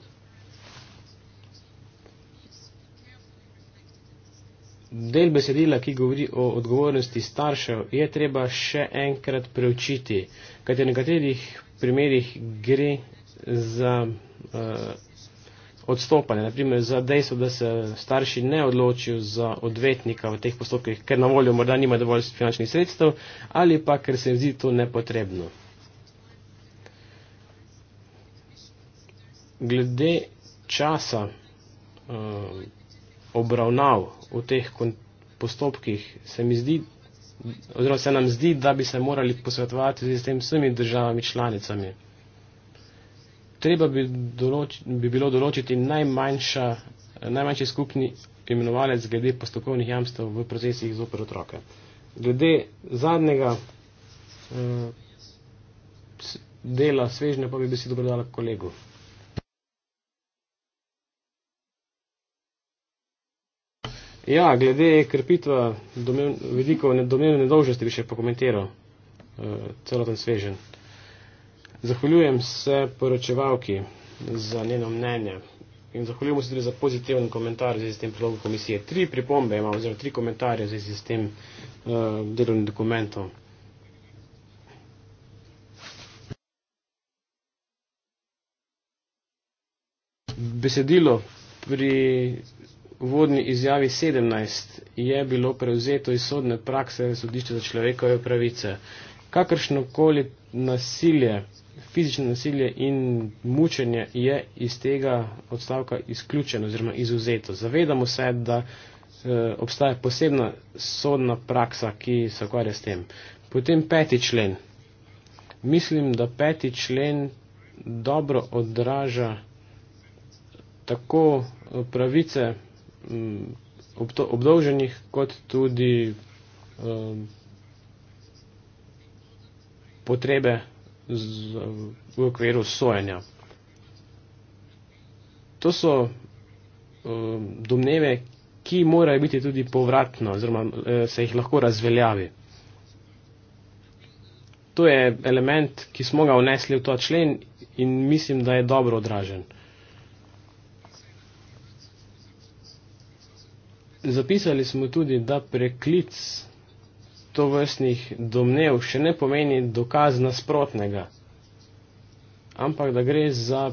Del besedila, ki govori o odgovornosti staršev, je treba še enkrat preučiti, kajti v nekaterih primerjih gre za uh, odstopanje, naprimer za dejstvo, da se starši ne odločijo za odvetnika v teh postopkih, ker na voljo morda nima dovolj finančnih sredstev ali pa ker se jim zdi to nepotrebno. glede časa eh, obravnav v teh postopkih se mi zdi, oziroma se nam zdi, da bi se morali posvetovati z tem vsemi državami članicami. Treba bi, določ, bi bilo določiti najmanjša, najmanjši skupni imenovalec glede postopkovnih jamstev v procesih zoper otroke. Glede zadnjega eh, dela svežnja pa bi si dobro dala kolegu. Ja, glede krepitva vidikov domnevne nedolžnosti bi še pokomentiral uh, celoten svežen. Zahvaljujem se poročevalki za njeno mnenje in zahvaljujem se tudi za pozitiven komentar z tem predlogom komisije. Tri pripombe imam, oziroma tri komentarje z tem uh, delovnim dokumentom. Besedilo pri uvodni izjavi 17 je bilo prevzeto iz sodne prakse sodišča za človekove pravice. Kakršno koli nasilje, fizično nasilje in mučenje je iz tega odstavka izključeno oziroma izuzeto. Zavedamo se, da e, obstaja posebna sodna praksa, ki se ukvarja s tem. Potem peti člen. Mislim, da peti člen dobro odraža tako pravice obto, obdolženih, kot tudi um, potrebe z, v okviru sojenja. To so um, domneve, ki morajo biti tudi povratno, oziroma eh, se jih lahko razveljavi. To je element, ki smo ga vnesli v ta člen in mislim, da je dobro odražen. Zapisali smo tudi, da preklic to vrstnih domnev še ne pomeni dokaz nasprotnega, ampak da gre za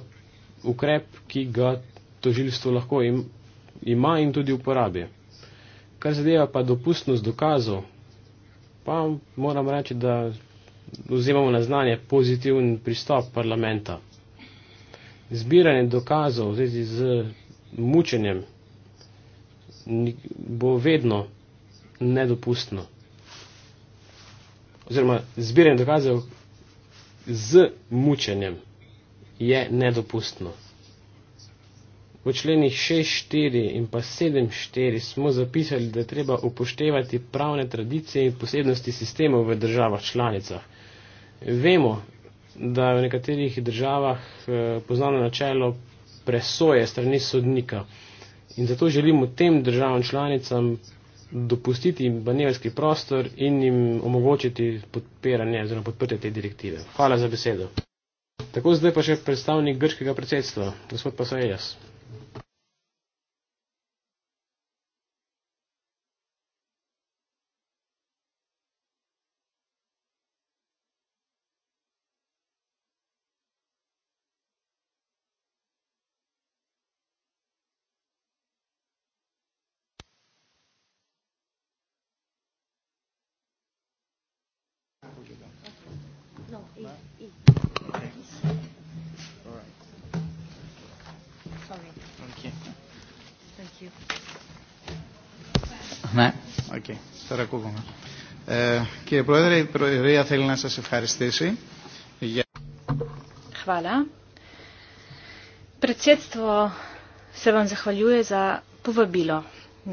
ukrep, ki ga tožilstvo lahko ima in tudi uporabi. Kar zadeva pa dopustnost dokazov, pa moram reči, da vzemamo na znanje pozitiven pristop parlamenta. Zbiranje dokazov v zvezi z mučenjem bo vedno nedopustno. Oziroma, zbiranje dokazov z mučenjem je nedopustno. V členih 6.4 in pa 7.4 smo zapisali, da treba upoštevati pravne tradicije in posebnosti sistemov v državah članicah. Vemo, da v nekaterih državah eh, poznano načelo presoje strani sodnika. In zato želimo tem državam članicam dopustiti manevrski prostor in jim omogočiti podpiranje oziroma podprte te direktive. Hvala za besedo. Tako zdaj pa še predstavnik grškega predsedstva, gospod Pasajas. Κύριε Πρόεδρε, η Προεδρία θέλει να σας ευχαριστήσει. Για... Hvala. Predsedstvo se vam zahvaljuje za povabilo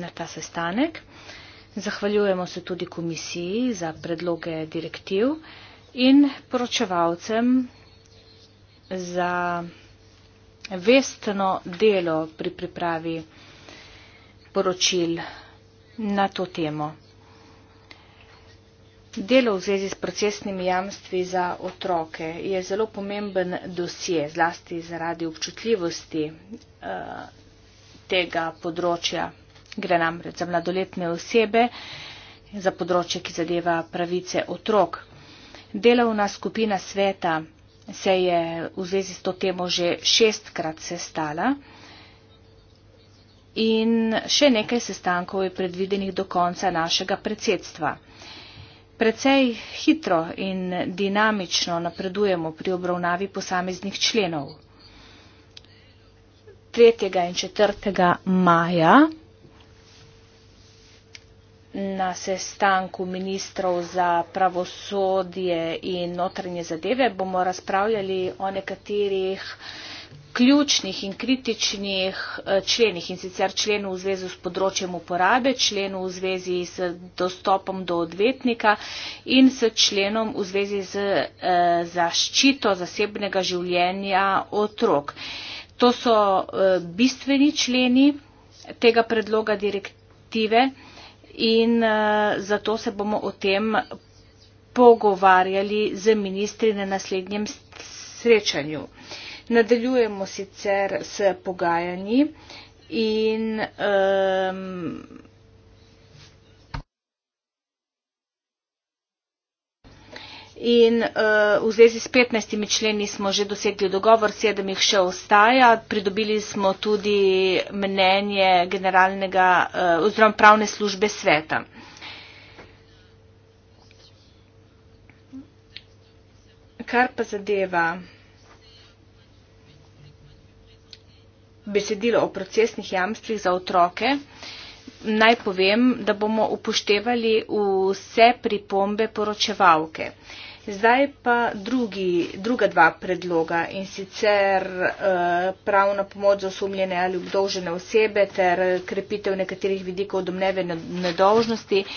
na ta sestanek. Zahvaljujemo se tudi komisiji za predloge direktiv in poročevalcem za vestno delo pri pripravi poročil na to temo. Delo v zvezi s procesnimi jamstvi za otroke je zelo pomemben dosje, zlasti zaradi občutljivosti eh, tega področja. Gre namreč za mladoletne osebe, za področje, ki zadeva pravice otrok. Delovna skupina sveta se je v zvezi s to temo že šestkrat sestala in še nekaj sestankov je predvidenih do konca našega predsedstva. Precej hitro in dinamično napredujemo pri obravnavi posameznih členov. 3. in 4. maja na sestanku ministrov za pravosodje in notranje zadeve bomo razpravljali o nekaterih eh, ključnih in kritičnih eh, členih in sicer členu v zvezi s področjem uporabe, členu v zvezi s dostopom do odvetnika in s členom v zvezi z eh, zaščito zasebnega življenja otrok. To so eh, bistveni členi tega predloga direktive in zato se bomo o tem pogovarjali z ministri na naslednjem srečanju. Nadaljujemo sicer s pogajanji in um, In uh, v zvezi s 15 členi smo že dosegli dogovor, sedem jih še ostaja. Pridobili smo tudi mnenje generalnega uh, oziroma pravne službe sveta. Kar pa zadeva besedilo o procesnih jamstvih za otroke, naj povem, da bomo upoštevali vse pripombe poročevalke. Zdaj pa drugi, druga dva predloga in sicer eh, pravna pomoč za osumljene ali obdolžene osebe ter krepitev nekaterih vidikov domneve nedolžnosti. Na,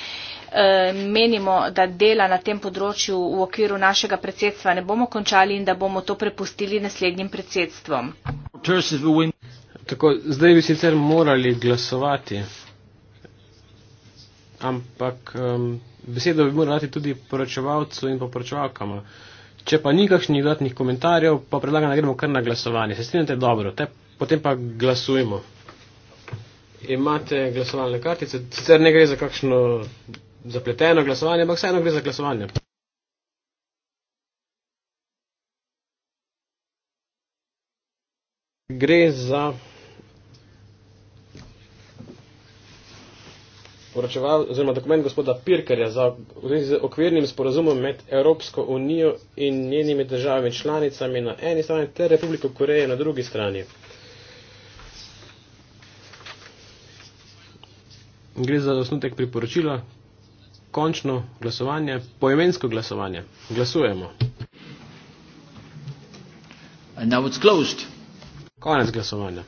Eh, menimo, da dela na tem področju v okviru našega predsedstva ne bomo končali in da bomo to prepustili naslednjim predsedstvom. Tako, zdaj bi sicer morali glasovati, ampak um, besedo bi morali dati tudi poročevalcu in poročevalkama. Če pa ni kakšnih dodatnih komentarjev, pa predlagam, da gremo kar na glasovanje. Se strinjate dobro, te, potem pa glasujemo. Imate glasovalne kartice, sicer ne gre za kakšno zapleteno glasovanje, ampak vseeno gre za glasovanje. Gre za poročeval, oziroma dokument gospoda Pirkerja za okvirnim sporozumom med Evropsko unijo in njenimi državami članicami na eni strani ter Republiko Koreje na drugi strani. Gre za osnutek priporočila, končno glasovanje, poimensko glasovanje. Glasujemo. And now it's closed. Konec glasovanja.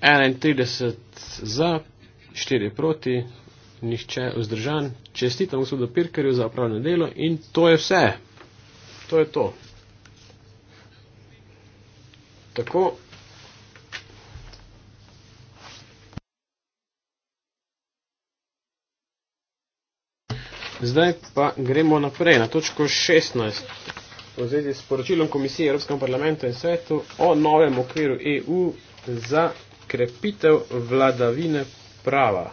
Enaintrideset za, štiri proti, nihče vzdržan. Čestitam gospodu Pirkerju za opravljeno delo in to je vse. To je to. Tako. Zdaj pa gremo naprej na točko 16 v zvezi s poročilom Komisije Evropskega parlamenta in svetu o novem okviru EU za krepitev vladavine prava.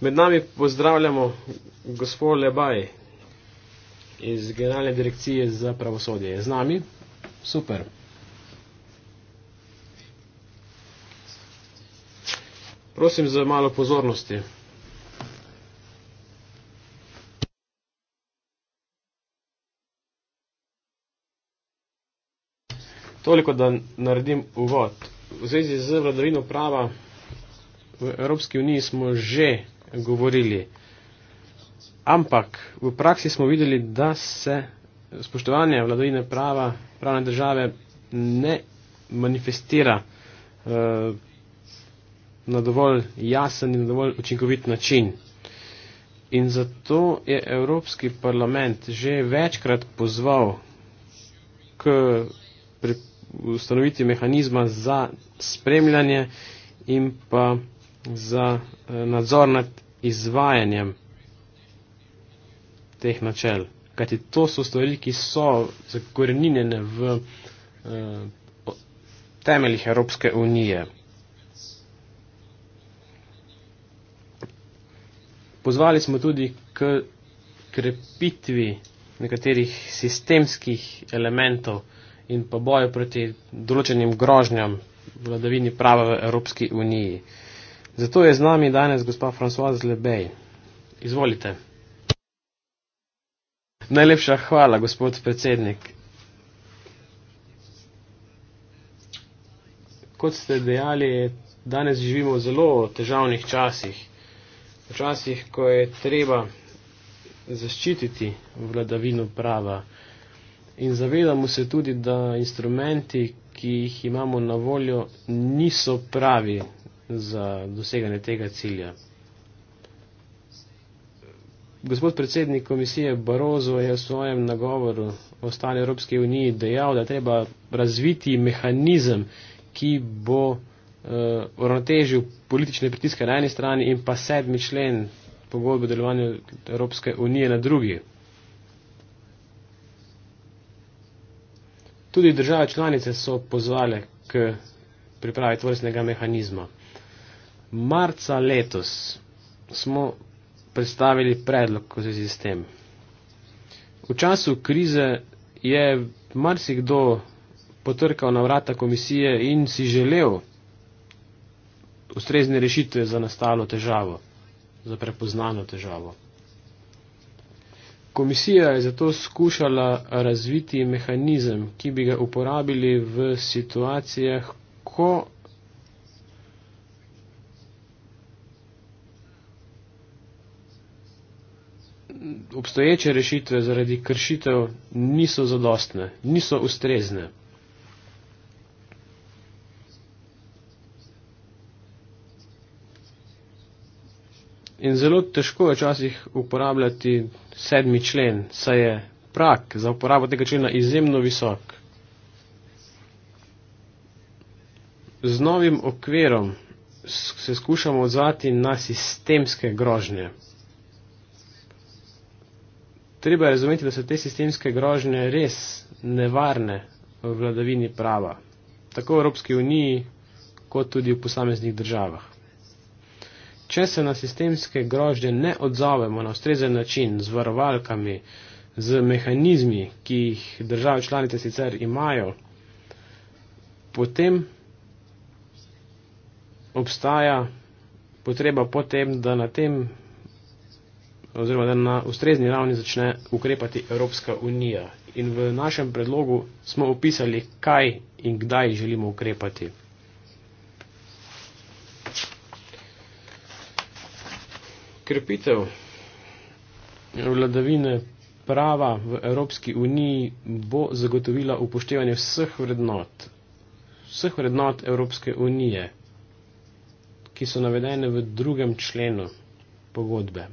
Med nami pozdravljamo gospod Lebaj iz Generalne direkcije za pravosodje. Je z nami? Super. Prosim za malo pozornosti. Toliko, da naredim uvod. V zvezi z vladavino prava v Evropski uniji smo že govorili, ampak v praksi smo videli, da se spoštovanje vladavine prava, pravne države ne manifestira eh, na dovolj jasen in na dovolj učinkovit način. In zato je Evropski parlament že večkrat pozval k pripravljanju ustanoviti mehanizma za spremljanje in pa za eh, nadzor nad izvajanjem teh načel. Kajti to so stvari, ki so zakoreninjene v eh, temeljih Evropske unije. Pozvali smo tudi k krepitvi nekaterih sistemskih elementov, in pa boju proti določenim grožnjam vladavini prava v Evropski uniji. Zato je z nami danes gospa Françoise Lebej. Izvolite. Najlepša hvala, gospod predsednik. Kot ste dejali, danes živimo v zelo težavnih časih. V časih, ko je treba zaščititi vladavino prava in zavedamo se tudi, da instrumenti, ki jih imamo na voljo, niso pravi za doseganje tega cilja. Gospod predsednik komisije Barozo je v svojem nagovoru ostali Evropske unije dejal, da treba razviti mehanizem, ki bo eh, uravnotežil uh, politične pritiske na eni strani in pa sedmi člen pogodbe delovanja Evropske unije na drugi. Tudi države članice so pozvale k pripravi tvorstnega mehanizma. Marca letos smo predstavili predlog v zvezi s tem. V času krize je marsikdo potrkal na vrata komisije in si želel ustrezne rešitve za nastalo težavo, za prepoznano težavo. Komisija je zato skušala razviti mehanizem, ki bi ga uporabili v situacijah, ko obstoječe rešitve zaradi kršitev niso zadostne, niso ustrezne. in zelo težko je včasih uporabljati sedmi člen, saj je prak za uporabo tega člena izjemno visok. Z novim okvirom se skušamo odzvati na sistemske grožnje. Treba je razumeti, da so te sistemske grožnje res nevarne v vladavini prava, tako v Evropski uniji, kot tudi v posameznih državah. Če se na sistemske grožnje ne odzovemo na ustrezen način z varovalkami, z mehanizmi, ki jih države članice sicer imajo, potem obstaja potreba potem, da na tem oziroma da na ustrezni ravni začne ukrepati Evropska unija. In v našem predlogu smo opisali, kaj in kdaj želimo ukrepati. krepitev vladavine prava v Evropski uniji bo zagotovila upoštevanje vseh vrednot, vseh vrednot Evropske unije, ki so navedene v drugem členu pogodbe.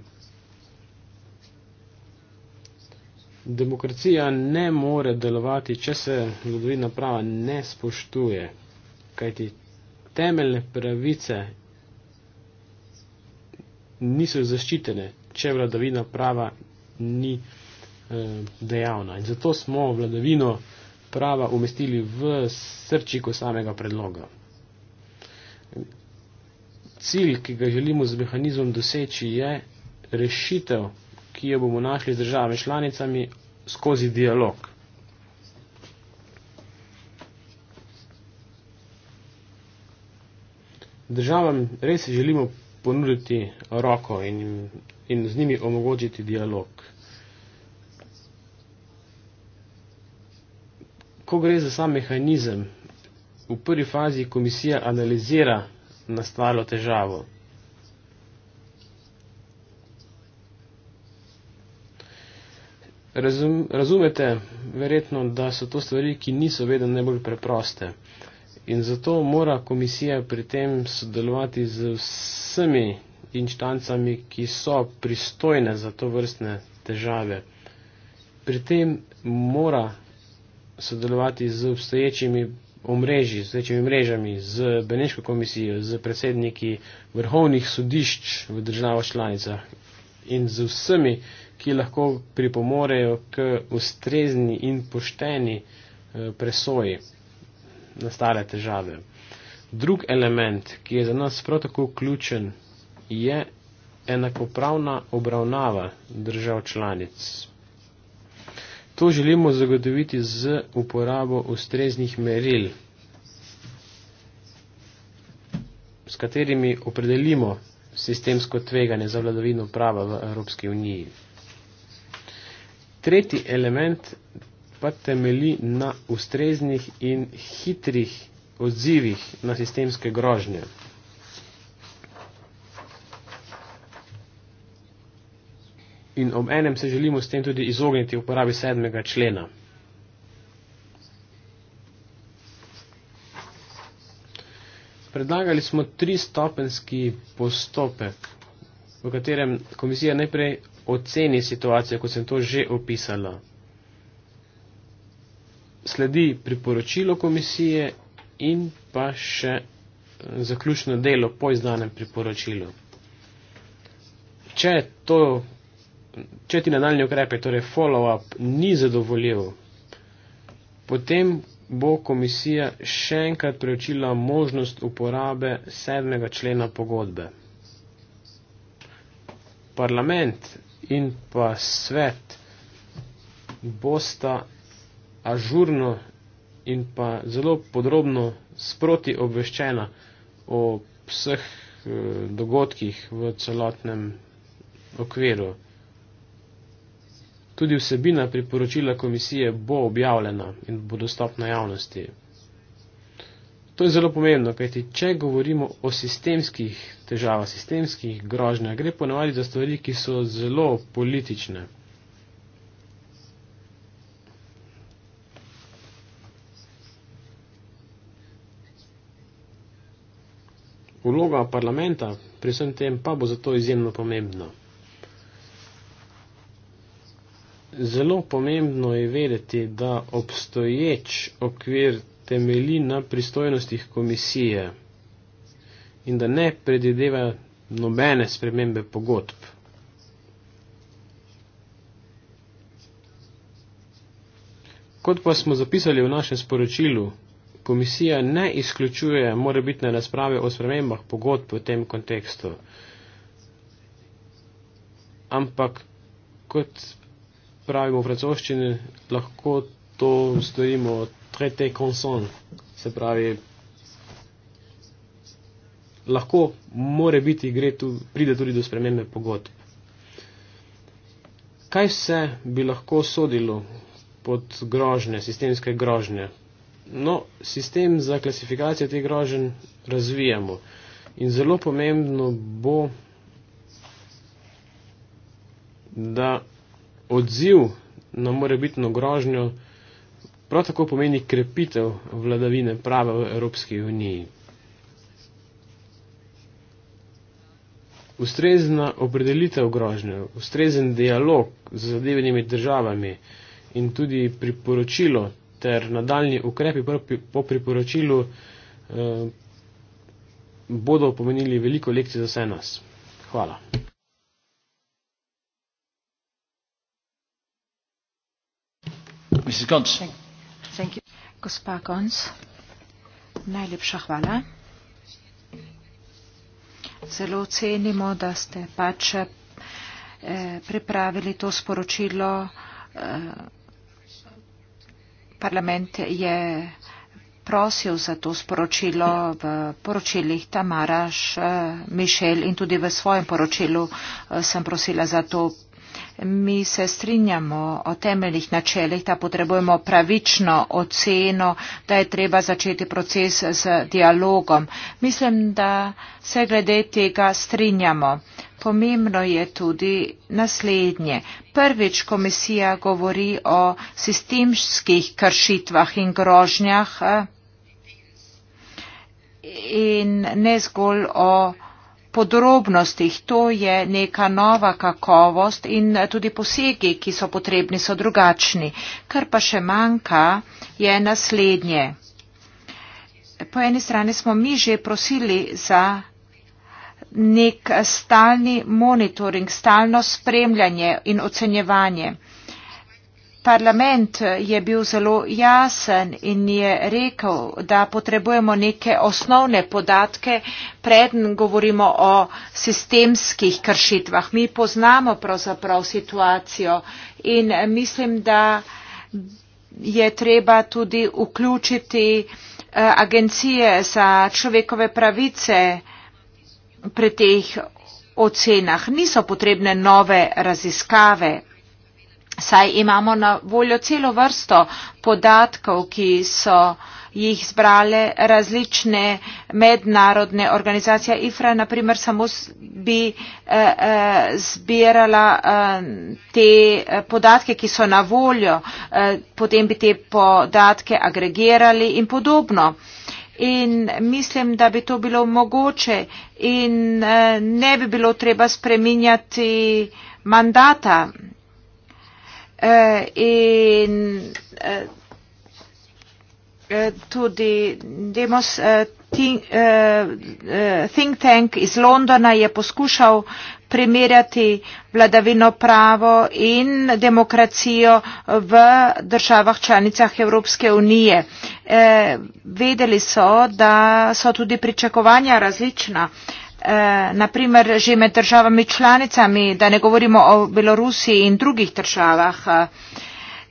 Demokracija ne more delovati, če se vladavina prava ne spoštuje, kajti temeljne pravice niso zaščitene, če vladavina prava ni eh, dejavna. In zato smo vladavino prava umestili v srčiko samega predloga. Cilj, ki ga želimo z mehanizmom doseči, je rešitev, ki jo bomo našli z državami članicami skozi dialog. Državam res želimo ponuditi roko in, in z njimi omogočiti dialog. Ko gre za sam mehanizem, v prvi fazi komisija analizira nastalo težavo. Razum, razumete verjetno, da so to stvari, ki niso vedno najbolj preproste. In zato mora komisija pri tem sodelovati z vsemi inštancami, ki so pristojne za to vrstne težave. Pri tem mora sodelovati z obstoječimi omrežji, z obstoječimi mrežami, z Beneško komisijo, z predsedniki vrhovnih sodišč v državah članicah in z vsemi, ki lahko pripomorejo k ustrezni in pošteni eh, presoji nastale težave. Drug element, ki je za nas prav tako ključen, je enakopravna obravnava držav članic. To želimo zagotoviti z uporabo ustreznih meril, s katerimi opredelimo sistemsko tveganje za vladavino prava v Evropski uniji. Tretji element pa temeli na ustreznih in hitrih odzivih na sistemske grožnje. In ob enem se želimo s tem tudi izogniti uporabi sedmega člena. Predlagali smo tri stopenski postopek, v katerem komisija najprej oceni situacijo, kot sem to že opisala sledi priporočilo komisije in pa še eh, zaključno delo po izdanem priporočilu. Če, to, če ti nadaljni ukrepe, torej follow-up, ni zadovoljiv, potem bo komisija še enkrat preučila možnost uporabe sedmega člena pogodbe. Parlament in pa svet bosta ažurno in pa zelo podrobno sproti obveščena o vseh eh, dogodkih v celotnem okviru. Tudi vsebina priporočila komisije bo objavljena in bo dostopna javnosti. To je zelo pomembno, kajti če govorimo o sistemskih težavah, sistemskih grožnjah, gre ponovadi za stvari, ki so zelo politične. Vloga parlamenta pri vsem tem pa bo zato izjemno pomembna. Zelo pomembno je vedeti, da obstoječ okvir temelji na pristojnostih komisije in da ne predideva nobene spremembe pogodb. Kot pa smo zapisali v našem sporočilu, komisija ne izključuje morebitne razprave o spremembah pogodb v tem kontekstu. Ampak, kot pravimo v francoščini, lahko to storimo traité conson, se pravi, lahko more biti, gre tu, pride tudi do spremembe pogodb. Kaj vse bi lahko sodilo pod grožnje, sistemske grožnje? No, sistem za klasifikacijo teh grožen razvijamo in zelo pomembno bo, da odziv na morebitno grožnjo prav tako pomeni krepitev vladavine prava v Evropski uniji. Ustrezna opredelitev grožnje, ustrezen dialog z zadevenimi državami in tudi priporočilo ter nadaljni ukrepi po priporočilu eh, bodo pomenili veliko lekcij za vse nas. Hvala. Gospa Gons, najlepša hvala. Zelo ocenimo, da ste pač eh, pripravili to sporočilo eh, parlament je prosil za to sporočilo v poročilih Tamaraš, eh, Mišel in tudi v svojem poročilu eh, sem prosila za to Mi se strinjamo o temeljih načelih, da potrebujemo pravično oceno, da je treba začeti proces z dialogom. Mislim, da se glede tega strinjamo. Pomembno je tudi naslednje. Prvič komisija govori o sistemskih kršitvah in grožnjah eh, in ne zgolj o podrobnostih. To je neka nova kakovost in tudi posegi, ki so potrebni, so drugačni. Kar pa še manjka, je naslednje. Po eni strani smo mi že prosili za nek stalni monitoring, stalno spremljanje in ocenjevanje parlament je bil zelo jasen in je rekel, da potrebujemo neke osnovne podatke, preden govorimo o sistemskih kršitvah. Mi poznamo pravzaprav situacijo in mislim, da je treba tudi vključiti eh, agencije za človekove pravice pri teh ocenah. Niso potrebne nove raziskave saj imamo na voljo celo vrsto podatkov, ki so jih zbrale različne mednarodne organizacije. IFRA, na primer, samo bi eh, eh, zbirala eh, te podatke, ki so na voljo, potem bi te podatke agregirali in podobno. In mislim, da bi to bilo mogoče in ne bi bilo treba spreminjati mandata Uh, in uh, tudi Demos uh, think, uh, think Tank iz Londona je poskušal primerjati vladavino pravo in demokracijo v državah članicah Evropske unije. E, vedeli so, da so tudi pričakovanja različna. E, Eh, na primer že med državami članicami, da ne govorimo o Belorusiji in drugih državah.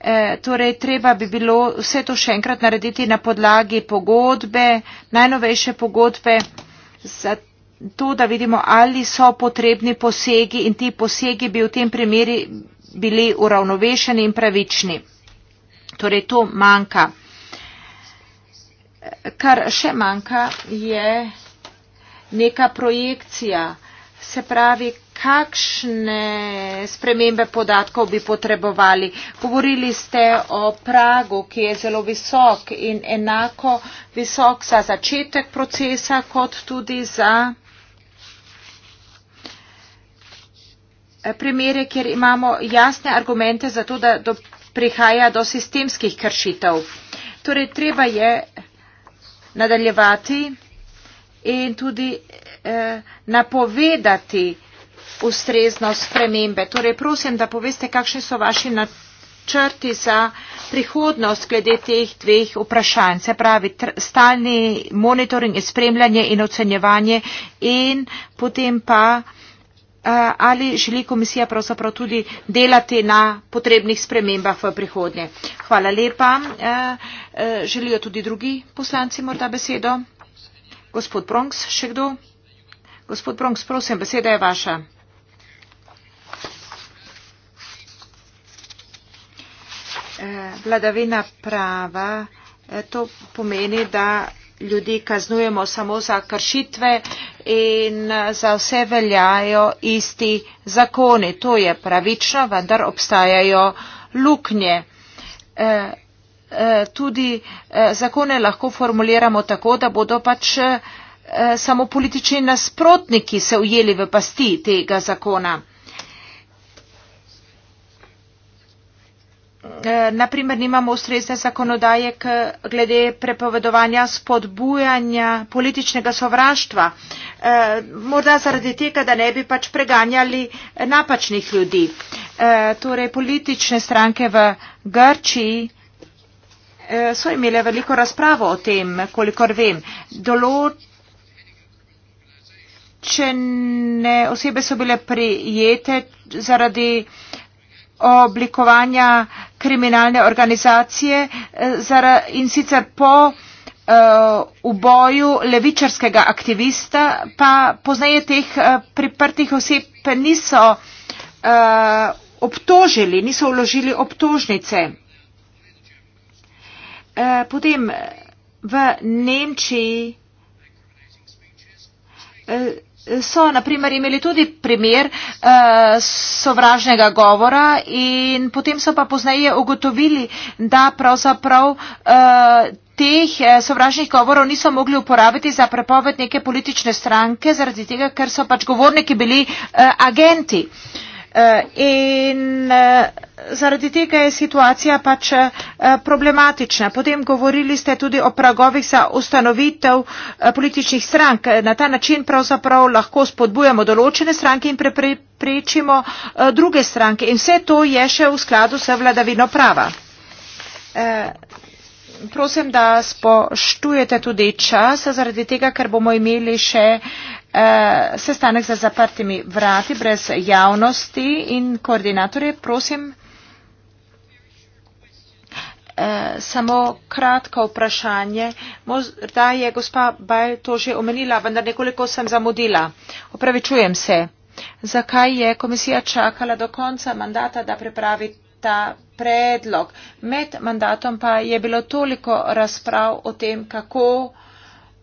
Eh, torej, treba bi bilo vse to še enkrat narediti na podlagi pogodbe, najnovejše pogodbe, za to, da vidimo, ali so potrebni posegi in ti posegi bi v tem primeri bili uravnovešeni in pravični. Torej, to manjka. Kar še manjka je neka projekcija, se pravi, kakšne spremembe podatkov bi potrebovali. Govorili ste o pragu, ki je zelo visok in enako visok za začetek procesa, kot tudi za eh, primere, kjer imamo jasne argumente za to, da do, prihaja do sistemskih kršitev. Torej, treba je nadaljevati in tudi eh, napovedati ustrezno spremembe. Torej, prosim, da poveste, kakšni so vaši načrti za prihodnost glede teh dveh vprašanj, se pravi tr- stalni monitoring in spremljanje in ocenjevanje in potem pa eh, ali želi komisija pravzaprav tudi delati na potrebnih spremembah v prihodnje. Hvala lepa. Eh, eh, želijo tudi drugi poslanci morda besedo? Gospod Bronx, še kdo? Gospod Bronx, prosim, beseda je vaša. Eh, vladavina prava, eh, to pomeni, da ljudi kaznujemo samo za kršitve in eh, za vse veljajo isti zakoni. To je pravično, vendar obstajajo luknje. Eh, tudi eh, zakone lahko formuliramo tako, da bodo pač eh, samo politični nasprotniki se ujeli v pasti tega zakona. Naprimer, nimamo ustrezne zakonodaje glede prepovedovanja spodbujanja političnega sovraštva. Morda zaradi tega, da ne bi pač preganjali napačnih ljudi. Torej, politične stranke v Grčiji Eh, so imele veliko razpravo o tem, kolikor vem. Določene osebe so bile prijete zaradi oblikovanja kriminalne organizacije eh, in sicer po eh, uboju levičarskega aktivista, pa poznaje teh priprtih oseb niso obtožili, niso vložili obtožnice. Eh, potem v Nemčiji eh, so naprimer imeli tudi primer eh, sovražnega govora in potem so pa poznaje ugotovili, da pravzaprav teh sovražnih govorov niso mogli uporabiti za prepoved neke politične stranke, zaradi tega, ker so pač govorniki bili agenti. Uh, Eh, in eh, zaradi tega je situacija pač eh, problematična. Potem govorili ste tudi o pragovih za ustanovitev političnih strank. Na ta način pravzaprav lahko spodbujamo določene stranke in preprečimo druge stranke. In vse to je še v skladu s vladavino prava. Prosim, da spoštujete tudi čas, zaradi tega, ker bomo imeli še uh, Eh, sestanek za zaprtimi vrati brez javnosti in koordinatorje, prosim. Eh, samo kratko vprašanje. Morda je gospa Baj to že omenila, vendar nekoliko sem zamudila. Opravičujem se. Zakaj je komisija čakala do konca mandata, da pripravi ta predlog? Med mandatom pa je bilo toliko razprav o tem, kako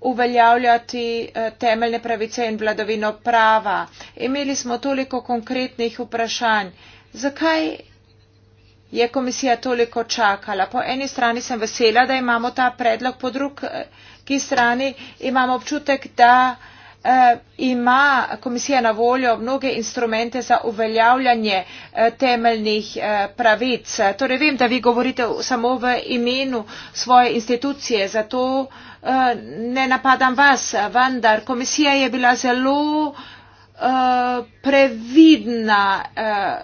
uveljavljati eh, temeljne pravice in vladavino prava. Imeli smo toliko konkretnih vprašanj. Zakaj je komisija toliko čakala? Po eni strani sem vesela, da imamo ta predlog, po drugi strani imam občutek, da eh, ima komisija na voljo mnoge instrumente za uveljavljanje eh, temeljnih pravic. Torej vem, da vi govorite samo v imenu svoje institucije, zato Eh, ne napadam vas, vendar komisija je bila zelo eh, previdna, eh,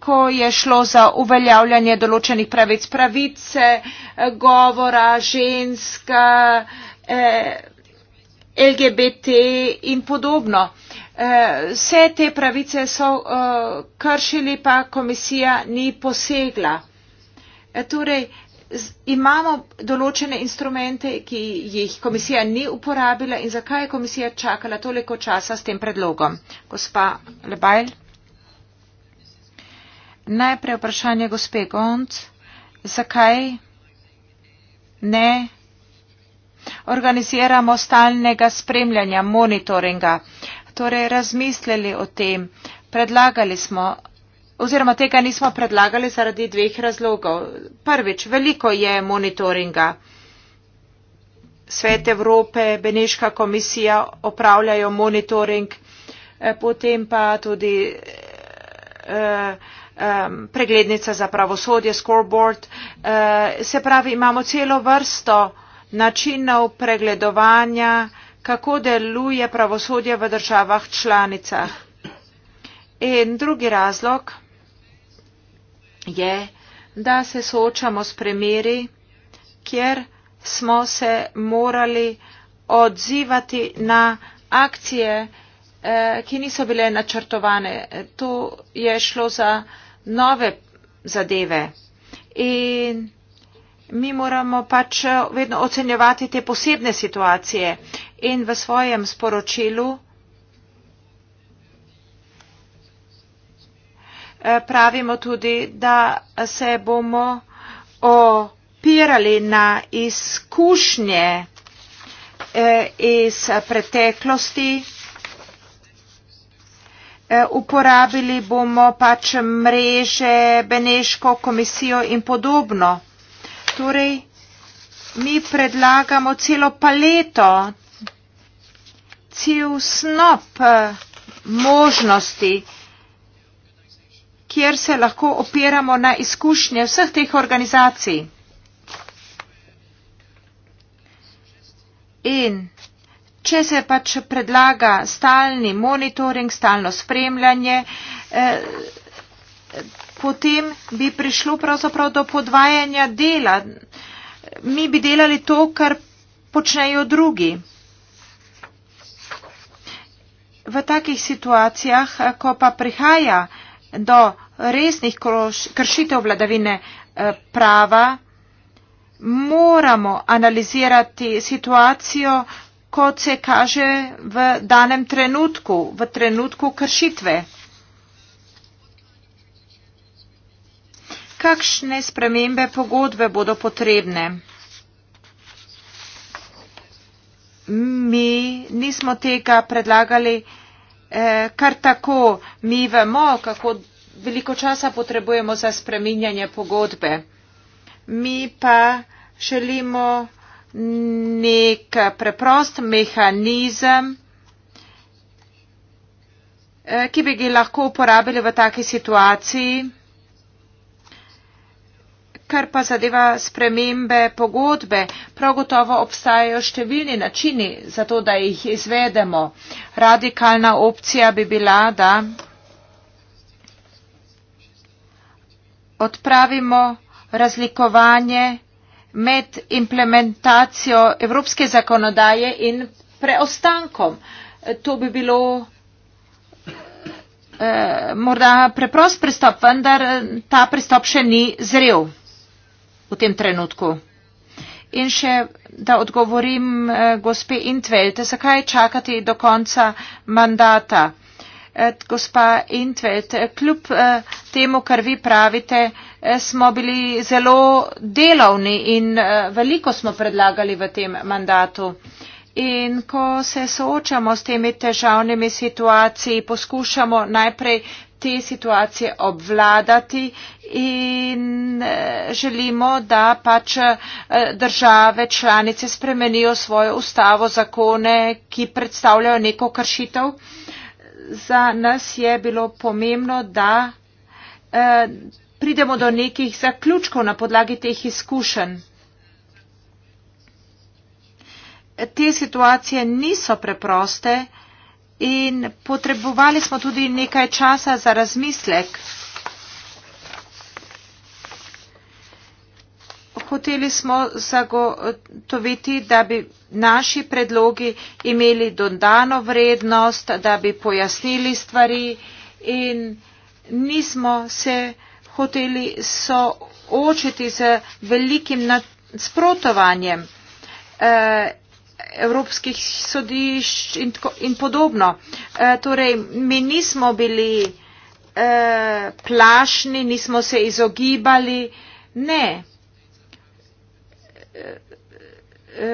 ko je šlo za uveljavljanje določenih pravic. Pravice, govora, ženska, LGBT in podobno. Vse te pravice so kršili, pa komisija ni posegla. Torej, imamo določene instrumente, ki jih komisija ni uporabila in zakaj je komisija čakala toliko časa s tem predlogom? Gospa Lebajl. Najprej vprašanje gospe Gond. Zakaj ne organiziramo stalnega spremljanja, monitoringa? Torej, razmislili o tem, predlagali smo oziroma tega nismo predlagali zaradi dveh razlogov. Prvič, veliko je monitoringa. Svet Evrope, Beneška komisija opravljajo monitoring, eh, potem pa tudi eh, eh, um, preglednica za pravosodje, scoreboard. Eh, se pravi, imamo celo vrsto načinov pregledovanja, kako deluje pravosodje v državah članicah. In drugi razlog, je, da se soočamo s premeri, kjer smo se morali odzivati na akcije, eh, ki niso bile načrtovane. Tu je šlo za nove zadeve. In mi moramo pač vedno ocenjevati te posebne situacije. In v svojem sporočilu Eh, pravimo tudi, da se bomo opirali na izkušnje eh, iz preteklosti. Eh, uporabili bomo pač mreže, Beneško komisijo in podobno. Torej, mi predlagamo celo paleto, cel snop možnosti, kjer se lahko opiramo na izkušnje vseh teh organizacij. In če se pač predlaga stalni monitoring, stalno spremljanje, eh, potem bi prišlo pravzaprav do podvajanja dela. Mi bi delali to, kar počnejo drugi. V takih situacijah, ko pa prihaja do resnih kršitev vladavine eh, prava, moramo analizirati situacijo, kot se kaže v danem trenutku, v trenutku kršitve. Kakšne spremembe pogodbe bodo potrebne? Mi nismo tega predlagali, Eh, kar tako mi vemo, kako veliko časa potrebujemo za spreminjanje pogodbe. Mi pa želimo nek preprost mehanizem, eh, ki bi ga lahko uporabili v taki situaciji. Kar pa zadeva spremembe pogodbe, prav gotovo obstajajo številni načini za to, da jih izvedemo. Radikalna opcija bi bila, da odpravimo razlikovanje med implementacijo evropske zakonodaje in preostankom. To bi bilo eh, morda preprost pristop, vendar ta pristop še ni zrel v tem trenutku. In še, da odgovorim eh, gospe Intvelte, zakaj čakati do konca mandata. Eh, gospa Intvelt, kljub eh, temu, kar vi pravite, smo bili zelo delovni in veliko smo predlagali v tem mandatu. In ko se soočamo s temi težavnimi situacijami, poskušamo najprej te situacije obvladati in eh, želimo, da pač eh, države članice spremenijo svojo ustavo, zakone, ki predstavljajo neko kršitev. Za nas je bilo pomembno, da eh, pridemo do nekih zaključkov na podlagi teh izkušenj. Te situacije niso preproste in potrebovali smo tudi nekaj časa za razmislek. hoteli smo zagotoviti, da bi naši predlogi imeli dondano vrednost, da bi pojasnili stvari in nismo se hoteli soočiti z velikim nasprotovanjem eh, evropskih sodišč in, tko, in podobno. E, torej, mi nismo bili e, plašni, nismo se izogibali. Ne,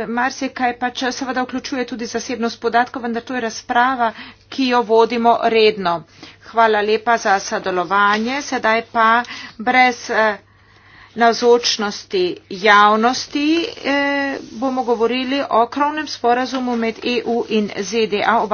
marsikaj pač seveda vključuje tudi zasebnost podatkov, vendar to je razprava, ki jo vodimo redno. Hvala lepa za sodelovanje. Sedaj pa brez eh, navzočnosti javnosti eh, bomo govorili o krovnem sporazumu med EU in ZDA.